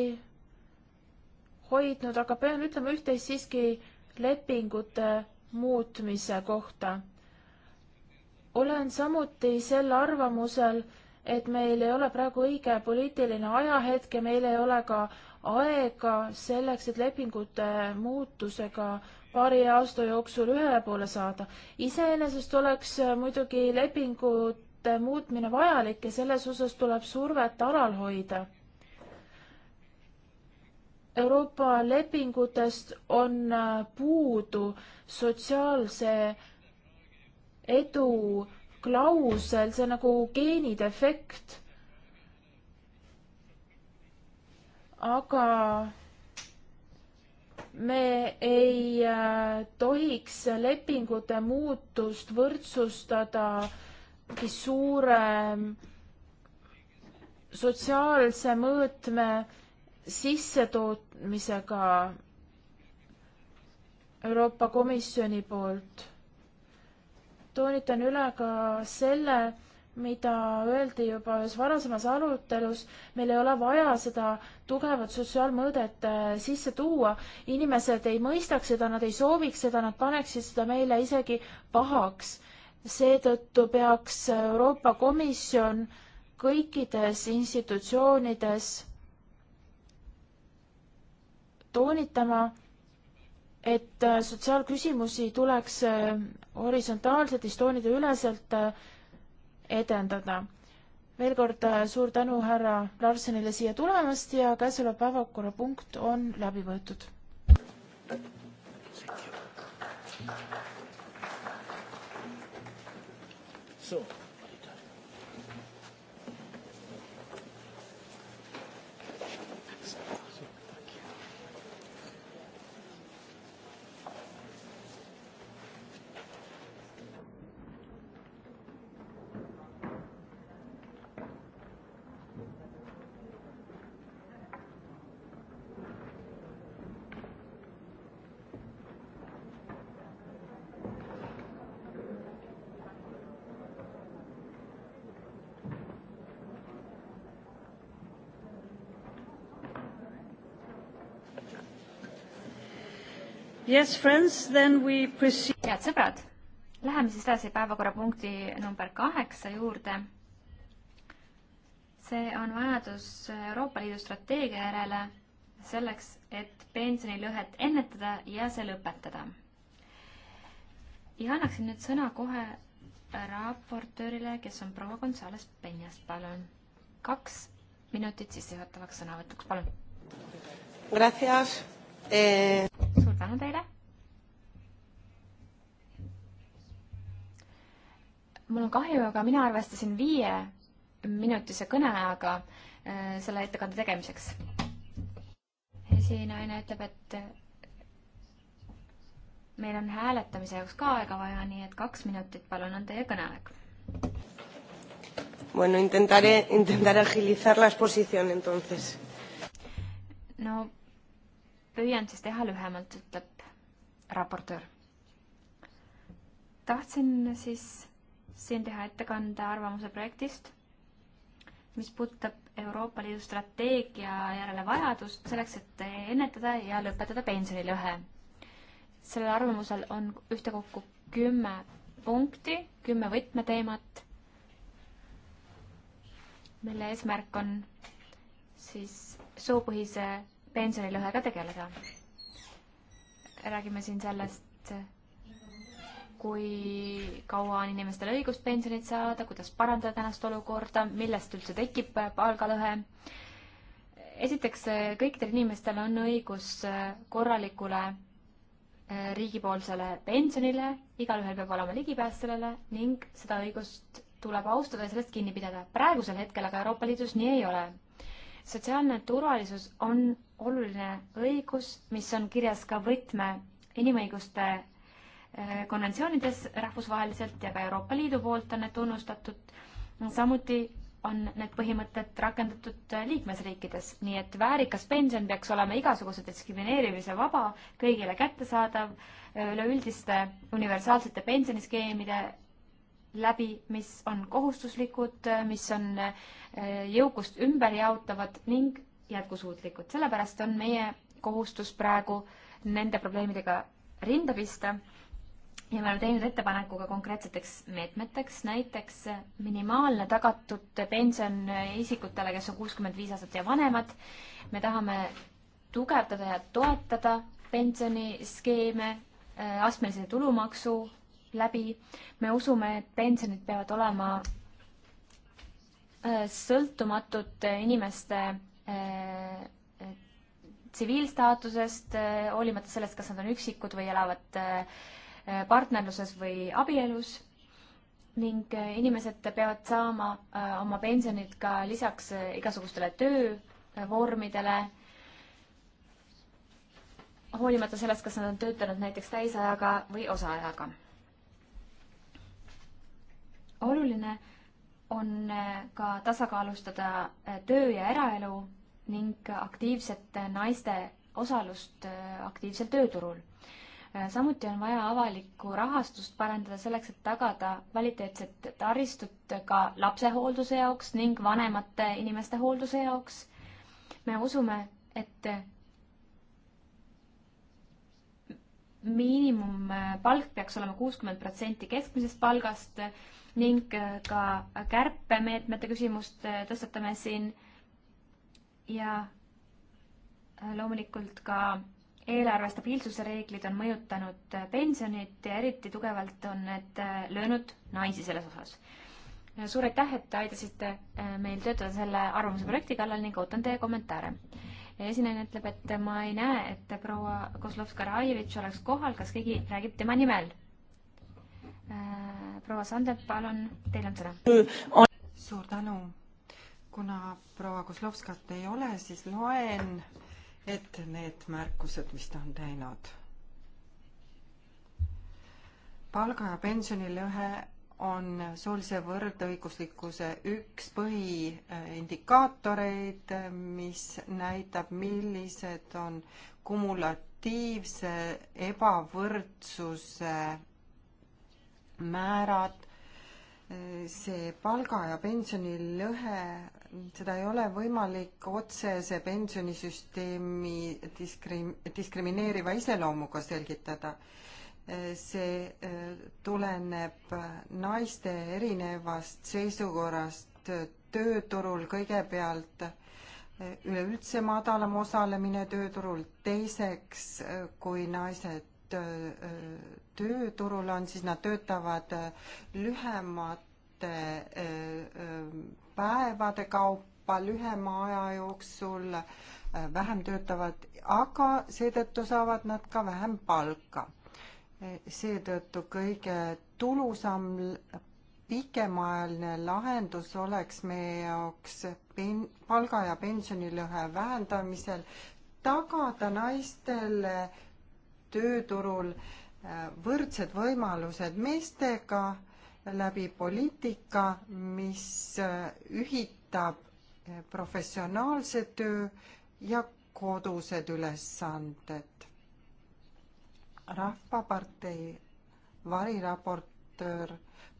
hoidnud, aga pean ütlema üht-teist siiski lepingute muutmise kohta. olen samuti sel arvamusel, et meil ei ole praegu õige poliitiline ajahetk ja meil ei ole ka aega selleks, et lepingute muutusega paari aasta jooksul ühele poole saada. iseenesest oleks muidugi lepingute muutmine vajalik ja selles osas tuleb survet alal hoida Euroopa lepingutest on äh, puudu sotsiaalse edu klausel, see nagu geenidefekt. aga me ei äh, tohiks lepingute muutust võrdsustada mingi suure mm, sotsiaalse mõõtme sissetootmisega Euroopa Komisjoni poolt. toonitan üle ka selle, mida öeldi juba ühes varasemas arutelus, meil ei ole vaja seda tugevat sotsiaalmõõdet äh, sisse tuua, inimesed ei mõistaks seda, nad ei sooviks seda, nad paneksid seda meile isegi pahaks. seetõttu peaks Euroopa Komisjon kõikides institutsioonides toonitama, et äh, sotsiaalküsimusi tuleks äh, horisontaalselt Estonia üleselt äh, edendada. veel kord suur tänu härra Larsenile siia tulemast ja käesolev päevakorrapunkt on läbi võetud. So. Yes, friends, then we proceed. head sõbrad, läheme siis edasi päevakorrapunkti number kaheksa juurde. see on vajadus Euroopa Liidu strateegia järele selleks, et pensionilõhet ennetada ja see lõpetada. ja annaksin nüüd sõna kohe raportöörile, kes on proua Gonzales Penjast, palun. kaks minutit sissejuhatavaks sõnavõtuks, palun. Gracias Eh, suur tänu teile. mul on kahju, aga mina arvestasin viie minutise kõneajaga eh, selle ettekande tegemiseks. esinaine ütleb, et eh, meil on hääletamise jaoks ka aega vaja, nii et kaks minutit, palun, on teie kõneaeg. Bueno, intentaré, intentaré agilizar la exposición entonces. no püüan siis teha lühemalt, ütleb raportöör. tahtsin siis siin teha ettekande arvamuse projektist, mis puudutab Euroopa Liidu strateegia järele vajadust selleks, et ennetada ja lõpetada pensionilõhe. sellel arvamusel on ühtekokku kümme punkti, kümme võtmeteemat, mille eesmärk on siis soopõhise pensionilõhega tegeleda. räägime siin sellest, kui kaua on inimestel õigus pensionit saada, kuidas parandada tänast olukorda, millest üldse tekib palgalõhe. esiteks, kõikidel inimestel on õigus korralikule eh, riigipoolsele pensionile, igalühel peab olema ligipääs sellele ning seda õigust tuleb austada ja sellest kinni pidada. praegusel hetkel aga Euroopa Liidus nii ei ole. sotsiaalne turvalisus on oluline õigus, mis on kirjas ka võtme inimõiguste eh, konventsioonides rahvusvaheliselt ja ka Euroopa Liidu poolt on need tunnustatud. samuti on need põhimõtted rakendatud eh, liikmesriikides, nii et väärikas pension peaks olema igasuguse diskrimineerimise vaba, kõigile kättesaadav eh, üleüldiste universaalsete pensioniskeemide läbi, mis on kohustuslikud, mis on jõukust ümber jaotavad ning jätkusuutlikud. sellepärast on meie kohustus praegu nende probleemidega rinda pista ja me oleme teinud ettepaneku ka konkreetseteks meetmeteks, näiteks minimaalne tagatud pension isikutele, kes on kuuskümmend viis aastat ja vanemad. me tahame tugevdada ja toetada pensioniskeeme äh, astmelise tulumaksu läbi. me usume, et pensionid peavad olema äh, sõltumatud inimeste tsiviilstaatusest, äh, hoolimata sellest, kas nad on üksikud või elavad äh, partnerluses või abielus ning äh, inimesed peavad saama oma pensionit ka lisaks igasugustele töövormidele, hoolimata sellest, kas nad on töötanud näiteks täisajaga või osaajaga. oluline on ka tasakaalustada töö ja eraelu ning aktiivsete naiste osalust äh, aktiivsel tööturul. Äh, samuti on vaja avalikku rahastust parandada selleks, et tagada kvaliteetset taristut ka lapsehoolduse jaoks ning vanemate inimeste hoolduse jaoks. me usume, et miinimumpalk peaks olema kuuskümmend protsenti keskmisest palgast ning ka kärpemeetmete küsimust äh, tõstatame siin ja äh, loomulikult ka eelarve stabiilsuse reeglid on mõjutanud äh, pensionit ja eriti tugevalt on need äh, löönud naisi selles osas. suur aitäh, et aitasite meil töötada selle arvamuse projekti kallal ning ootan teie kommentaare. esinejana ütleb, et ma ei näe, et proua Kozlovskaja-Rajevitš oleks kohal, kas keegi räägib tema nimel? proua Sander, palun, teil on sõna. suur tänu kuna proua Kozlovskat ei ole, siis loen ette need märkused, mis ta on teinud. palga ja pensionilõhe on soolise võrdõiguslikkuse üks põhiindikaatoreid, mis näitab, millised on kumulatiivse ebavõrdsuse määrad see palga ja pensionilõhe, seda ei ole võimalik otsese pensionisüsteemi diskrim-, diskrimineeriva iseloomuga selgitada. see äh, tuleneb naiste erinevast seisukorrast tööturul kõigepealt, äh, üleüldse madalam osalemine tööturul, teiseks, äh, kui naised Äh, tööturul on, siis nad töötavad äh, lühemate äh, päevade kaupa, lühema aja jooksul, vähem töötavad, aga seetõttu saavad nad ka vähem palka. seetõttu kõige tulusam pikemaajaline lahendus oleks meie jaoks pen-, palga ja pensionilõhe vähendamisel tagada naistele tööturul äh, võrdsed võimalused meestega läbi poliitika, mis äh, ühitab äh, professionaalse töö ja kodused ülesanded. rahvapartei variraportöör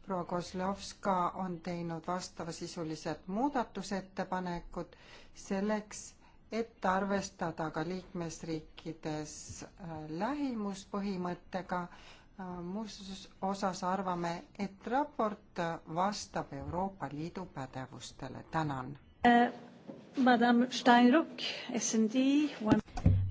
proua Kozlovska on teinud vastavasisulised muudatusettepanekud selleks, et arvestada ka liikmesriikides äh, lähimuspõhimõttega. Äh, muus osas arvame, et raport vastab Euroopa Liidu pädevustele. tänan äh,. Madame Steinruck, SMD one....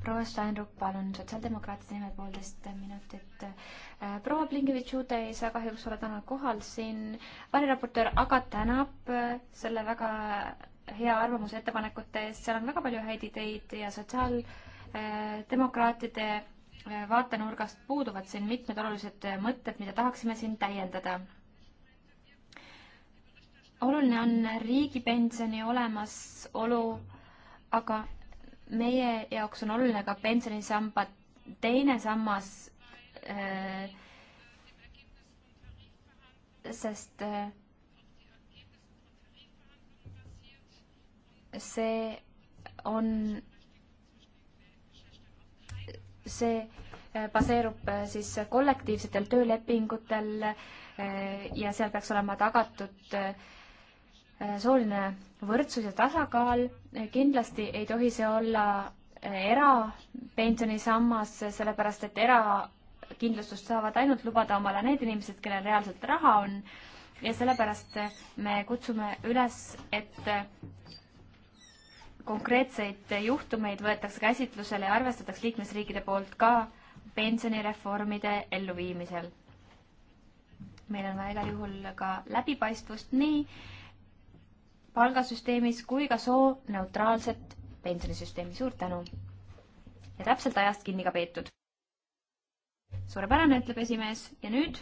proua Steinruck, palun sotsiaaldemokraatide nimel poolteist minutit. Äh, proua Blinkevitš-Ude ei saa kahjuks olla täna kohal siin, variraportöör aga tänab selle väga hea arvamuse ettepanekute eest, seal on väga palju häid ideid ja sotsiaaldemokraatide eh, vaatenurgast puuduvad siin mitmed olulised mõtted, mida tahaksime siin täiendada. oluline on riigipensioni olemasolu, aga meie jaoks on oluline ka pensionisamba teine sammas, eh, sest eh, see on, see äh, baseerub äh, siis kollektiivsetel töölepingutel äh, ja seal peaks olema tagatud sooline võrdsus ja tasakaal. kindlasti ei tohi see olla erapensionisammas, sellepärast et erakindlustust saavad ainult lubada omale need inimesed, kellel reaalselt raha on. ja sellepärast me kutsume üles, et konkreetseid juhtumeid võetakse käsitlusele ja arvestatakse liikmesriikide poolt ka pensionireformide elluviimisel. meil on vaja igal juhul ka läbipaistvust nii palgasüsteemis kui ka sooneutraalset pensionisüsteemi. suur tänu! ja täpselt ajast kinni ka peetud. suurepärane, ütleb esimees ja nüüd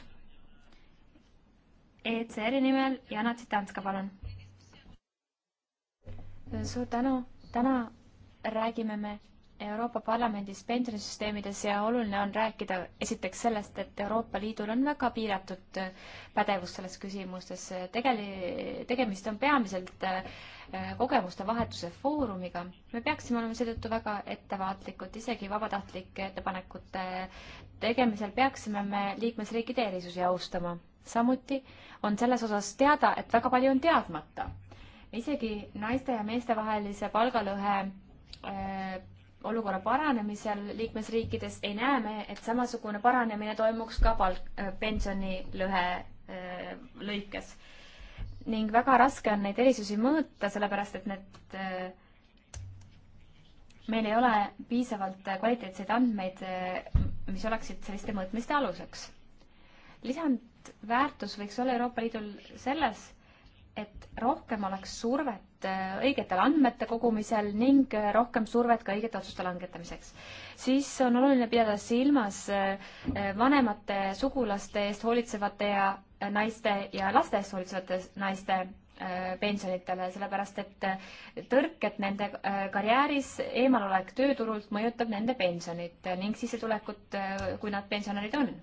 ECR-i nimel Jana Tsitanska, palun. suur tänu täna räägime me Euroopa Parlamendis pensionisüsteemides ja oluline on rääkida esiteks sellest, et Euroopa Liidul on väga piiratud pädevus selles küsimustes. tegeli-, tegemist on peamiselt äh, kogemuste vahetuse foorumiga. me peaksime olema seetõttu väga ettevaatlikud, isegi vabatahtlike ettepanekute tegemisel peaksime me liikmesriikide erisusi austama. samuti on selles osas teada, et väga palju on teadmata isegi naiste ja meeste vahelise palgalõhe äh, olukorra paranemisel liikmesriikides ei näe me, et samasugune paranemine toimuks ka palk äh,, pensionilõhe äh, lõikes. ning väga raske on neid erisusi mõõta, sellepärast et need äh, meil ei ole piisavalt kvaliteetseid andmeid, äh, mis oleksid selliste mõõtmiste aluseks. lisandväärtus võiks olla Euroopa Liidul selles, et rohkem oleks survet äh, õigetele andmete kogumisel ning äh, rohkem survet ka õigete otsuste langetamiseks. siis on oluline pidada silmas äh, vanemate sugulaste eest hoolitsevate ja naiste ja laste eest hoolitsevate naiste pensionitele, sellepärast et tõrked nende karjääris, eemalolek tööturult mõjutab nende pensionit ning sissetulekut, kui nad pensionärid on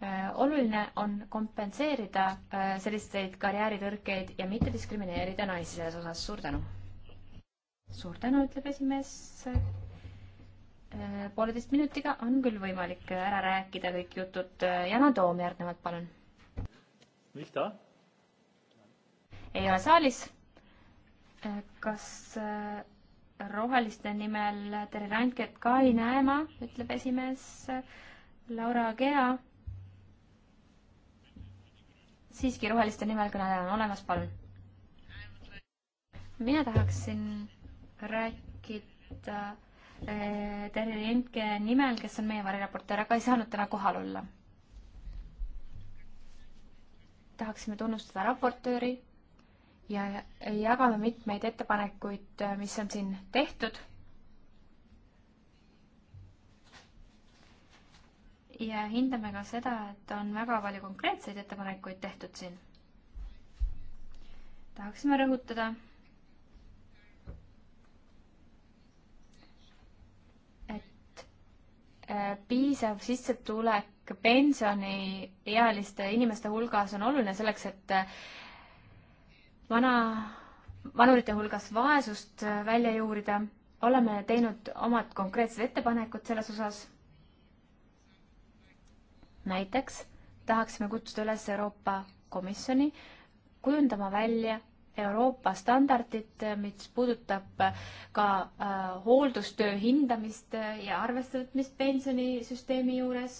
Äh, oluline on kompenseerida äh, selliseid karjääritõrkeid ja mitte diskrimineerida naisi selles osas. suur tänu! suur tänu, ütleb esimees. Äh, pooleteist minutiga on küll võimalik ära rääkida kõik jutud. Yana Toom järgnevalt, palun. mis ta? ei ole saalis. kas roheliste nimel Terje Randket ka ei näe ma, ütleb esimees. Laura Gea siiski roheliste nimel kõneleja on olemas, palun. mina tahaksin rääkida äh, Terje Lemke nimel, kes on meie variraportöör, aga ei saanud täna kohal olla. tahaksime tunnustada raportööri ja jagame mitmeid ettepanekuid, mis on siin tehtud ja hindame ka seda, et on väga palju konkreetseid ettepanekuid tehtud siin. tahaksime rõhutada, et äh, piisav sissetulek pensioniealiste inimeste hulgas on oluline selleks, et äh, vana, vanurite hulgas vaesust äh, välja juurida. oleme teinud omad konkreetsed ettepanekud selles osas näiteks tahaksime kutsuda üles Euroopa Komisjoni kujundama välja Euroopa standardit, mis puudutab ka äh, hooldustöö hindamist ja arvestamist pensionisüsteemi juures.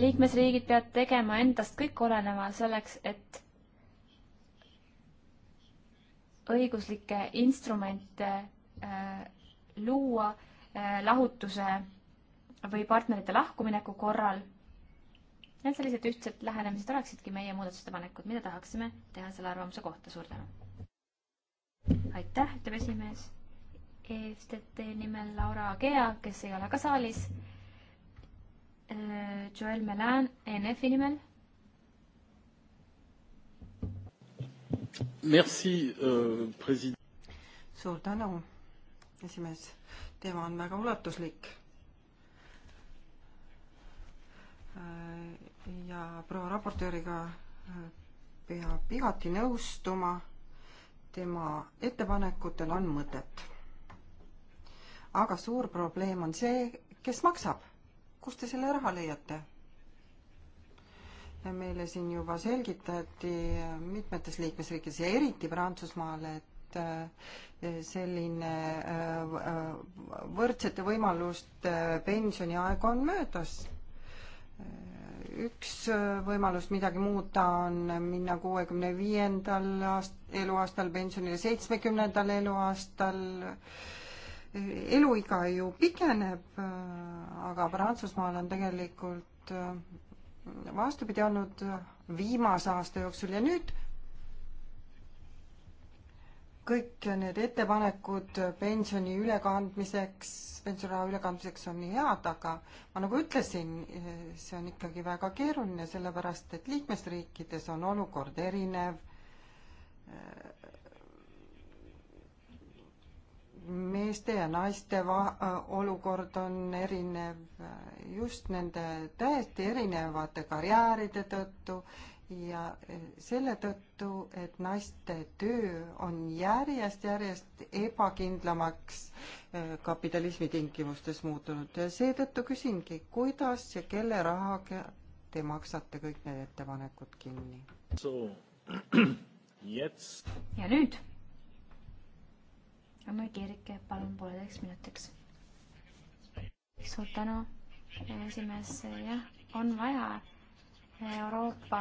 liikmesriigid peavad tegema endast kõik oleneva selleks, et õiguslikke instrumente äh, luua Äh, lahutuse või partnerite lahkumineku korral. Need sellised ühtsed lähenemised oleksidki meie muudatusettepanekud, mida tahaksime teha selle arvamuse kohta. suur tänu! aitäh, ütleb esimees. EFTT nimel Laura Agea, kes ei ole ka saalis. Äh, Joel Melan ENF-i nimel. Merci, euh, president. suur tänu, esimees teema on väga ulatuslik. ja proua raportööriga peab igati nõustuma, tema ettepanekutel on mõtet. aga suur probleem on see, kes maksab, kust te selle raha leiate? meile siin juba selgitati mitmetes liikmesriikides ja eriti Prantsusmaal, et Eh, selline eh, võrdsete võimaluste pensioniaeg on möödas. Eh, üks võimalus midagi muuta on minna kuuekümne viiendal aast-, eluaastal pensionile, seitsmekümnendal eluaastal, eluiga ju pikeneb, aga Prantsusmaal on tegelikult vastupidi olnud viimase aasta jooksul ja nüüd kõik need ettepanekud pensioni ülekandmiseks, pensioniraha ülekandmiseks on nii head, aga ma nagu ütlesin, see on ikkagi väga keeruline, sellepärast et liikmesriikides on olukord erinev. meeste ja naiste va-, olukord on erinev just nende täiesti erinevate karjääride tõttu ja e, selle tõttu, et naiste töö on järjest-järjest ebakindlamaks e, kapitalismi tingimustes muutunud. seetõttu küsingi, kuidas ja kelle rahaga te maksate kõik need ettepanekud kinni? ja nüüd? anna Kirke, palun pooleteiseks minutiks. suur tänu, esimees, jah, on vaja Euroopa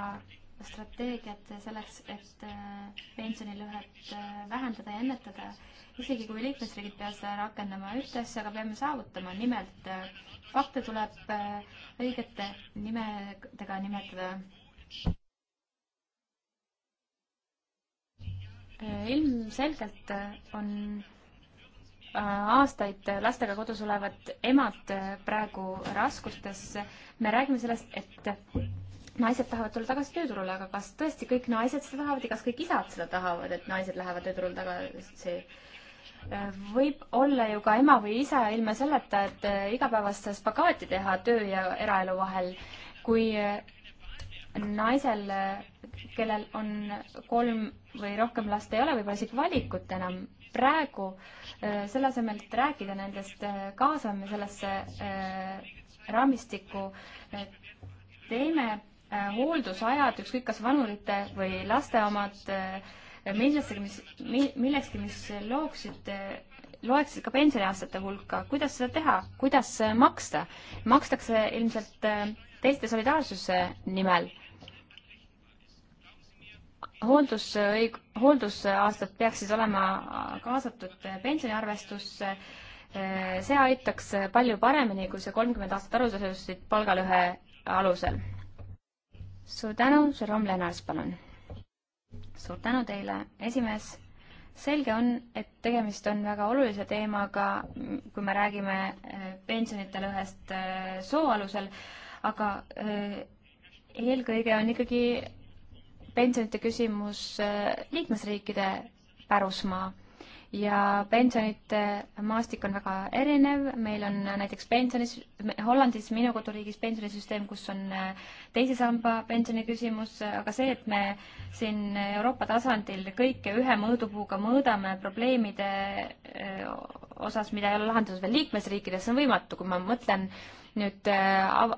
strateegiat selleks, et äh, pensionilõhet äh, vähendada ja ennetada, isegi kui liikmesriigid peavad seda rakendama. ühte asja aga peame saavutama, nimelt äh, fakte tuleb õigete nimedega nimetada. ilmselgelt on aastaid lastega kodus olevad emad praegu raskustes. me räägime sellest, et naised tahavad tulla tagasi tööturule, aga kas tõesti kõik naised seda tahavad ja kas kõik isad seda tahavad, et naised lähevad tööturule tagasi? võib olla ju ka ema või isa ilma selleta, et eh, igapäevast spagaati teha töö ja eraelu vahel. kui eh, naisel, eh, kellel on kolm või rohkem last, ei ole võib-olla isegi valikut enam praegu, selle asemel, et rääkida nendest, kaasame sellesse raamistikku, teeme Äh, hooldusajad, ükskõik kas vanurite või laste omad, äh, millessegi, mis, millekski, mis looksid, loeksid ka pensioniaastate hulka, kuidas seda teha, kuidas äh, maksta? makstakse ilmselt teiste solidaarsuse nimel. hooldusõig-, hooldusaastad peaks siis olema kaasatud pensioniarvestusse, see aitaks palju paremini kui see kolmkümmend aastat alusasusid palgalõhe alusel suur tänu, Jerome Lennars, palun. suur tänu teile, esimees. selge on, et tegemist on väga olulise teemaga, kui me räägime äh, pensionite lõhest äh, soo alusel, aga äh, eelkõige on ikkagi pensionite küsimus liikmesriikide pärusmaa ja pensionite maastik on väga erinev, meil on näiteks pensionis, Hollandis, minu koduriigis pensionisüsteem, kus on äh, teise samba pensioni küsimus, aga see, et me siin Euroopa tasandil kõike ühe mõõdupuuga mõõdame probleemide äh, osas, mida ei ole lahendatud veel liikmesriikides, see on võimatu, kui ma mõtlen nüüd äh, av-,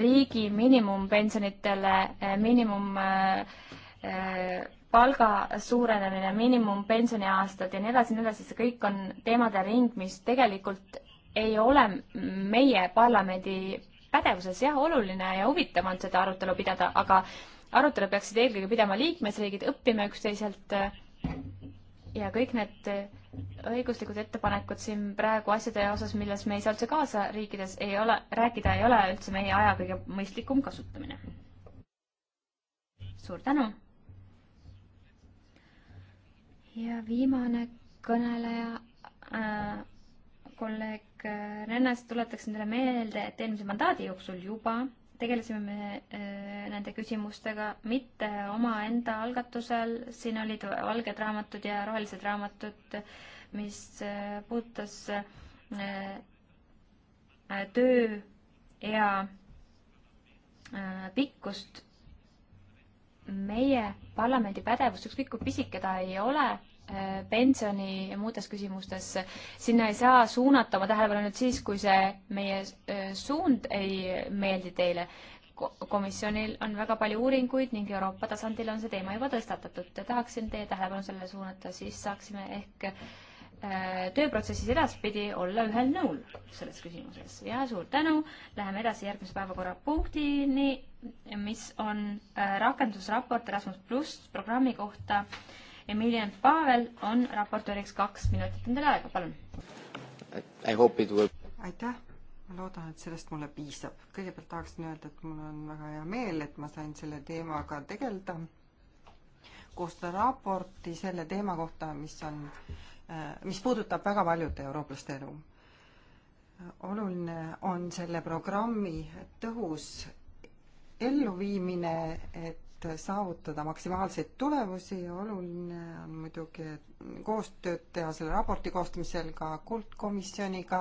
riigi miinimumpensionitele miinimum äh, palga suurenemine, miinimumpensioni aastad ja nii edasi, nii edasi, see kõik on teemade ring, mis tegelikult ei ole meie parlamendi pädevuses, jah, oluline ja huvitav on seda arutelu pidada, aga arutelu peaksid eelkõige pidama liikmesriigid, õppima üksteiselt äh, ja kõik need äh, õiguslikud ettepanekud siin praegu asjade osas, milles me ei saa üldse kaasa riikides, ei ole, rääkida ei ole üldse meie aja kõige mõistlikum kasutamine. suur tänu! ja viimane kõneleja äh,, kolleeg äh, Rennas, tuletaksin teile meelde, et eelmise mandaadi jooksul juba tegelesime me äh, nende küsimustega mitte omaenda algatusel, siin olid valged raamatud ja rohelised raamatud, mis äh, puudutas äh, äh töö ja äh, pikkust meie parlamendi pädevus, ükskõik kui pisike ta ei ole, äh, pensioni ja muudes küsimustes, sinna ei saa suunata oma tähelepanu nüüd siis, kui see meie äh, suund ei meeldi teile. komisjonil on väga palju uuringuid ning Euroopa tasandil on see teema juba tõstatatud. tahaksin teie tähelepanu sellele suunata, siis saaksime ehk äh, tööprotsessis edaspidi olla ühel nõul selles küsimuses ja suur tänu. Läheme edasi järgmise päevakorrapunktini mis on äh, rakendusraport Erasmus pluss programmi kohta. Emilian Pavel on raportööriks, kaks minutit on teil aega, palun. aitäh, ma loodan, et sellest mulle piisab. kõigepealt tahaksin öelda, et mul on väga hea meel, et ma sain selle teemaga tegeleda, koostada raporti selle teema kohta, mis on, äh, mis puudutab väga paljude eurooplaste elu oluline on selle programmi tõhus elluviimine, et saavutada maksimaalseid tulemusi ja oluline on muidugi koostööd teha selle raporti koostamisel ka kuldkomisjoniga,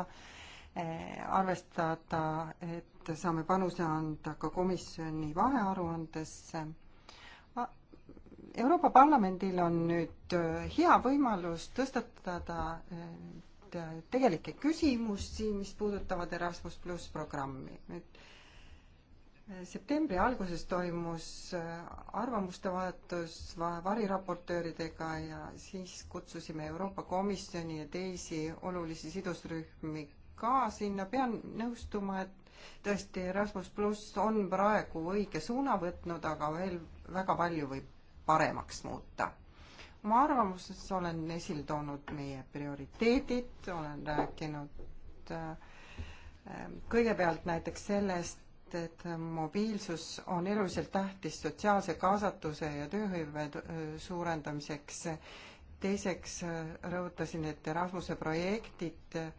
eh, arvestada, et saame panuse anda ka komisjoni vahearuandesse. Euroopa Parlamendil on nüüd eh, hea võimalus tõstatada eh, tegelikke küsimusi, mis puudutavad Erasmus pluss programmi. et septembri alguses toimus äh, arvamuste vahetus variraportööridega ja siis kutsusime Euroopa Komisjoni ja teisi olulisi sidusrühmi ka sinna. pean nõustuma, et tõesti Erasmus pluss on praegu õige suuna võtnud, aga veel väga palju võib paremaks muuta. oma arvamuses olen esile toonud meie prioriteedid, olen rääkinud äh, äh, kõigepealt näiteks sellest, et, et mobiilsus on eluliselt tähtis sotsiaalse kaasatuse ja tööhõive äh, suurendamiseks. teiseks äh, rõhutasin, et Erasmuse projektid äh,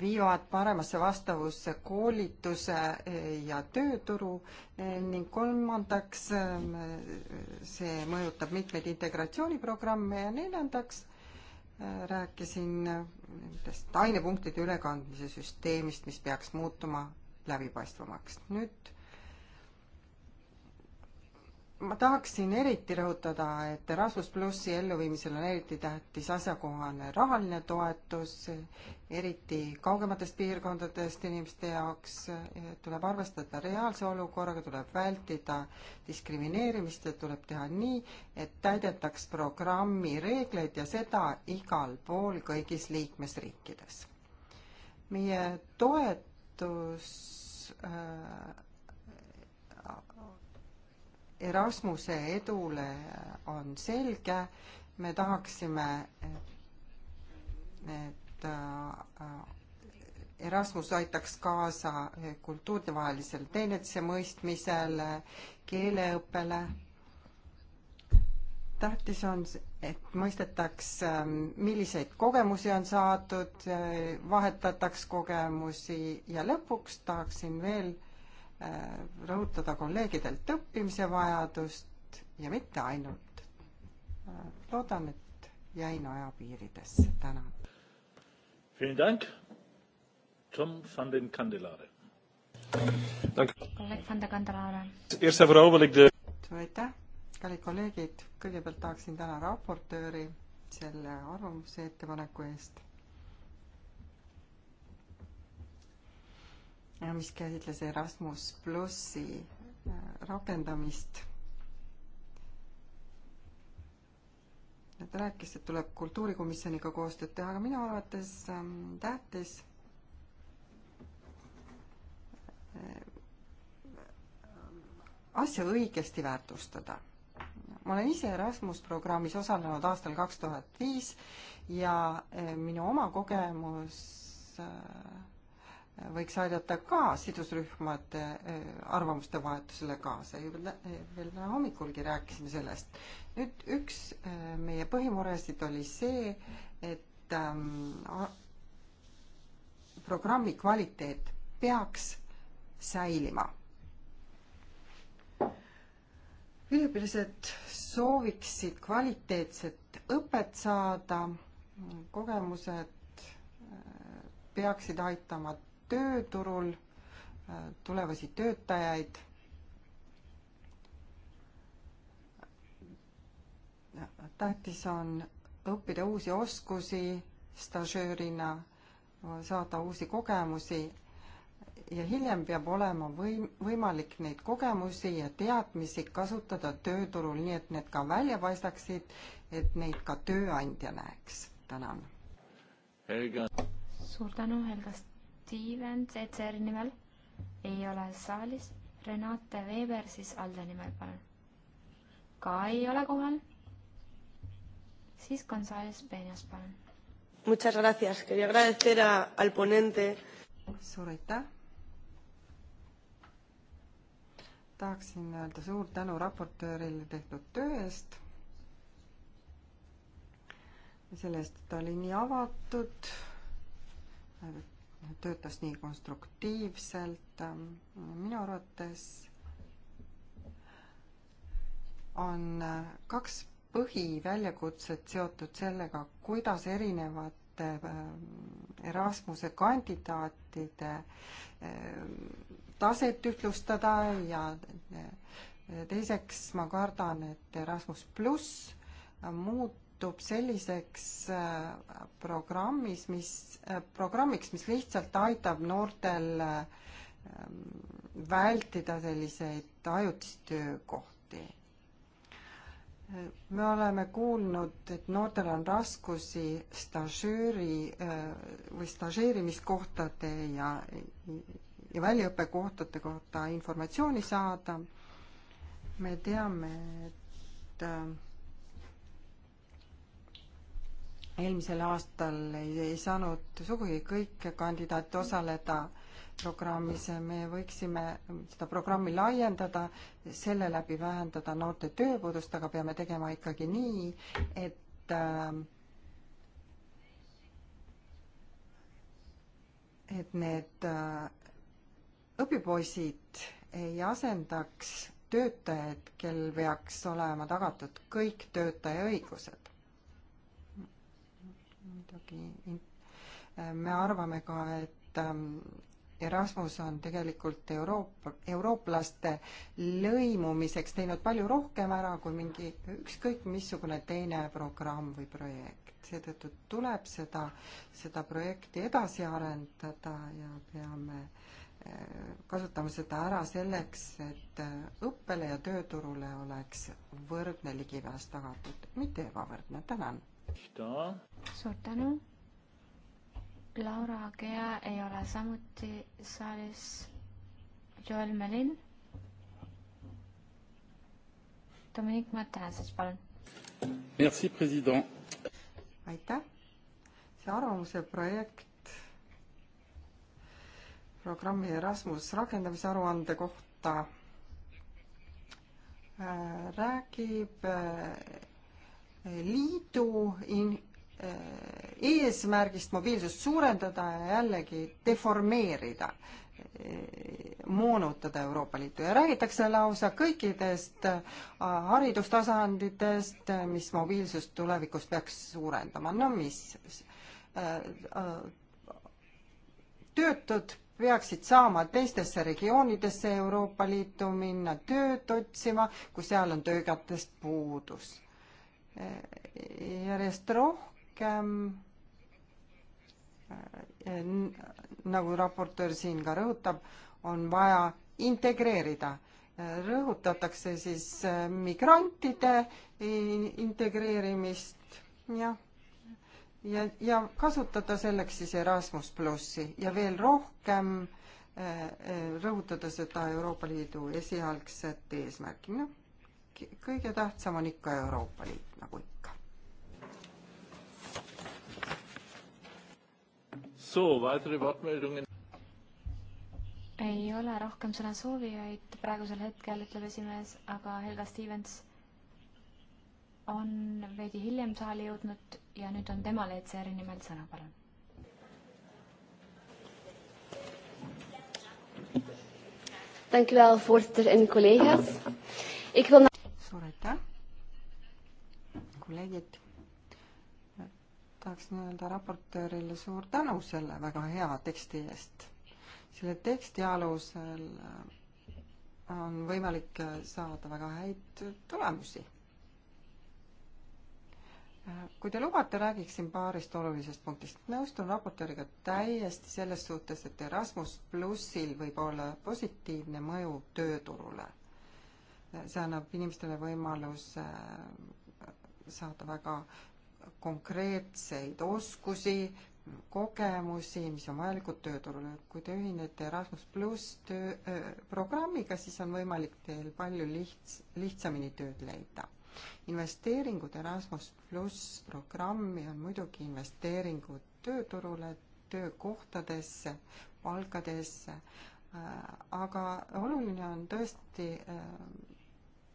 viivad paremasse vastavusse koolituse ja tööturu ning kolmandaks see mõjutab mitmeid integratsiooniprogramme ja neljandaks rääkisin äh, nendest ainepunktide ülekandmise süsteemist, mis peaks muutuma läbipaistvamaks. nüüd ma tahaksin eriti rõhutada, et Erasmus plussi elluviimisel on eriti tähtis asjakohane rahaline toetus, eriti kaugematest piirkondadest inimeste jaoks tuleb arvestada reaalse olukorraga, tuleb vältida diskrimineerimist ja tuleb teha nii, et täidetaks programmi reegleid ja seda igal pool kõigis liikmesriikides. meie toetus äh, Erasmuse edule on selge, me tahaksime, et äh, Erasmus aitaks kaasa kultuuridevahelisele teineteise mõistmisele, keeleõppele. tähtis on, et mõistetaks, ähm, milliseid kogemusi on saadud, äh, vahetataks kogemusi ja lõpuks tahaksin veel Äh, rõhutada kolleegidelt õppimise vajadust ja mitte ainult. Äh, loodan, et jäin aja piiridesse, tänan. Tom van den Kandelare. kolleeg van den Kandelare. suur aitäh, kallid kolleegid, kõigepealt tahaksin täna raportööri selle arvamuse ettepaneku eest mis käsitles Erasmus plussi äh, rakendamist. ta rääkis, et tuleb kultuurikomisjoniga koostööd teha, aga minu arvates ähm, tähtis äh, asja õigesti väärtustada. ma olen ise Erasmus programmis osalenud aastal kaks tuhat viis ja äh, minu oma kogemus äh, võiks aidata ka sidusrühmade äh, arvamuste vahetusele kaasa. juba veel täna hommikulgi rääkisime sellest. nüüd üks äh, meie põhimuresid oli see, et ähm, programmi kvaliteet peaks säilima. üliõpilased sooviksid kvaliteetset õpet saada, kogemused äh, peaksid aitama tööturul äh, tulevasi töötajaid. tähtis on õppida uusi oskusi stažöörina, saada uusi kogemusi ja hiljem peab olema võim-, võimalik neid kogemusi ja teadmisi kasutada tööturul, nii et need ka välja paistaksid, et neid ka tööandja näeks. tänan. suur tänu, Helga Stevens ECR nimel ei ole saalis. Renate Veber siis Alde nimel, palun. ka ei ole kohal. siis Gonzales Peñas, palun. Muchas gracias, quería agradecer a, al ponente. suur aitäh. tahaksin öelda suur tänu raportöörile tehtud töö eest selle eest, et ta oli nii avatud, töötas nii konstruktiivselt. minu arvates on kaks põhiväljakutset seotud sellega, kuidas erinevate äh, Erasmuse kandidaatide äh, taset ühtlustada ja äh, teiseks ma kardan, et Erasmus pluss muut-, muutub selliseks äh, programmis, mis, äh, programmiks, mis lihtsalt aitab noortel ähm, vältida selliseid ajutisi töökohti. Äh, me oleme kuulnud, et noortel on raskusi stažööri või stažeerimiskohtade ja, ja väljaõppekohtade kohta informatsiooni saada. me teame, et eelmisel aastal ei, ei saanud sugugi kõik kandidaat osaleda programmis, me võiksime seda programmi laiendada, selle läbi vähendada noorte tööpuudust, aga peame tegema ikkagi nii, et äh, et need äh, õpipoisid ei asendaks töötajaid, kel peaks olema tagatud kõik töötaja õigused muidugi me arvame ka, et ähm, Erasmus on tegelikult Euroopa, eurooplaste lõimumiseks teinud palju rohkem ära kui mingi ükskõik missugune teine programm või projekt. seetõttu tuleb seda, seda projekti edasi arendada ja peame äh, kasutama seda ära selleks, et äh, õppele ja tööturule oleks võrdne ligipääs tagatud, mitte ebavõrdne. tänan suur tänu. Laura Agea ei ole samuti saalis. Joel Melin. Dominic Martin siis palun. Merci, president. aitäh. see arvamuse projekt programmi Erasmus rakendamise aruande kohta äh, räägib äh, liidu in, äh, eesmärgist mobiilsust suurendada ja jällegi deformeerida, äh, moonutada Euroopa Liitu ja räägitakse lausa kõikidest äh, haridustasanditest, mis mobiilsust tulevikus peaks suurendama, no mis siis? töötud peaksid saama teistesse regioonidesse Euroopa Liitu minna tööd otsima, kui seal on töökätest puudus Eh, järjest rohkem, eh, nagu raportöör siin ka rõhutab, on vaja integreerida. Eh, rõhutatakse siis migrantide integreerimist, jah, ja, ja, ja kasutada selleks siis Erasmus plussi ja veel rohkem rõhutada seda Euroopa Liidu esialgset eesmärki, noh kõige tähtsam on ikka Euroopa Liit, nagu ikka. ei ole rohkem sõnasoovijaid praegusel hetkel, ütleb esimees, aga Helga Stevens on veidi hiljem saali jõudnud ja nüüd on temale ECR-i nimel sõna, palun. Dank u wel, voorzitter en collega's. Ik wil kolleegid, tahaksin öelda raportöörile suur tänu selle väga hea teksti eest. selle teksti alusel äh, on võimalik äh, saada väga häid tulemusi. Äh, kui te lubate, räägiksin paarist olulisest punktist. nõustun raportööriga täiesti selles suhtes, et Erasmus plussil võib olla positiivne mõju tööturule. see annab inimestele võimaluse saada väga konkreetseid oskusi, kogemusi, mis on vajalikud tööturul. kui te ühinete Erasmus pluss töö äh,, programmiga, siis on võimalik teil palju lihts-, lihtsamini tööd leida. investeeringud Erasmus pluss programmi on muidugi investeeringud tööturule, töökohtadesse, palkadesse äh,, aga oluline on tõesti äh,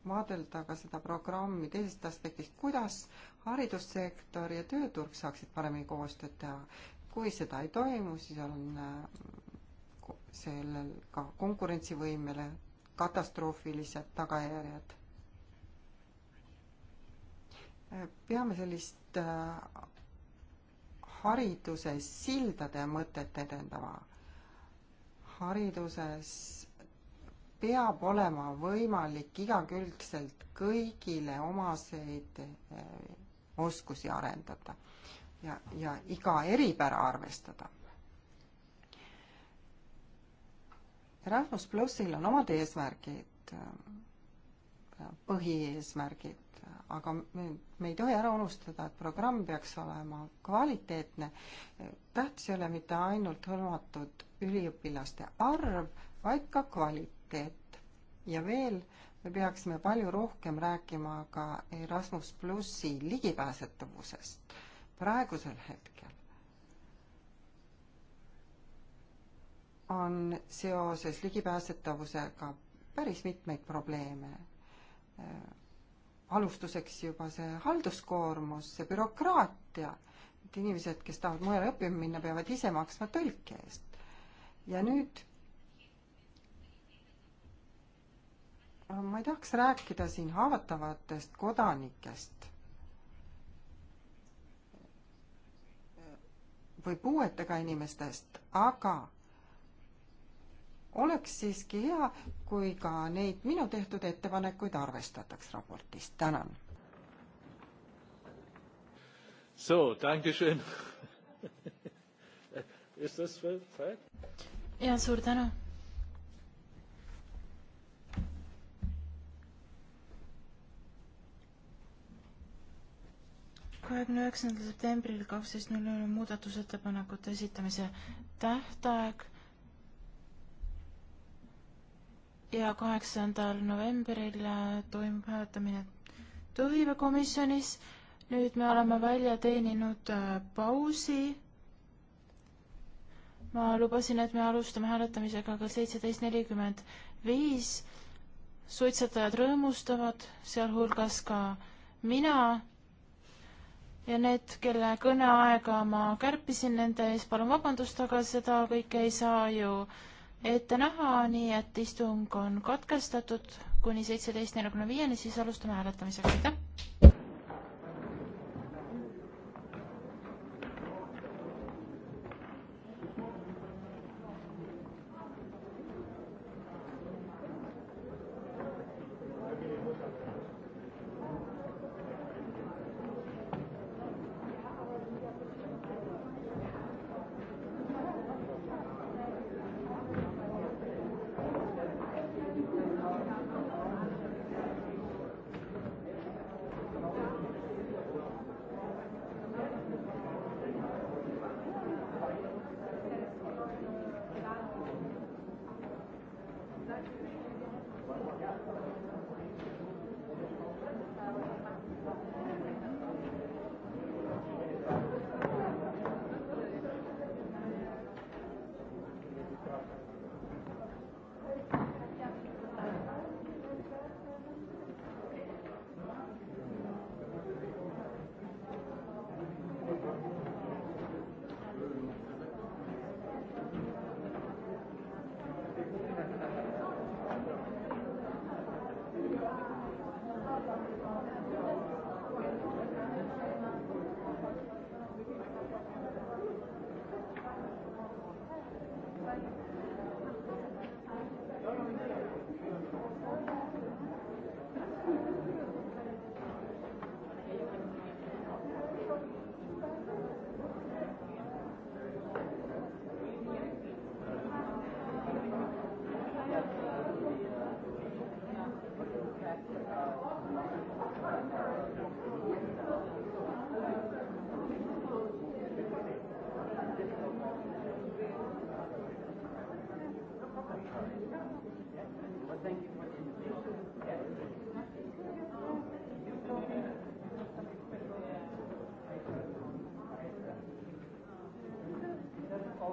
vaadelda ka seda programmi teisest aspektist, kuidas haridussektor ja tööturg saaksid paremini koostööd teha. kui seda ei toimu, siis on äh, sellel ka konkurentsivõimele katastroofilised tagajärjed. Äh, peame sellist äh, hariduse sildade mõtet edendama. hariduses peab olema võimalik igakülgselt kõigile omaseid eh, oskusi arendada ja, ja iga eripära arvestada. Erasmus plussil on omad eesmärgid, eh, põhieesmärgid, aga me, me ei tohi ära unustada, et programm peaks olema kvaliteetne. tähtis ei ole mitte ainult hõlmatud üliõpilaste arv, vaid ka kvaliteet paket ja veel me peaksime palju rohkem rääkima ka Erasmus plussi ligipääsetavusest praegusel hetkel. on seoses ligipääsetavusega päris mitmeid probleeme alustuseks juba see halduskoormus, see bürokraatia, et inimesed, kes tahavad mujale õppima minna, peavad ise maksma tõlke eest. ja nüüd ma ei tahaks rääkida siin haavatavatest kodanikest või puuetega inimestest, aga oleks siiski hea, kui ka neid minu tehtud ettepanekuid arvestataks raportis. tänan. So, danke schön. Ist das für Zeit? Ja, suur tänu kahekümne üheksandal septembril kaksteist null null muudatusettepanekute esitamise tähtaeg ja kaheksandal novembril äh, toimub hääletamine tööhõivekomisjonis. nüüd me oleme välja teeninud äh, pausi. ma lubasin, et me alustame hääletamisega kell seitseteist nelikümmend viis. suitsetajad rõõmustavad, sealhulgas ka mina ja need, kelle kõneaega ma kärpisin, nende ees palun vabandust, aga seda kõike ei saa ju ette näha, nii et istung on katkestatud kuni seitseteist neljakümne viieni, siis alustame hääletamisega, aitäh!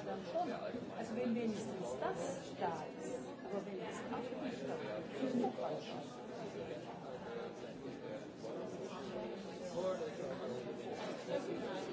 ja dann schon. Also wenn wenigstens das da ist, aber wenn das auch nicht da ist, ist doch falsch. Thank you.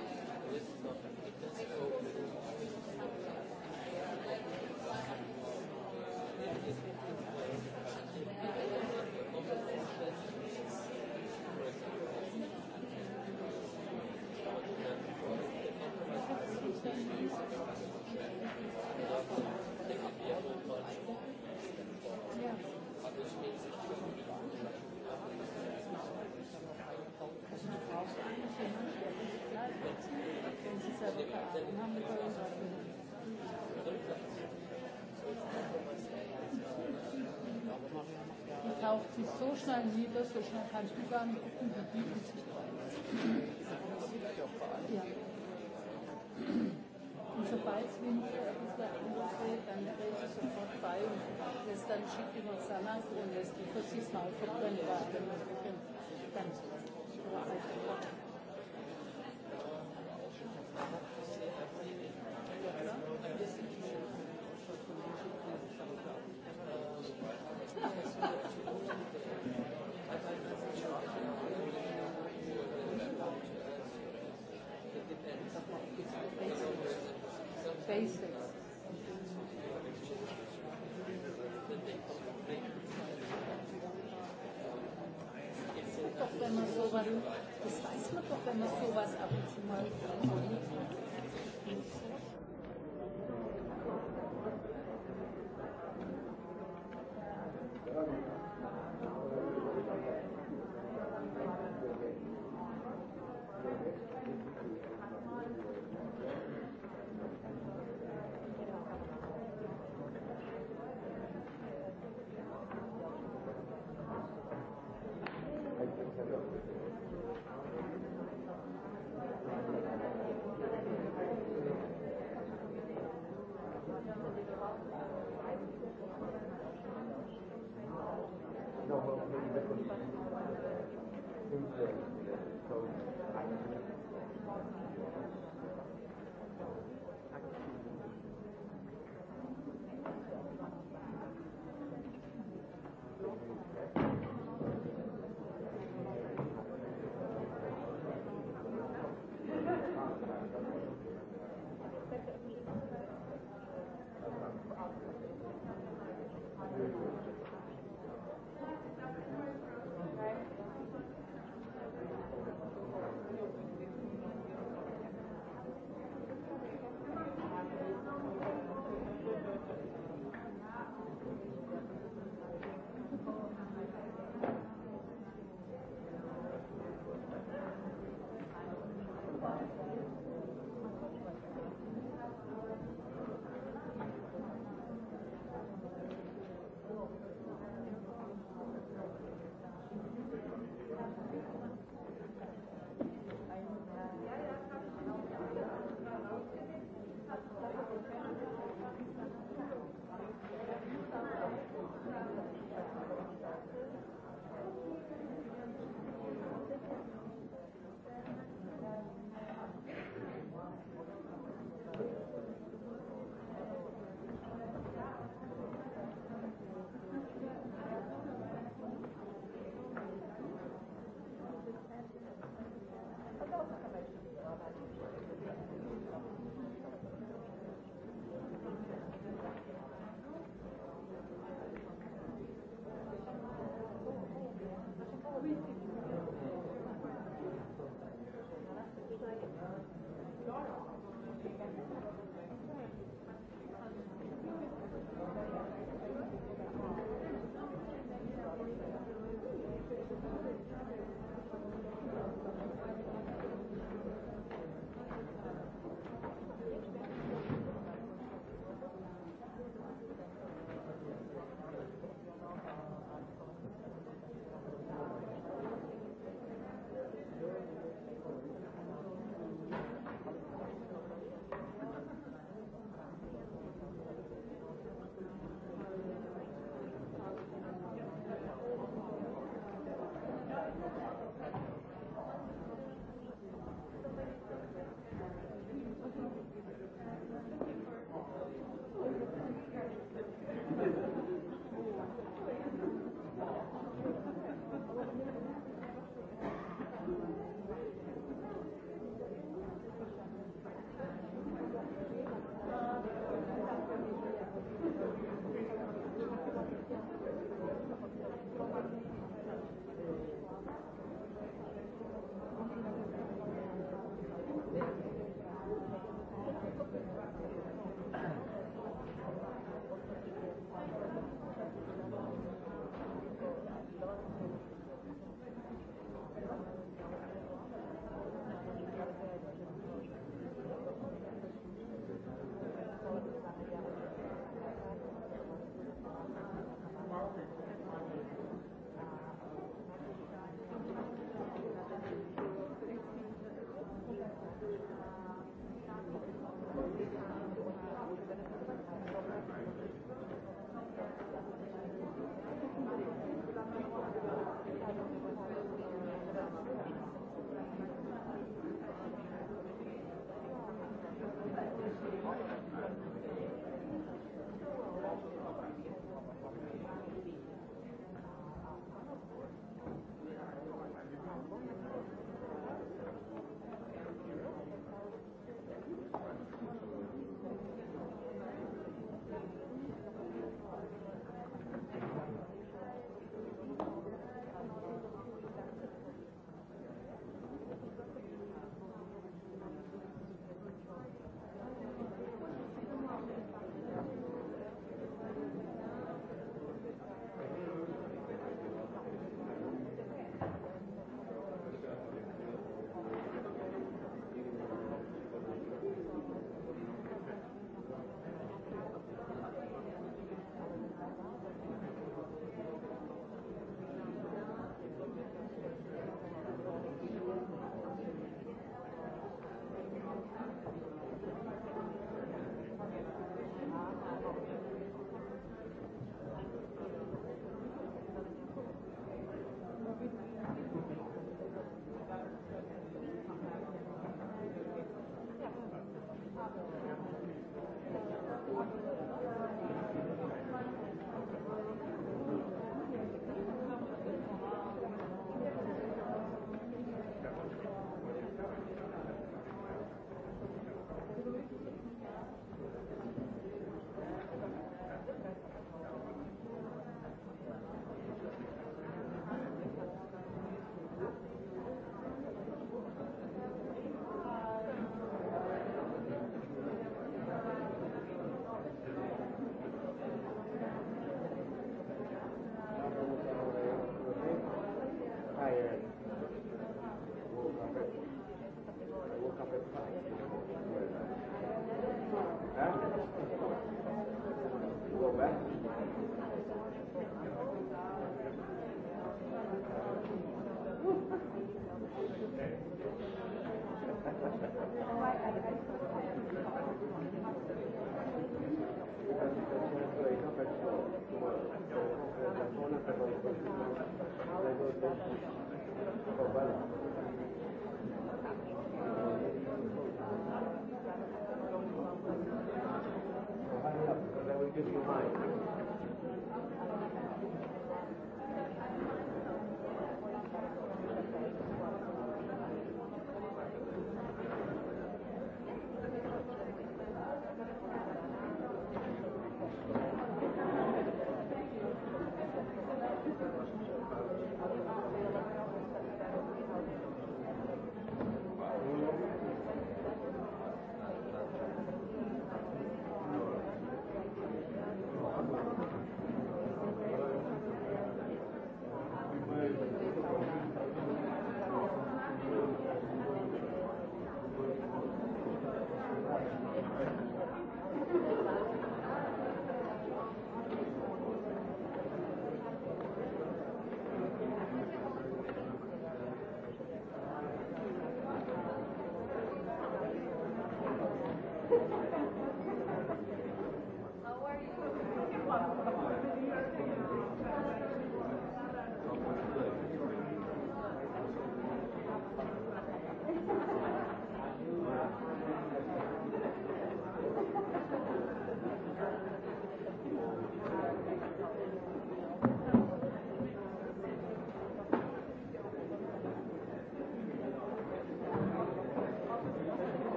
for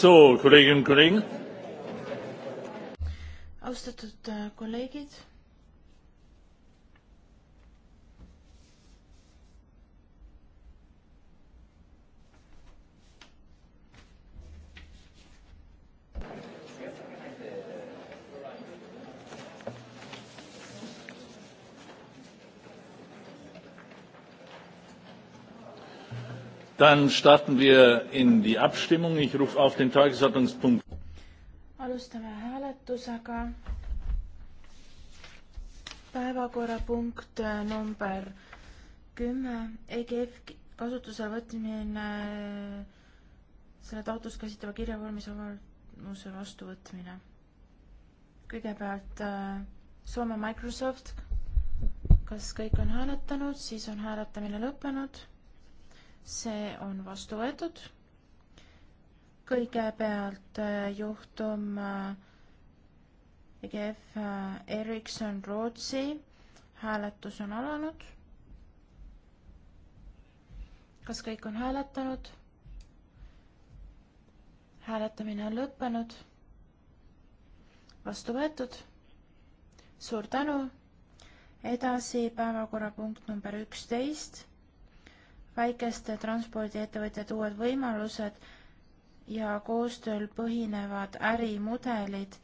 So, Kolleginnen und Kollegen. Austatud äh, kolleegid Dann starten wir in die Abstimmung. Ich rufe auf den Tagesordnungspunkt. Alustame hääletusega. Päevakorrapunkt äh, number 10. EGF kasutusele võtmine, äh, selle taotlust käsitleva kirjavormis avalduse vastuvõtmine. Kõigepealt äh, Soome Microsoft. Kas kõik on hääletanud? Siis on hääletamine lõppenud see on vastu võetud. kõigepealt äh, juhtum äh, EGF äh, Ericsson Rootsi, hääletus on alanud. kas kõik on hääletanud? hääletamine on lõppenud. vastu võetud. suur tänu. edasi päevakorrapunkt number üksteist väikeste transpordiettevõtjad uued võimalused ja koostööl põhinevad ärimudelid.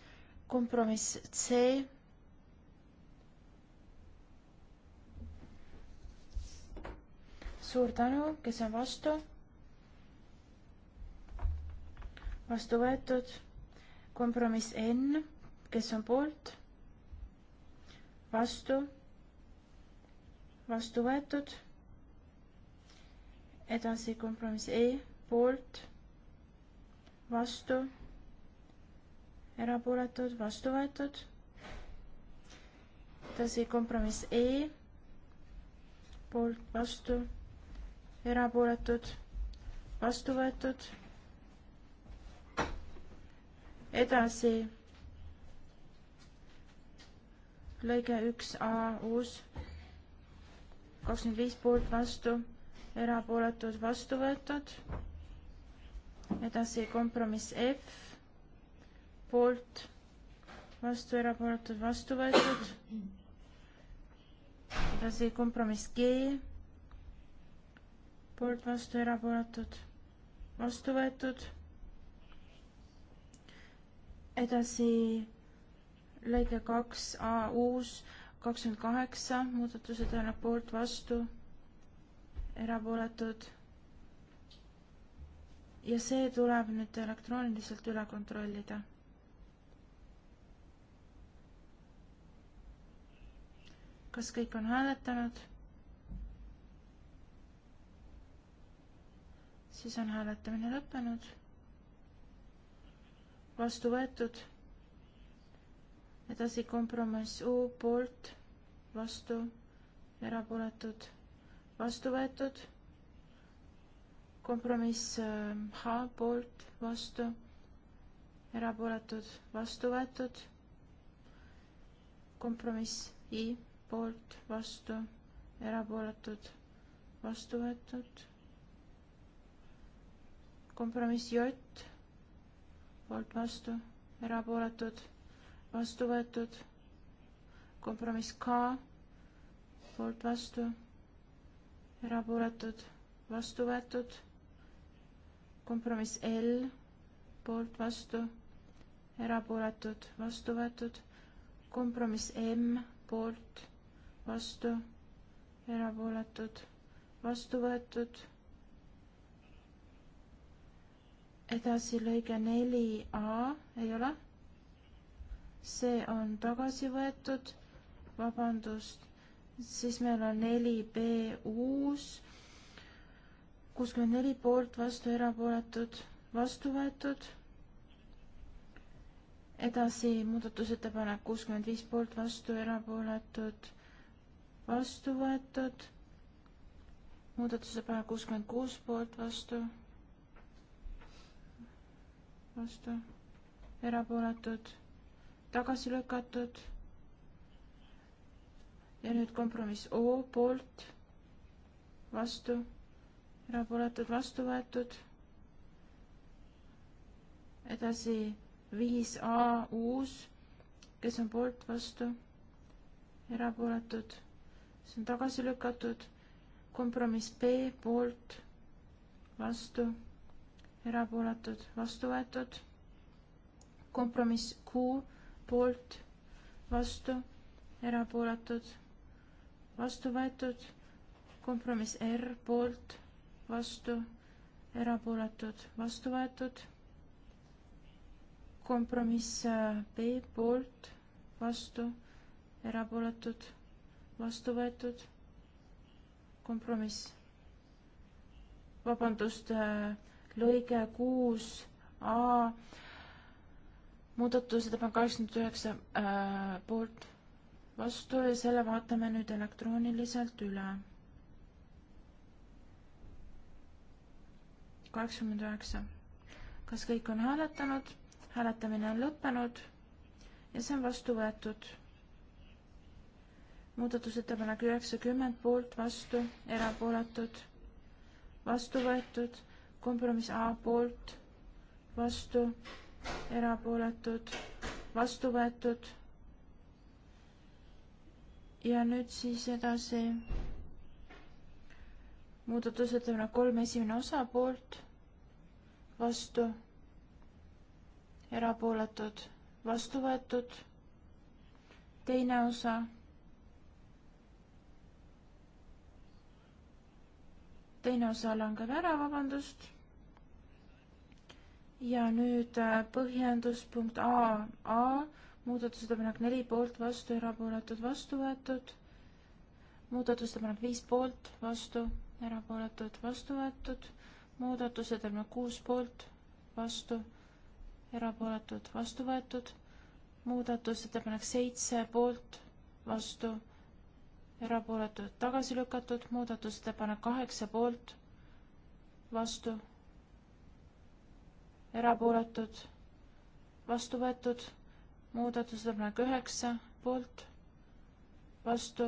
kompromiss C. suur tänu, kes on vastu? vastu võetud. kompromiss N, kes on poolt? vastu? vastu võetud edasi kompromiss E poolt, vastu, erapooletud, vastu võetud. edasi kompromiss E poolt, vastu, erapooletud, vastu võetud. edasi lõige üks A uus, kakskümmend viis poolt, vastu erapooletud, vastu võetud. edasi kompromiss F, poolt, vastu, erapooletud, vastu võetud. edasi kompromiss G, poolt, vastu, erapooletud, vastu võetud. edasi lõige kaks A uus kakskümmend kaheksa, muudatused annab poolt, vastu erapooletud. ja see tuleb nüüd elektrooniliselt üle kontrollida. kas kõik on hääletanud? siis on hääletamine lõppenud. vastu võetud. edasi kompromiss U poolt, vastu, erapooletud vastu võetud. kompromiss äh, H poolt, vastu, erapooletud, vastu võetud. kompromiss I poolt, vastu, erapooletud, vastu võetud. kompromiss J poolt, vastu, erapooletud, vastu võetud. kompromiss K poolt, vastu erapooletud, vastu võetud. kompromiss L, poolt, vastu, erapooletud, vastu võetud. kompromiss M, poolt, vastu, erapooletud, vastu võetud. edasi lõige neli A, ei ole? see on tagasi võetud, vabandust siis meil on neli B uus, kuuskümmend neli poolt, vastu erapooletud, vastu võetud. edasi muudatusettepanek kuuskümmend viis poolt, vastu erapooletud, vastu võetud. muudatusettepanek kuuskümmend kuus poolt, vastu, vastu, erapooletud, tagasi lükatud ja nüüd kompromiss O poolt, vastu, erapooletud, vastu võetud. edasi viis A uus, kes on poolt, vastu, erapooletud, see on tagasi lükatud. kompromiss B poolt, vastu, erapooletud, vastu võetud. kompromiss Q poolt, vastu, erapooletud vastu võetud, kompromiss R poolt, vastu, erapooletud, vastu võetud, kompromiss äh, B poolt, vastu, erapooletud, vastu võetud, kompromiss, vabandust, äh, lõige kuus A muudatusettepanek kaheksakümmend üheksa äh, poolt vastu ja selle vaatame nüüd elektrooniliselt üle. kaheksakümmend üheksa. kas kõik on hääletanud? hääletamine on lõppenud ja see on vastu võetud. muudatusettepanek üheksakümmend poolt, vastu, erapooletud, vastu võetud, kompromiss A poolt, vastu, erapooletud, vastu võetud ja nüüd siis edasi muudatusettepanek kolm, esimene osa poolt, vastu, erapooletud, vastu võetud, teine osa teine osa langeb ära, vabandust. ja nüüd äh, põhjendus punkt A, A muudatusettepanek neli poolt, vastu, erapooletud, vastu võetud. muudatusettepanek viis poolt, vastu, erapooletud, vastu võetud. muudatusettepanek kuus poolt, vastu, erapooletud, vastu võetud. muudatusettepanek seitse poolt, vastu, erapooletud, tagasi lükatud. muudatusettepanek kaheksa poolt, vastu, erapooletud, vastu võetud muudatusettepanek üheksa, poolt, vastu,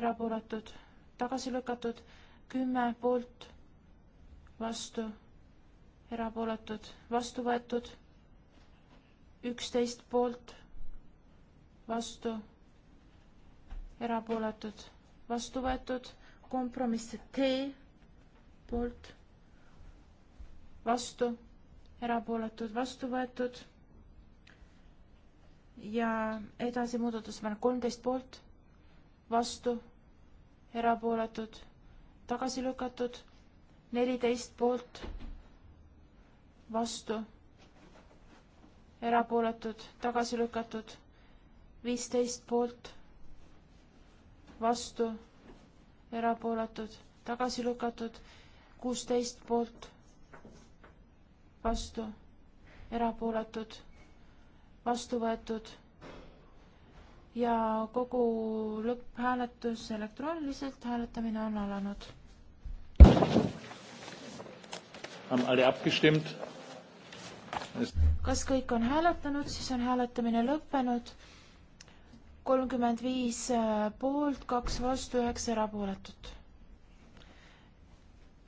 erapooletud, tagasi lükatud, kümme poolt, vastu, erapooletud, vastu võetud, üksteist poolt, vastu, erapooletud, vastu võetud, kompromiss T poolt, vastu, erapooletud, vastu võetud ja edasi muudatusmärk kolmteist poolt, vastu, erapooletud, tagasi lükatud, neliteist poolt, vastu, erapooletud, tagasi lükatud, viisteist poolt, vastu, erapooletud, tagasi lükatud, kuusteist poolt, vastu, erapooletud vastu võetud ja kogu lõpphääletus elektrooniliselt, hääletamine on alanud. kas kõik on hääletanud, siis on hääletamine lõppenud. kolmkümmend viis äh, poolt, kaks vastu, üheksa erapooletut.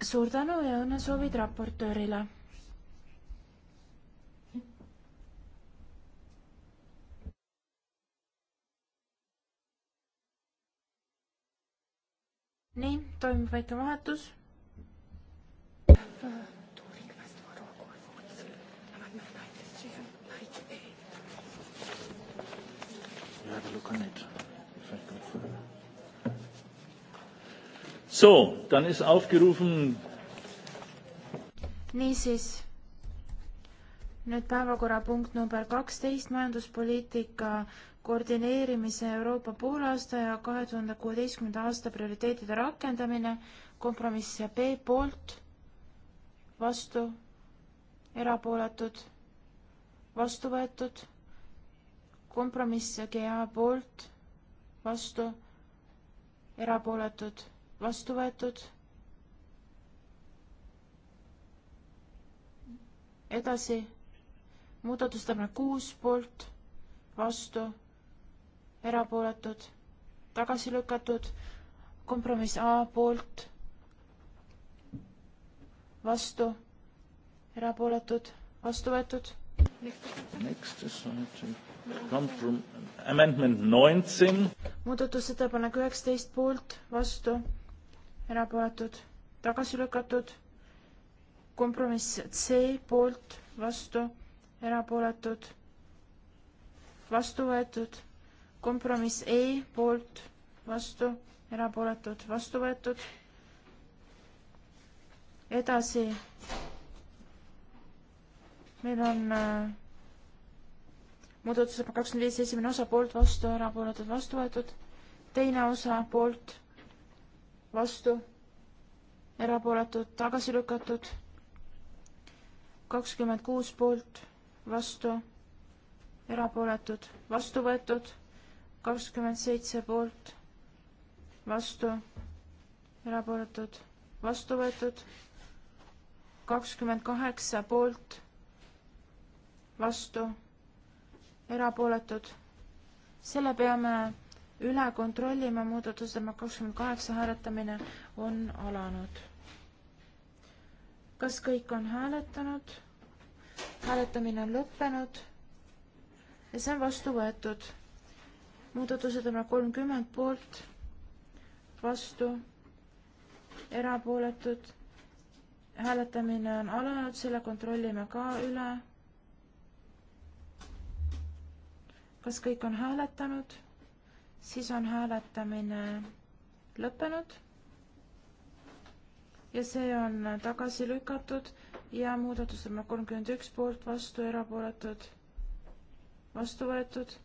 suur tänu ja õnnesoovid raportöörile nii, toimub väike vahetus. Have a look on it. If I go further. So, dann ist aufgerufen. Niisiis, nüüd päevakorrapunkt number kaksteist, majanduspoliitika koordineerimise Euroopa poolaasta ja kahe tuhande kuueteistkümnenda aasta prioriteetide rakendamine, kompromiss B poolt, vastu, erapooletud, vastu võetud, kompromiss GA poolt, vastu, erapooletud, vastu võetud. edasi, muudatusettepanek kuus poolt, vastu erapooletud, tagasi lükatud, kompromiss A poolt, vastu, erapooletud, vastu võetud. Next is from amendment nineteen. muudatusettepanek üheksateist poolt, vastu, erapooletud, tagasi lükatud, kompromiss C poolt, vastu, erapooletud, vastu võetud kompromiss E poolt, vastu, erapooletud, vastu võetud. edasi. meil on äh, muudatusettepanek kakskümmend viis, esimene osa poolt, vastu, erapooletud, vastu võetud. teine osa poolt, vastu, erapooletud, tagasi lükatud. kakskümmend kuus poolt, vastu, erapooletud, vastu võetud kakskümmend seitse poolt, vastu, erapooletud, vastu võetud, kakskümmend kaheksa poolt, vastu, erapooletud. selle peame üle kontrollima, muudatusettepanek kakskümmend kaheksa hääletamine on alanud. kas kõik on hääletanud? hääletamine on lõppenud ja see on vastu võetud muudatusettepanek kolmkümmend poolt, vastu, erapooletud. hääletamine on alanud, selle kontrollime ka üle. kas kõik on hääletanud? siis on hääletamine lõppenud. ja see on tagasi lükatud ja muudatusettepanek kolmkümmend üks poolt, vastu, erapooletud, vastu võetud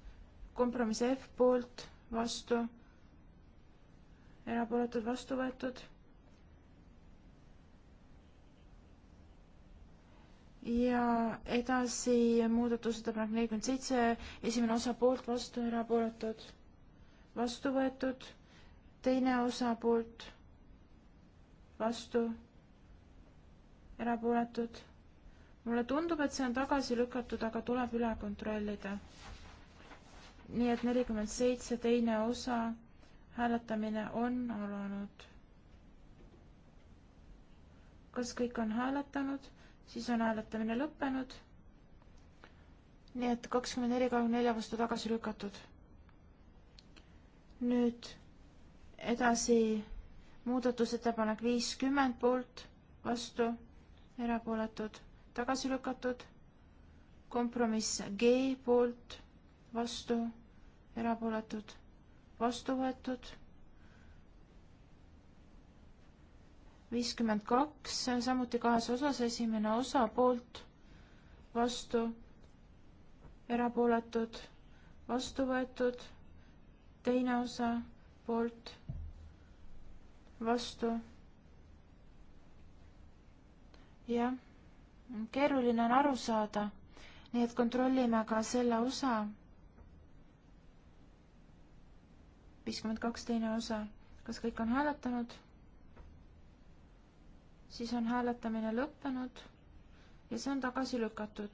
kompromiss F poolt, vastu, erapooletud, vastu võetud. ja edasi muudatusettepanek nelikümmend seitse, esimene osa poolt, vastu, erapooletud, vastu võetud, teine osa poolt, vastu, erapooletud mulle tundub, et see on tagasi lükatud, aga tuleb üle kontrollida nii et nelikümmend seitse teine osa hääletamine on alanud. kas kõik on hääletanud, siis on hääletamine lõppenud. nii et kakskümmend neli, kahekümne nelja vastu tagasi lükatud. nüüd edasi muudatusettepanek viiskümmend poolt, vastu, erapooletud, tagasi lükatud. kompromiss G poolt, vastu erapooletud, vastu võetud. viiskümmend kaks, samuti kahes osas, esimene osa poolt, vastu, erapooletud, vastu võetud, teine osa poolt, vastu. jah, keeruline on aru saada, nii et kontrollime ka selle osa viiskümmend kaks teine osa. kas kõik on hääletanud? siis on hääletamine lõppenud ja see on tagasi lükatud.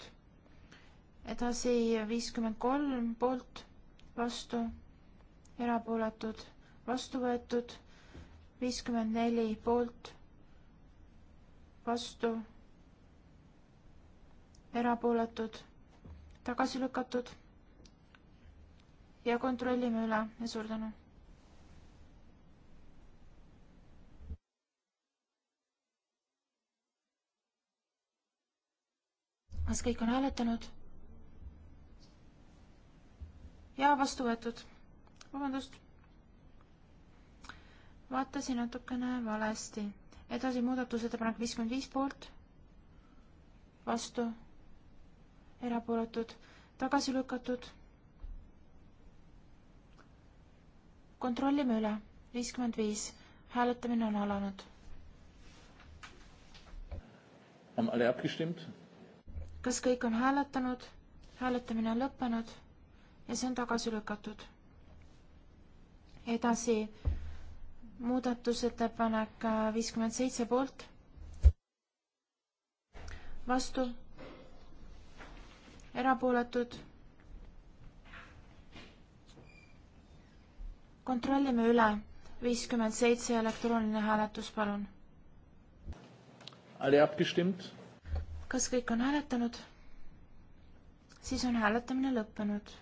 edasi viiskümmend kolm poolt, vastu, erapooletud, vastu võetud, viiskümmend neli poolt, vastu, erapooletud, tagasi lükatud ja kontrollime üle ja suur tänu kas kõik on hääletanud? ja vastu võetud. vabandust. vaatasin natukene valesti. edasi muudatusettepanek viiskümmend viis poolt, vastu, erapooletud, tagasi lükatud. kontrollime üle, viiskümmend viis, hääletamine on alanud. on alle abgestimmt? kas kõik on hääletanud? hääletamine on lõppenud ja see on tagasi lükatud. edasi muudatusettepanek äh, viiskümmend seitse poolt, vastu, erapooletud. kontrollime üle, viiskümmend seitse elektrooniline hääletus, palun. Alle abgestimmt? kas kõik on hääletanud? siis on hääletamine lõppenud.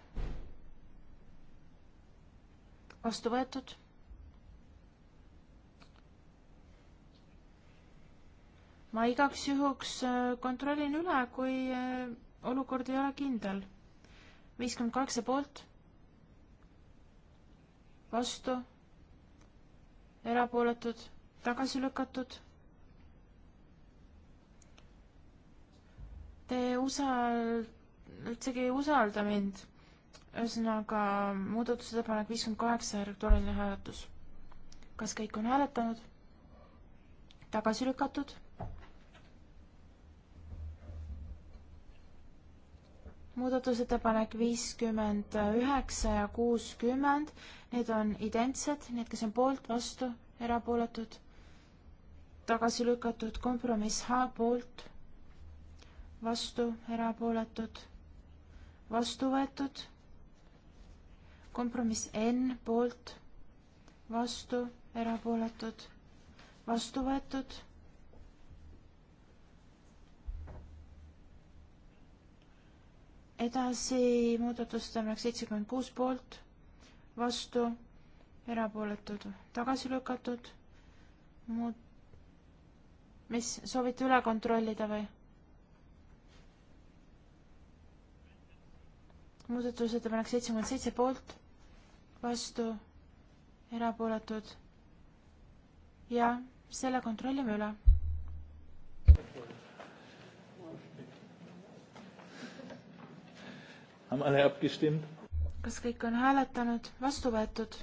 vastu võetud. ma igaks juhuks äh, kontrollin üle, kui äh, olukord ei ole kindel. viiskümmend kaheksa poolt, vastu, erapooletud, tagasi lükatud Te usal-, üldsegi ei usalda mind. ühesõnaga, muudatusettepanek viiskümmend kaheksa, elektrooniline hääletus. kas kõik on hääletanud? tagasi lükatud? muudatusettepanek viiskümmend üheksa ja kuuskümmend, need on identsed, need, kes on poolt, vastu, erapooletud, tagasi lükatud, kompromiss H poolt vastu, erapooletud, vastu võetud. kompromiss N poolt, vastu, erapooletud, vastu võetud. edasi muudatustämärk seitsekümmend kuus poolt, vastu, erapooletud, tagasi lükatud. muud, mis soovite üle kontrollida või? muudatusettepanek seitsekümmend seitse poolt, vastu, erapooletud. ja selle kontrollime üle. kas kõik on hääletanud, vastu võetud?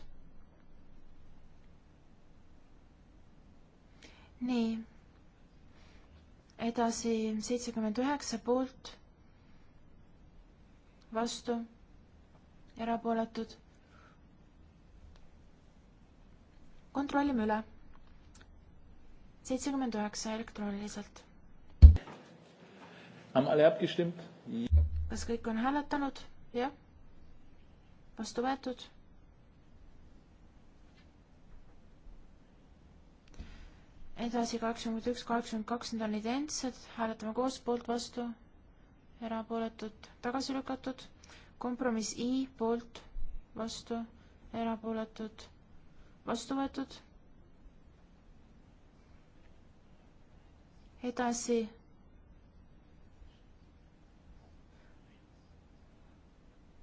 nii, edasi seitsekümmend üheksa poolt vastu, erapooletud. kontrollime üle. seitsekümmend üheksa elektrooniliselt. kas kõik on hääletanud? jah. vastu võetud. edasi kaheksakümmend üks, kaheksakümmend kaks, need on identsed, hääletame koos, poolt, vastu erapooletud, tagasi lükatud. kompromiss I poolt, vastu, erapooletud, vastu võetud. edasi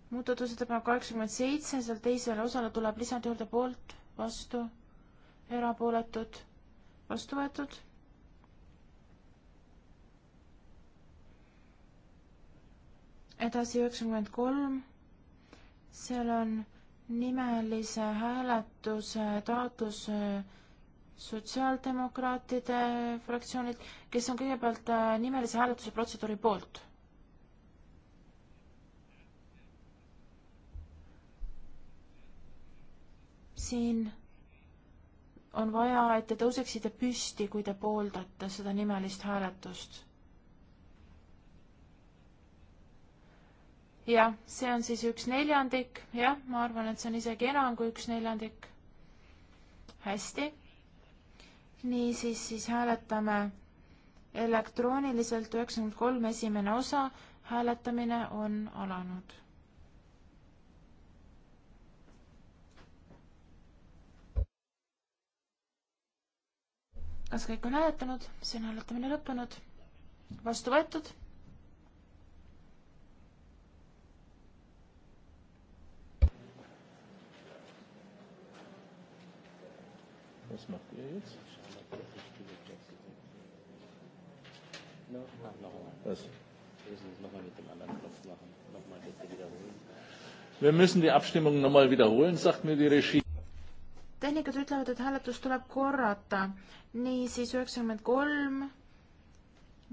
muudatusettepanek kaheksakümmend seitse, seal teisele osale tuleb lisada juurde poolt, vastu, erapooletud, vastu võetud. edasi üheksakümmend kolm, seal on nimelise hääletuse taotlus äh, sotsiaaldemokraatide fraktsioonilt, kes on kõigepealt äh, nimelise hääletuse protseduuri poolt. siin on vaja, et te tõuseksite püsti, kui te pooldate seda nimelist hääletust jah, see on siis üks neljandik, jah, ma arvan, et see on isegi enam kui üks neljandik. hästi. niisiis, siis hääletame elektrooniliselt üheksakümmend kolm esimene osa, hääletamine on alanud. kas kõik on hääletanud? see on hääletamine lõppenud. vastu võetud Was macht ihr jetzt? No, ah, nochmal. Was? Wir müssen es nochmal mit dem anderen Knopf machen. Nochmal bitte wiederholen. Wir müssen die Abstimmung nochmal wiederholen, sagt mir die Regie. tehnikud ütlevad, et hääletus tuleb korrata. niisiis üheksakümmend kolm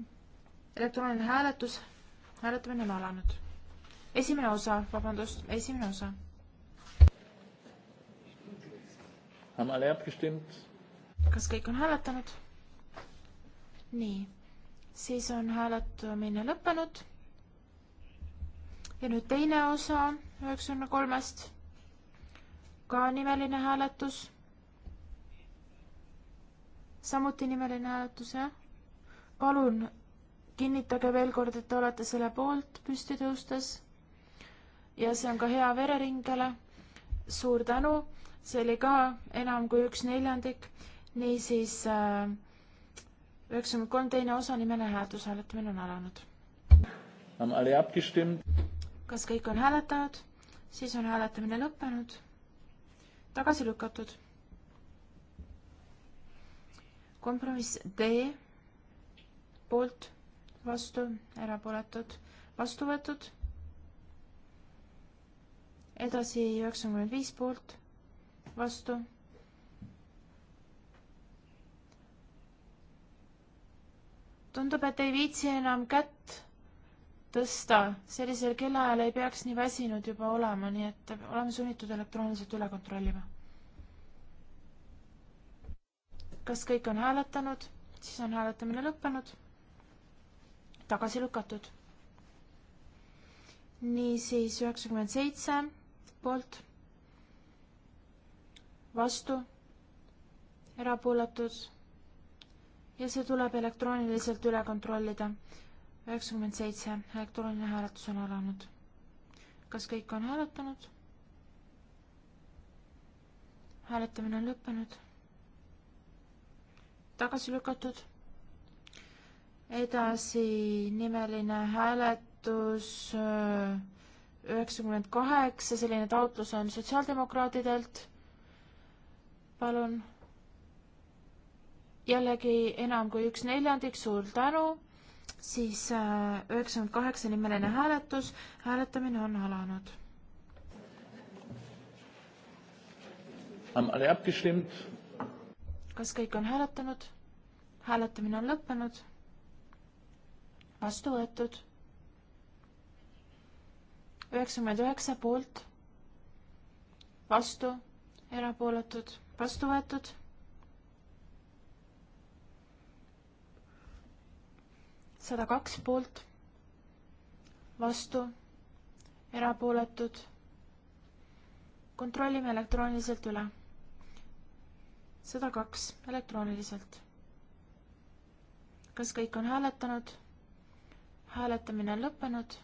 elektrooniline hääletus, hääletamine on alanud. esimene osa, vabandust, esimene osa kas kõik on hääletanud? nii, siis on hääletamine lõppenud. ja nüüd teine osa üheksakümne kolmest, ka nimeline hääletus. samuti nimeline hääletus, jah? palun kinnitage veel kord, et te olete selle poolt püsti tõustes. ja see on ka hea vereringele. suur tänu see oli ka enam kui üks neljandik, niisiis äh, üheksakümmend kolm teine osa nimele hääletus, hääletamine on alanud. kas kõik on hääletanud? siis on hääletamine lõppenud, tagasi lükatud. kompromiss D poolt, vastu, erapooletud, vastu võetud. edasi üheksakümmend viis poolt vastu. tundub, et ei viitsi enam kätt tõsta, sellisel kellaajal ei peaks nii väsinud juba olema, nii et oleme sunnitud elektrooniliselt üle kontrollima. kas kõik on hääletanud, siis on hääletamine lõppenud, tagasi lükatud niisiis üheksakümmend seitse poolt vastu, erapooletud ja see tuleb elektrooniliselt üle kontrollida. üheksakümmend seitse, elektrooniline hääletus on alanud. kas kõik on hääletanud? hääletamine on lõppenud. tagasi lükatud. edasi nimeline hääletus äh, üheksakümmend kaheksa, selline taotlus on sotsiaaldemokraatidelt palun. jällegi enam kui üks neljandik, suur tänu. siis äh, üheksakümmend kaheksa nimeline hääletus, hääletamine on alanud. kas kõik on hääletanud? hääletamine on lõppenud. vastu võetud. üheksakümmend üheksa poolt, vastu, erapooletud vastu võetud. sada kaks poolt, vastu, erapooletud. kontrollime elektrooniliselt üle. sada kaks elektrooniliselt. kas kõik on hääletanud? hääletamine on lõppenud.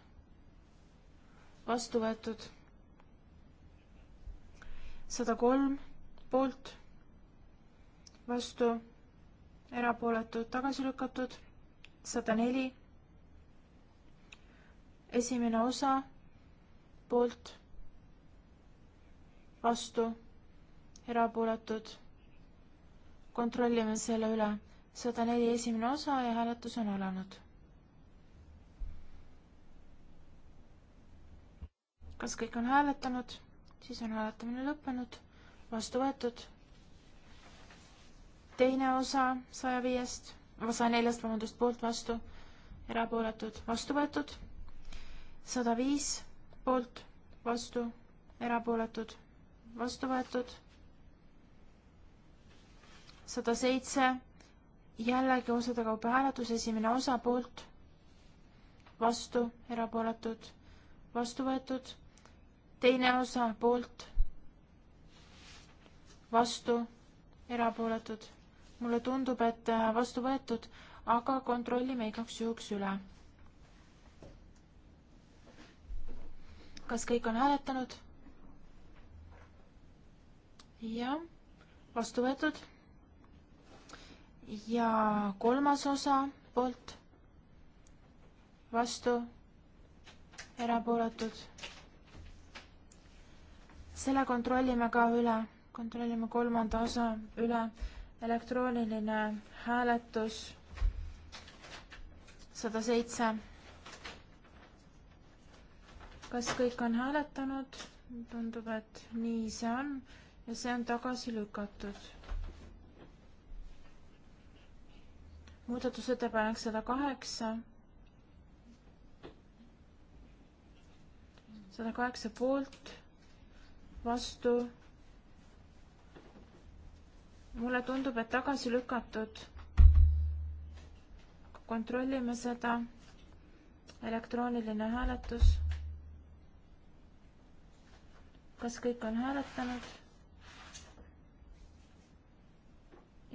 vastu võetud. sada kolm poolt, vastu, erapooletud, tagasi lükatud, sada neli, esimene osa, poolt, vastu, erapooletud, kontrollime selle üle, sada neli esimene osa ja hääletus on alanud kas kõik on hääletanud, siis on hääletamine lõppenud vastu võetud. teine osa saja viiest, saja neljast, vabandust, poolt vastu, erapooletud, vastu võetud. sada viis poolt, vastu, erapooletud, vastu võetud. sada seitse, jällegi osade kaupa hääletus, esimene osa poolt, vastu, erapooletud, vastu võetud. teine osa poolt vastu, erapooletud. mulle tundub, et äh, vastu võetud, aga kontrollime igaks juhuks üle. kas kõik on hääletanud? jah, vastu võetud. ja kolmas osa poolt, vastu, erapooletud selle kontrollime ka üle kontrollime kolmanda osa üle. elektrooniline hääletus sada seitse. kas kõik on hääletanud? tundub, et nii see on ja see on tagasi lükatud. muudatusettepanek sada kaheksa. sada kaheksa poolt, vastu mulle tundub, et tagasi lükatud. kontrollime seda. elektrooniline hääletus. kas kõik on hääletanud?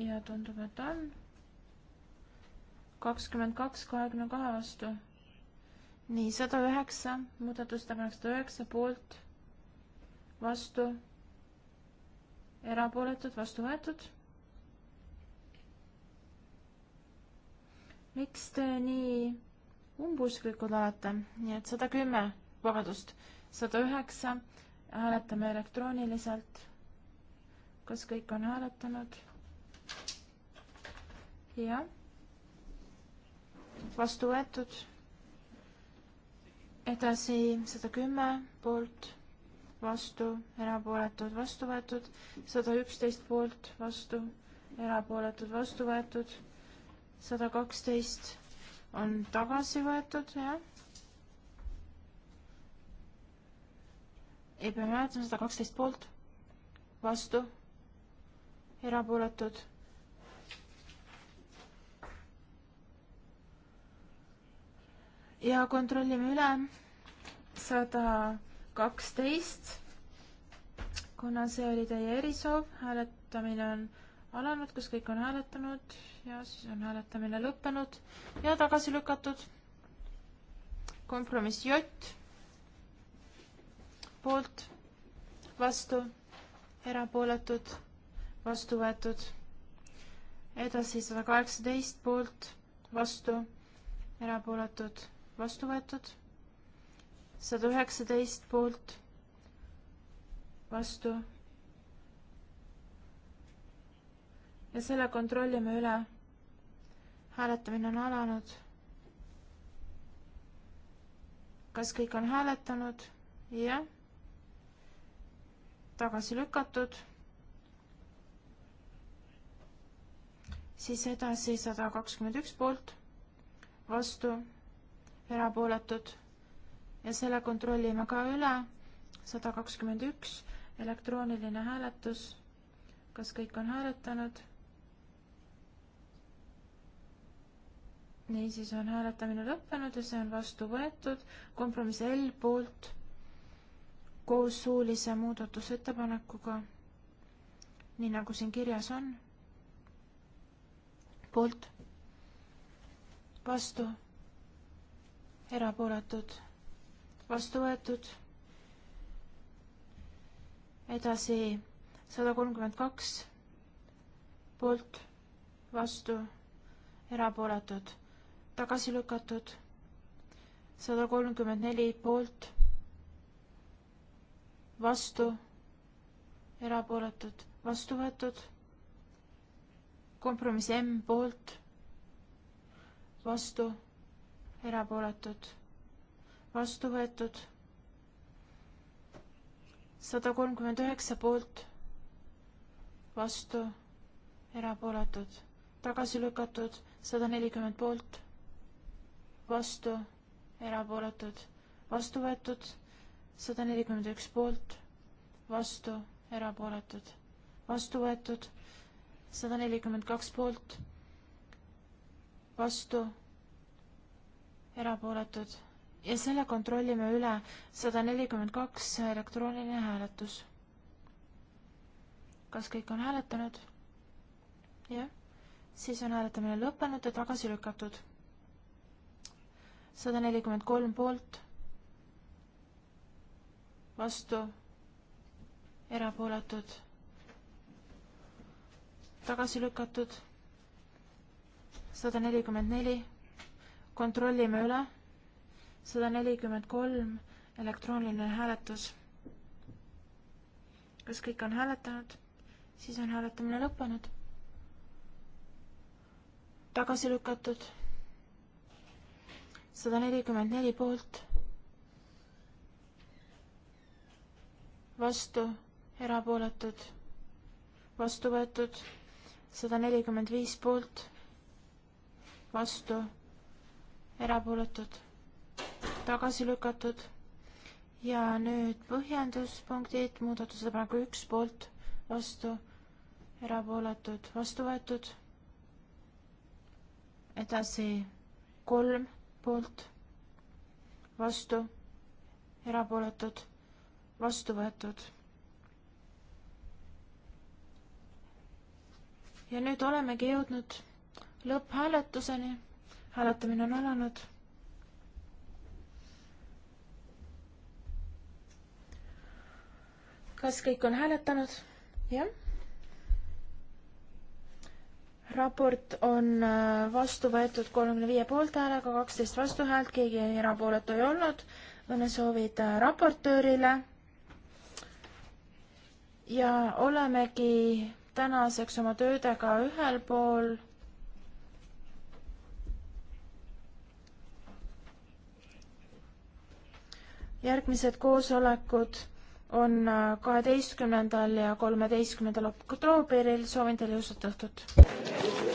ja tundub, et on. kakskümmend kaks, kahekümne kahe vastu. nii, sada üheksa, muudatusettepanek sada üheksa poolt, vastu erapooletud, vastu võetud. miks te nii umbusklikud olete? nii et sada kümme, vabandust, sada üheksa, hääletame elektrooniliselt. kas kõik on hääletanud? jah. vastu võetud. edasi sada kümme poolt vastu, erapooletud, vastu võetud, sada üksteist poolt, vastu, erapooletud, vastu võetud, sada kaksteist on tagasi võetud, jah. ei pea mäletama, sada kaksteist poolt, vastu, erapooletud. ja kontrollime üle, sada 100 kaksteist, kuna see oli teie erisoov, hääletamine on alanud, kas kõik on hääletanud ja siis on hääletamine lõppenud ja tagasi lükatud. kompromiss J poolt, vastu, erapooletud, vastu võetud. edasi sada kaheksateist poolt, vastu, erapooletud, vastu võetud sada üheksateist poolt, vastu. ja selle kontrollime üle. hääletamine on alanud. kas kõik on hääletanud? jah. tagasi lükatud siis edasi sada kakskümmend üks poolt, vastu, erapooletud ja selle kontrollime ka üle. sada kakskümmend üks, elektrooniline hääletus. kas kõik on hääletanud? niisiis on hääletamine lõppenud ja see on vastu võetud. kompromiss L poolt koos suulise muudatusettepanekuga, nii nagu siin kirjas on. poolt, vastu, erapooletud vastu võetud. edasi sada kolmkümmend kaks poolt, vastu, erapooletud, tagasi lükatud. sada kolmkümmend neli poolt, vastu, erapooletud, vastu võetud. kompromiss M poolt, vastu, erapooletud vastu võetud. sada kolmkümmend üheksa poolt, vastu, erapooletud, tagasi lükatud, sada nelikümmend poolt, vastu, erapooletud, vastu võetud, sada nelikümmend üks poolt, vastu, erapooletud, vastu võetud, sada nelikümmend kaks poolt, vastu, erapooletud ja selle kontrollime üle sada nelikümmend kaks elektrooniline hääletus. kas kõik on hääletanud? jah, siis on hääletamine lõppenud ja tagasi lükatud. sada nelikümmend kolm poolt, vastu, erapooletud, tagasi lükatud, sada nelikümmend neli, kontrollime üle sada nelikümmend kolm, elektrooniline hääletus. kas kõik on hääletanud? siis on hääletamine lõppenud. tagasi lükatud. sada nelikümmend neli poolt. vastu, erapooletud, vastu võetud, sada nelikümmend viis poolt, vastu, erapooletud tagasi lükatud. ja nüüd põhjenduspunktid, muudatusettepaneku üks poolt, vastu, erapooletud, vastu võetud. edasi kolm poolt, vastu, erapooletud, vastu võetud ja nüüd olemegi jõudnud lõpphääletuseni. hääletamine on alanud kas kõik on hääletanud? jah. raport on äh, vastu võetud kolmekümne viie poolthäälega, kaksteist vastuhäält, keegi erapooletu ei olnud. õnnesoovid äh, raportöörile. ja olemegi tänaseks oma töödega ühel pool järgmised koosolekud on äh, kaheteistkümnendal ja kolmeteistkümnendal oktoobril, soovin teile ilusat õhtut!